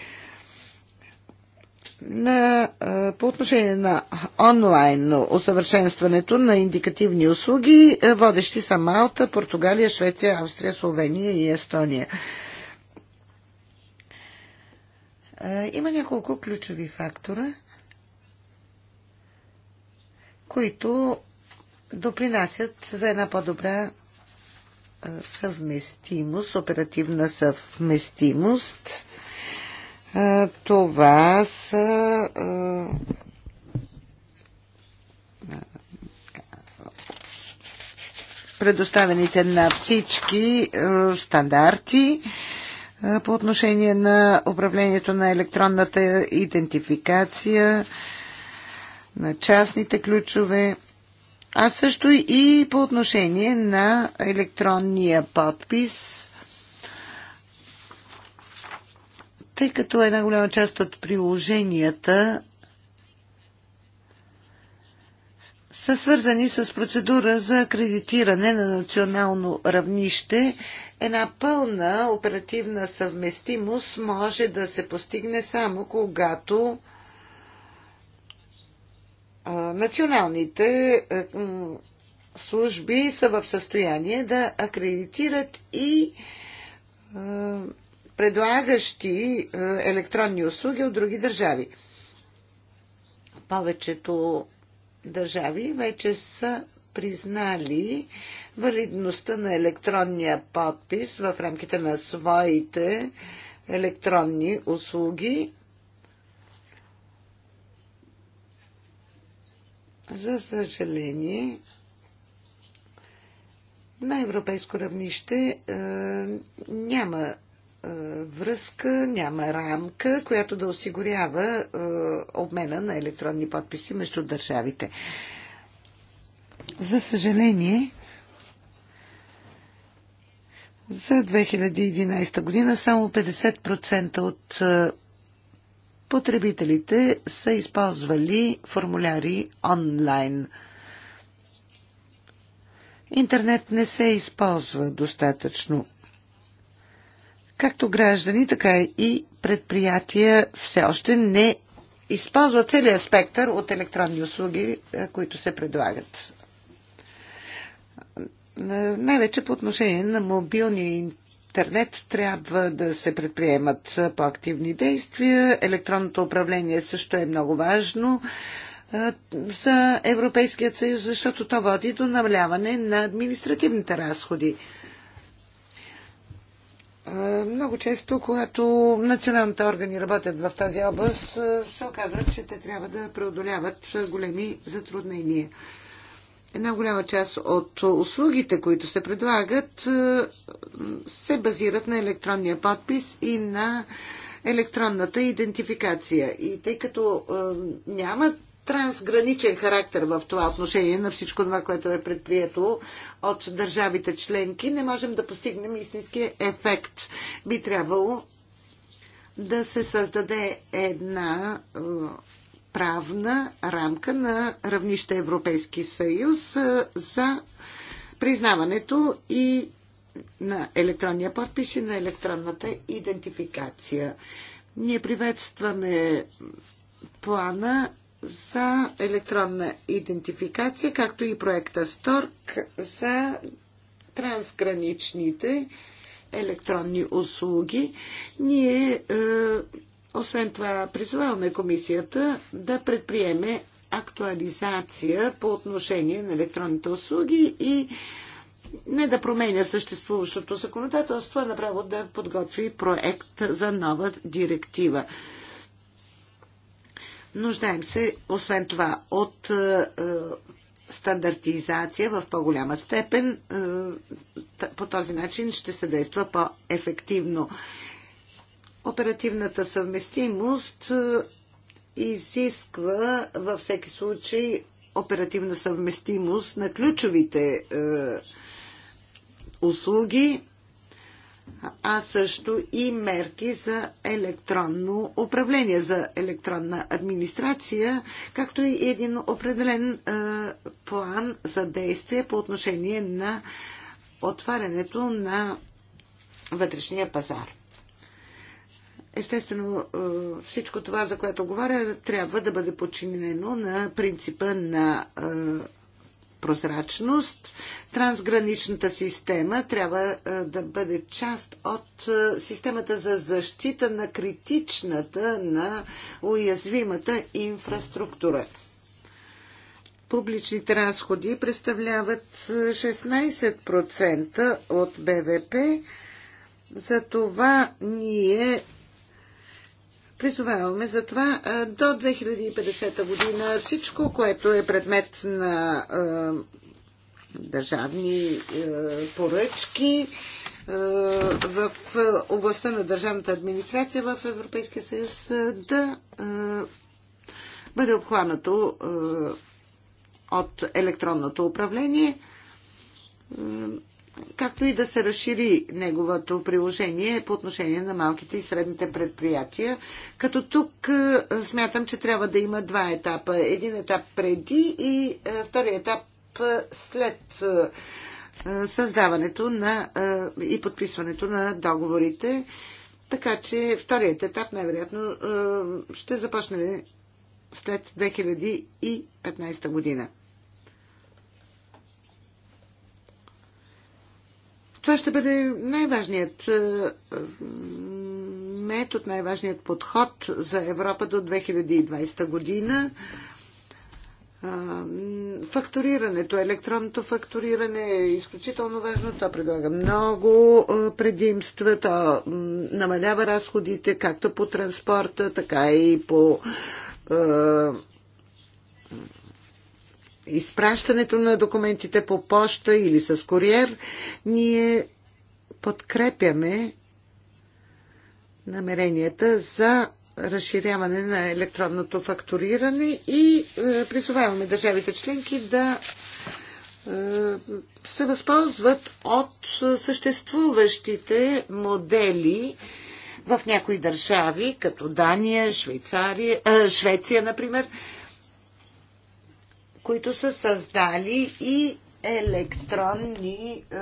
На, е, по отношение на онлайн усъвършенстването на индикативни услуги, водещи са Малта, Португалия, Швеция, Австрия, Словения и Естония. Има няколко ключови фактора – които допринасят за една по-добра съвместимост, оперативна съвместимост. Това са предоставените на всички стандарти по отношение на управлението на електронната идентификация, на частните ключове, а също и по отношение на електронния подпис, тъй като една голяма част от приложенията са свързани с процедура за акредитиране на национално равнище. Една пълна оперативна съвместимост може да се постигне само когато националните е, служби са в състояние да акредитират и е, предлагащи е, електронни услуги от други държави. Повечето държави вече са признали валидността на електронния подпис в рамките на своите електронни услуги За съжаление, на европейско равнище е, няма е, връзка, няма рамка, която да осигурява е, обмена на електронни подписи между държавите. За съжаление, за 2011 година само 50% от е, потребителите са използвали формуляри онлайн. Интернет не се използва достатъчно. Както граждани, така и предприятия все още не използват целият спектър от електронни услуги, които се предлагат. Най-вече по отношение на мобилния интернет трябва да се предприемат по-активни действия. Електронното управление също е много важно за Европейският съюз, защото то води до намаляване на административните разходи. Много често, когато националните органи работят в тази област, се оказва, че те трябва да преодоляват големи затруднения една голяма част от услугите, които се предлагат, е, се базират на електронния подпис и на електронната идентификация. И тъй като е, няма трансграничен характер в това отношение на всичко това, което е предприето от държавите членки, не можем да постигнем истинския ефект. Би трябвало да се създаде една е, правна рамка на равнище Европейски съюз за признаването и на електронния подпис и на електронната идентификация. Ние приветстваме плана за електронна идентификация, както и проекта СТОРК за трансграничните електронни услуги. Ние е, освен това, призоваваме комисията да предприеме актуализация по отношение на електронните услуги и не да променя съществуващото законодателство, а направо да подготви проект за нова директива. Нуждаем се, освен това, от е, е стандартизация в по-голяма степен. Е, по този начин ще се действа по-ефективно. Оперативната съвместимост е, изисква във всеки случай оперативна съвместимост на ключовите е, услуги, а също и мерки за електронно управление, за електронна администрация, както и един определен е, план за действие по отношение на отварянето на вътрешния пазар. Естествено, е, всичко това, за което говоря, трябва да бъде подчинено на принципа на е, прозрачност. Трансграничната система трябва е, да бъде част от системата за защита на критичната, на уязвимата инфраструктура. Публичните разходи представляват 16% от БВП. За това ние Призоваваме за това до 2050 година всичко, което е предмет на държавни поръчки в областта на държавната администрация в Европейския съюз да бъде обхванато от електронното управление както и да се разшири неговото приложение по отношение на малките и средните предприятия. Като тук е, смятам, че трябва да има два етапа. Един етап преди и е, втори етап е, след създаването на и подписването на договорите. Така че вторият етап най-вероятно ще започне след 2015 година. Това ще бъде най-важният е, е, метод, най-важният подход за Европа до 2020 година. Е, Факторирането, електронното факториране е изключително важно. То предлага много предимства. То намалява разходите както по транспорта, така и по изпращането на документите по почта или с куриер, ние подкрепяме намеренията за разширяване на електронното фактуриране и е, призоваваме държавите членки да е, се възползват от съществуващите модели в някои държави, като Дания, Швейцария, е, Швеция, например, които са създали и електронни е,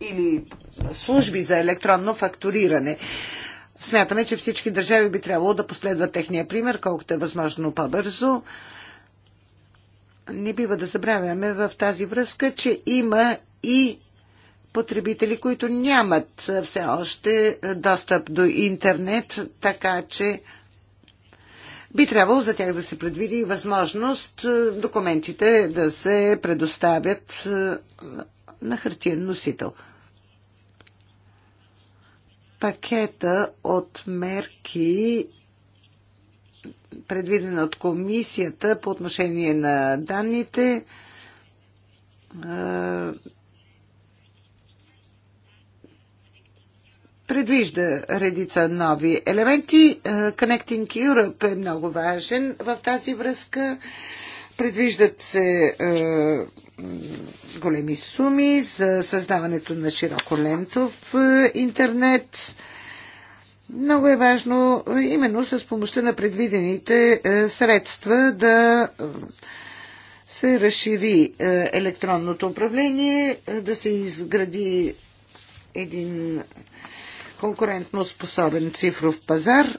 или служби за електронно фактуриране. Смятаме, че всички държави би трябвало да последват техния пример, колкото е възможно по-бързо. Не бива да забравяме в тази връзка, че има и потребители, които нямат е, все още е, достъп до интернет, така че би трябвало за тях да се предвиди възможност е, документите да се предоставят е, на хартиен носител. Пакета от мерки предвидена от комисията по отношение на данните е, предвижда редица нови елементи. Е, Connecting Europe е много важен в тази връзка. Предвиждат се е, големи суми за създаването на широко в е, интернет. Много е важно именно с помощта на предвидените средства да се разшири електронното управление, да се изгради един конкурентно способен цифров пазар.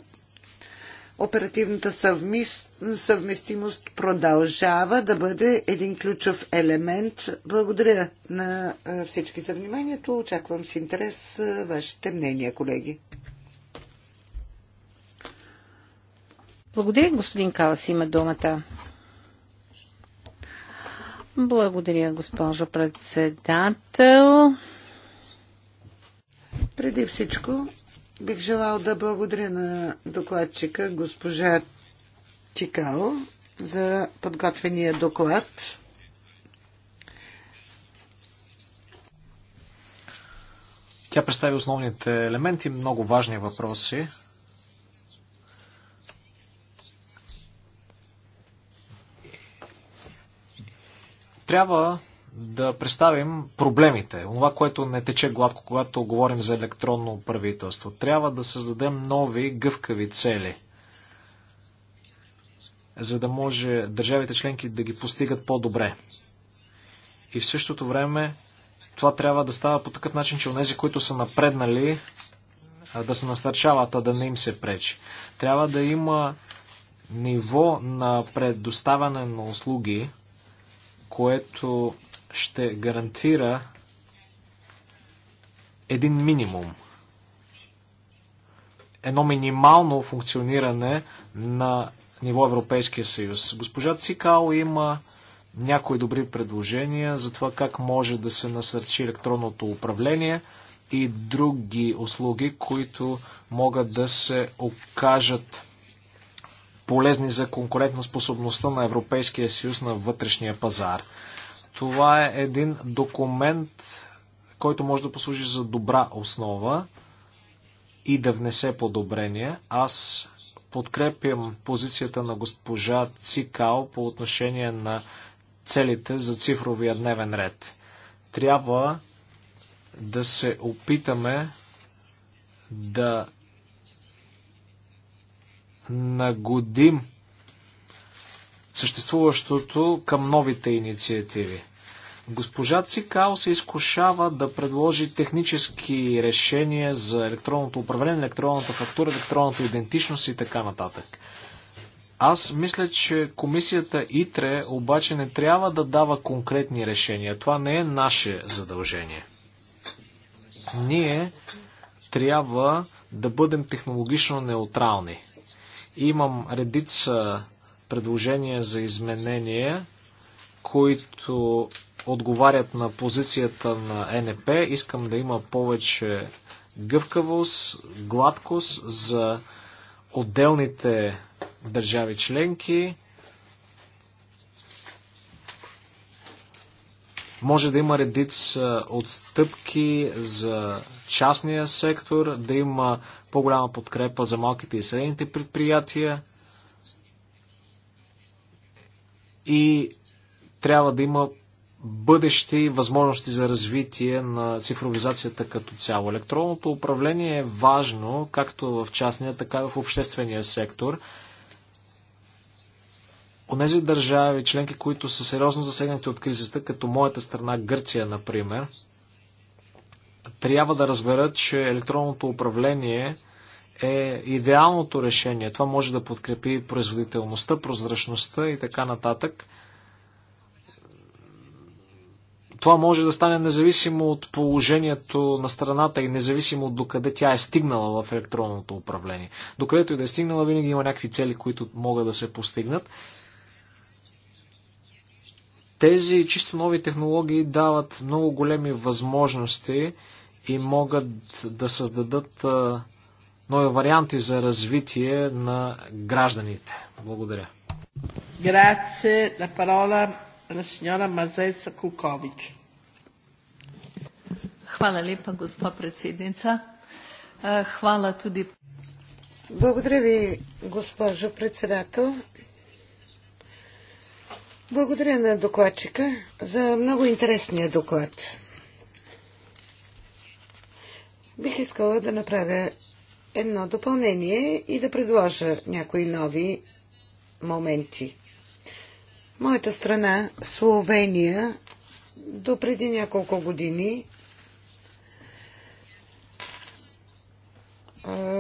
Оперативната съвмис... съвместимост продължава да бъде един ключов елемент. Благодаря на всички за вниманието. Очаквам с интерес вашите мнения, колеги. Благодаря, господин Калас има думата. Благодаря, госпожо председател. Преди всичко бих желал да благодаря на докладчика госпожа Чикао за подготвения доклад. Тя представи основните елементи, много важни въпроси. Трябва да представим проблемите, това, което не тече гладко, когато говорим за електронно правителство. Трябва да създадем нови гъвкави цели, за да може държавите членки да ги постигат по-добре. И в същото време това трябва да става по такъв начин, че онези, които са напреднали, да се насърчават, а да не им се пречи. Трябва да има ниво на предоставяне на услуги, което ще гарантира един минимум, едно минимално функциониране на ниво Европейския съюз. Госпожа Цикал има някои добри предложения за това как може да се насърчи електронното управление и други услуги, които могат да се окажат полезни за конкурентоспособността на Европейския съюз на вътрешния пазар. Това е един документ, който може да послужи за добра основа и да внесе подобрение. Аз подкрепям позицията на госпожа Цикао по отношение на целите за цифровия дневен ред. Трябва да се опитаме да нагодим съществуващото към новите инициативи. Госпожа Цикал се изкушава да предложи технически решения за електронното управление, електронната фактура, електронната идентичност и така нататък. Аз мисля, че комисията ИТРЕ обаче не трябва да дава конкретни решения. Това не е наше задължение. Ние трябва да бъдем технологично неутрални. Имам редица предложения за изменения, които отговарят на позицията на НП. Искам да има повече гъвкавост, гладкост за отделните държави членки. Може да има редица отстъпки за частния сектор, да има по-голяма подкрепа за малките и средните предприятия. и трябва да има бъдещи възможности за развитие на цифровизацията като цяло. Електронното управление е важно, както в частния, така и в обществения сектор. Онези държави, членки, които са сериозно засегнати от кризата, като моята страна Гърция, например, трябва да разберат, че електронното управление – е идеалното решение. Това може да подкрепи производителността, прозрачността и така нататък. Това може да стане независимо от положението на страната и независимо от докъде тя е стигнала в електронното управление. Докъдето и да е стигнала, винаги има някакви цели, които могат да се постигнат. Тези чисто нови технологии дават много големи възможности и могат да създадат а, нови варианти за развитие на гражданите. Благодаря. Grazie, la parola alla signora Mazes Kukovic. Hvala lepa, госпо председница. Е, хвала туди... Благодаря ви, госпожо председател. Благодаря на докладчика за много интересния доклад. Бих искала да направя едно допълнение и да предложа някои нови моменти. Моята страна, Словения, до преди няколко години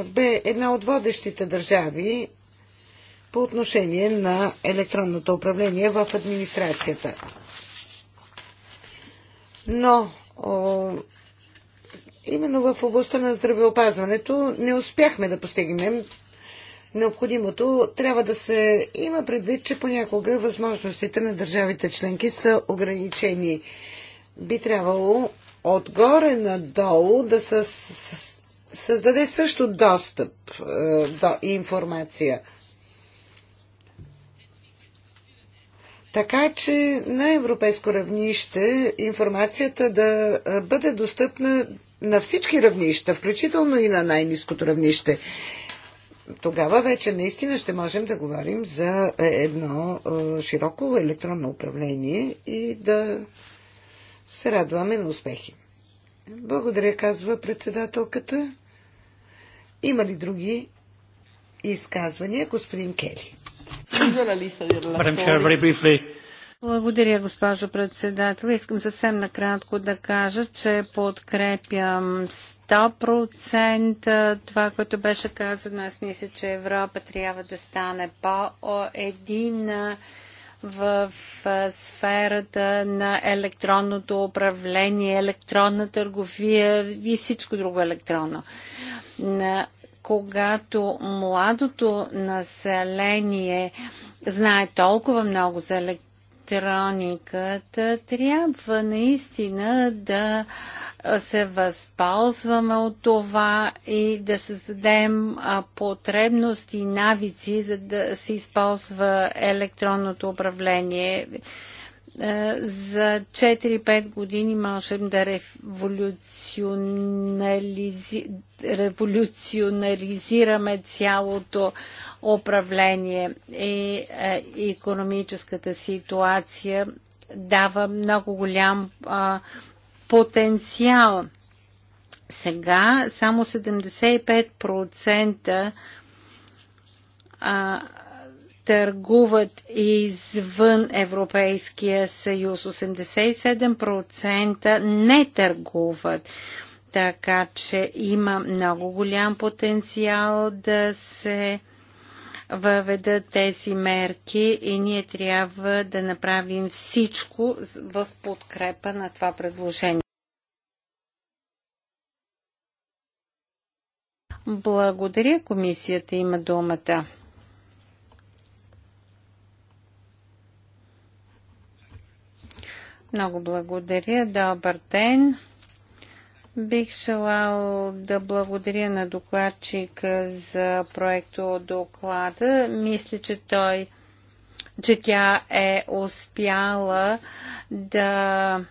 бе една от водещите държави по отношение на електронното управление в администрацията. Но именно в областта на здравеопазването не успяхме да постигнем необходимото. Трябва да се има предвид, че понякога възможностите на държавите членки са ограничени. Би трябвало отгоре надолу да се създаде също достъп е, до информация. Така че на европейско равнище информацията да бъде достъпна на всички равнища, включително и на най-низкото равнище, тогава вече наистина ще можем да говорим за е, едно е, широко електронно управление и да се радваме на успехи. Благодаря, казва председателката. Има ли други изказвания? Господин Кели. Madam Chair, very briefly, благодаря, госпожо председател. Искам съвсем накратко да кажа, че подкрепям 100% това, което беше казано. Аз мисля, че Европа трябва да стане по-едина в сферата на електронното управление, електронна търговия и всичко друго електронно. Когато младото население знае толкова много за електронно, електрониката, трябва наистина да се възползваме от това и да създадем потребности и навици, за да се използва електронното управление. Е, за 4-5 години можем да революционализи... революционализираме цялото управление и економическата ситуация дава много голям а, потенциал. Сега само 75% а, търгуват извън Европейския съюз. 87% не търгуват. Така че има много голям потенциал да се въведат тези мерки и ние трябва да направим всичко в подкрепа на това предложение. Благодаря. Комисията има думата. Много благодаря. Добър ден. Бих желал да благодаря на докладчик за проекто доклада. Мисля, че той че тя е успяла да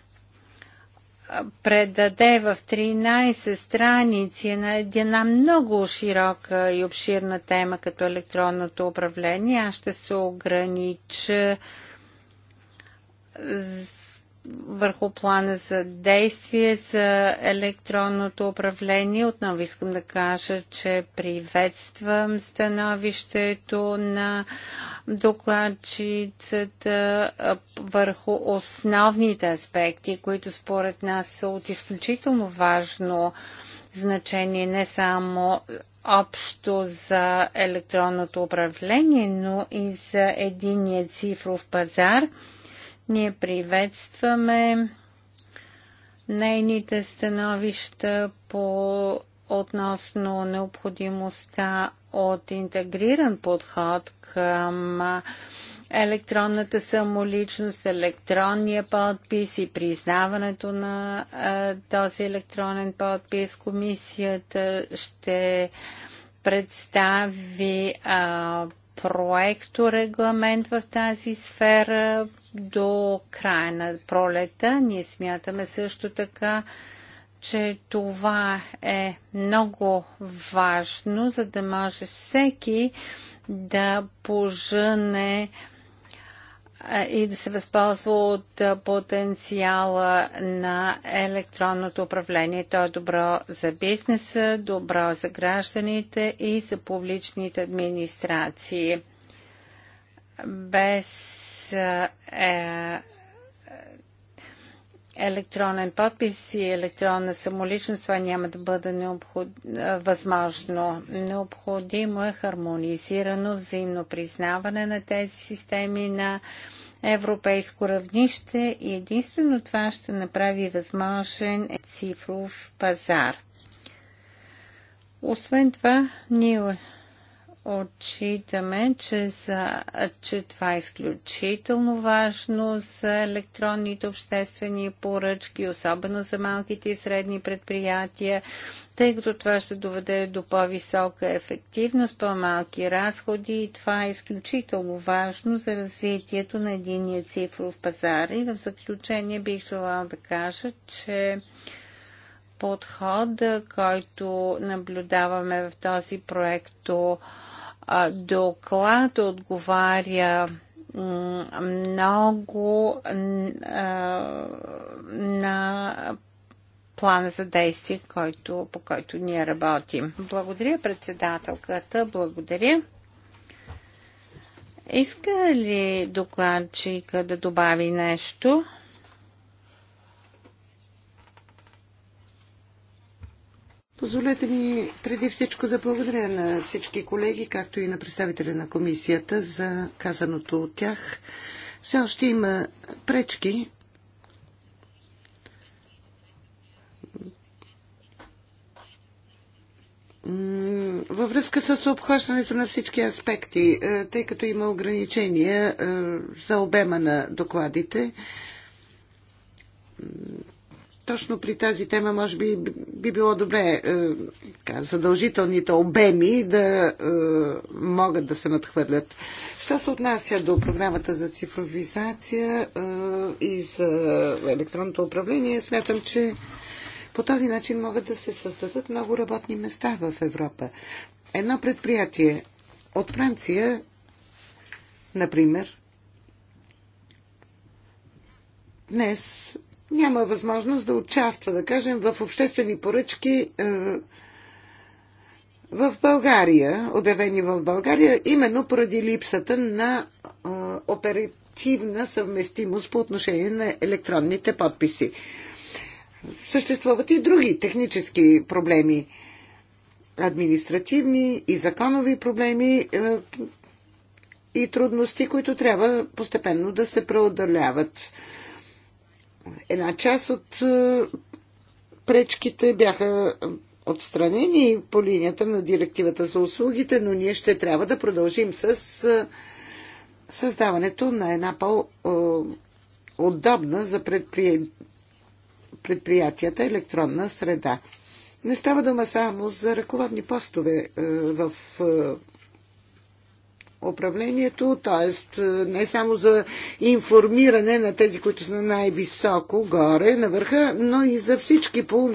предаде в 13 страници на една много широка и обширна тема като електронното управление. Аз ще се огранича върху плана за действие за електронното управление. Отново искам да кажа, че приветствам становището на докладчицата върху основните аспекти, които според нас са от изключително важно значение не само общо за електронното управление, но и за единия цифров пазар – ние приветстваме нейните становища по относно необходимостта от интегриран подход към електронната самоличност, електронния подпис и признаването на този електронен подпис. Комисията ще представи а, проекто регламент в тази сфера до края на пролета. Ние смятаме също така, че това е много важно, за да може всеки да пожъне и да се възползва от потенциала на електронното управление. То е добро за бизнеса, добро за гражданите и за публичните администрации. Без е, електронен подпис и електронна самоличност, това няма да бъде необход... възможно. Необходимо е хармонизирано взаимно признаване на тези системи на европейско равнище и единствено това ще направи възможен цифров пазар. Освен това, ние отчитаме, че, за, че това е изключително важно за електронните обществени поръчки, особено за малките и средни предприятия, тъй като това ще доведе до по-висока ефективност, по-малки разходи и това е изключително важно за развитието на единия цифров пазар. И в заключение бих желала да кажа, че подход, който наблюдаваме в този проекто доклад отговаря много на плана за действие, който, по който ние работим. Благодаря председателката, благодаря. Иска ли докладчика да добави нещо? Позволете ми преди всичко да благодаря на всички колеги, както и на представителя на комисията за казаното от тях. Все още има пречки. Във връзка с обхващането на всички аспекти, е, тъй като има ограничения е, за обема на докладите, точно при тази тема може би би било добре е, така, задължителните обеми да е, могат да се надхвърлят. Що се отнася до програмата за цифровизация е, и за електронното управление, смятам, че по този начин могат да се създадат много работни места в Европа. Едно предприятие от Франция, например, днес няма възможност да участва, да кажем, в обществени поръчки е, в България, обявени в България, именно поради липсата на е, оперативна съвместимост по отношение на електронните подписи. Съществуват и други технически проблеми, административни и законови проблеми е, и трудности, които трябва постепенно да се преодоляват една част от е, пречките бяха отстранени по линията на директивата за услугите, но ние ще трябва да продължим с е, създаването на една по-удобна за предприятията електронна среда. Не става дума само за ръководни постове е, в управлението, т.е. не само за информиране на тези, които са най-високо, горе, на върха, но и за всички по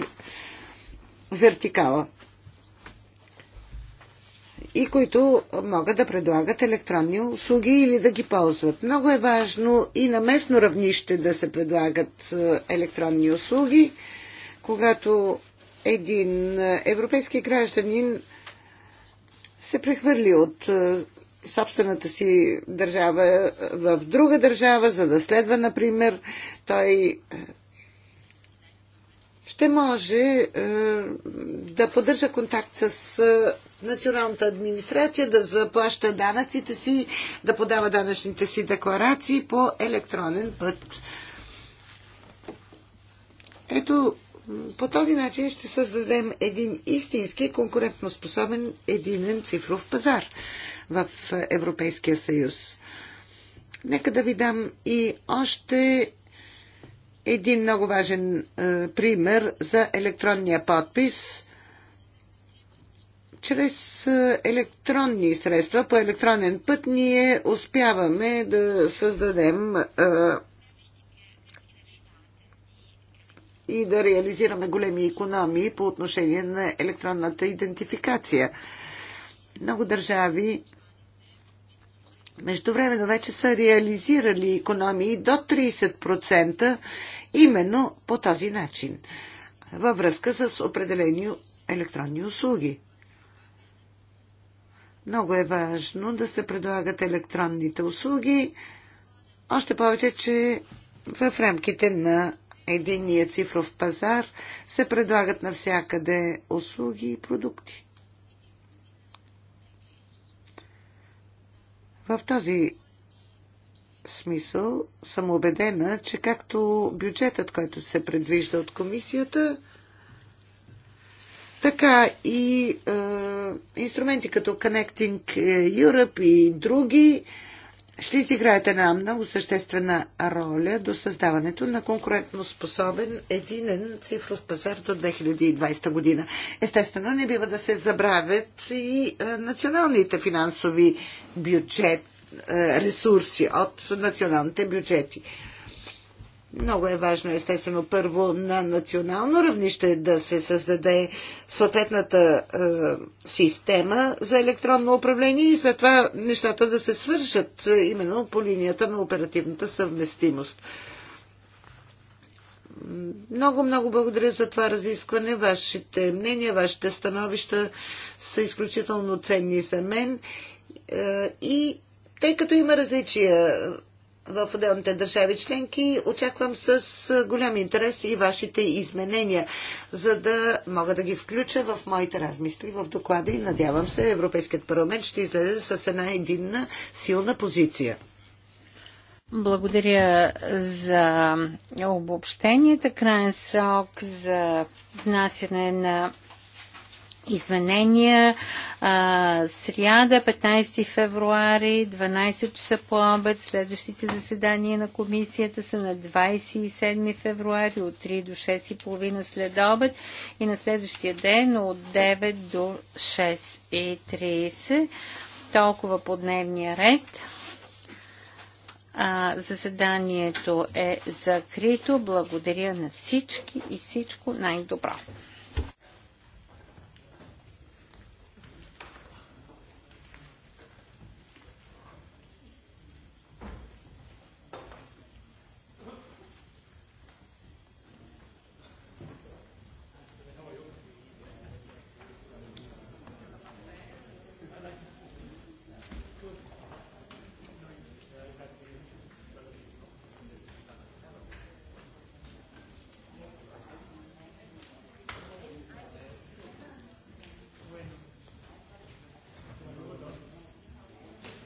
вертикала и които могат да предлагат електронни услуги или да ги ползват. Много е важно и на местно равнище да се предлагат е, електронни услуги, когато един е, европейски гражданин се прехвърли от е, собствената си държава в друга държава, за да следва, например, той е, ще може е, да поддържа контакт с е, националната администрация, да заплаща данъците си, да подава данъчните си декларации по електронен път. Ето, по този начин ще създадем един истински конкурентноспособен единен цифров пазар в Европейския съюз. Нека да ви дам и още един много важен е, пример за електронния подпис. Чрез е, електронни средства, по електронен път, ние успяваме да създадем е, и да реализираме големи економии по отношение на електронната идентификация. Много държави Междувременно вече са реализирали економии до 30% именно по този начин във връзка с определени електронни услуги. Много е важно да се предлагат електронните услуги, още повече, че в рамките на единния цифров пазар се предлагат навсякъде услуги и продукти. В този смисъл съм убедена, че както бюджетът, който се предвижда от комисията, така и е, инструменти като Connecting Europe и други е, ще изиграят една много съществена роля до създаването на конкурентноспособен единен цифров пазар до 2020 година. Естествено, не бива да се забравят и е, националните финансови бюджет, е, ресурси от националните бюджети. Много е важно, естествено, първо на национално равнище да се създаде съответната е, система за електронно управление и след това нещата да се свършат е, именно по линията на оперативната съвместимост. Много, много благодаря за това разискване. Вашите мнения, вашите становища са изключително ценни за мен. Е, и тъй като има различия в отделните държави членки. Очаквам с голям интерес и вашите изменения, за да мога да ги включа в моите размисли в доклада и надявам се Европейският парламент ще излезе с една единна силна позиция. Благодаря за обобщенията. Крайен срок за внасяне на Извинения. А, сряда, 15 февруари, 12 часа по обед. Следващите заседания на комисията са на 27 февруари от 3 до 6 и половина след обед и на следващия ден от 9 до 6 и 30. Толкова по дневния ред. А, заседанието е закрито. Благодаря на всички и всичко най-добро.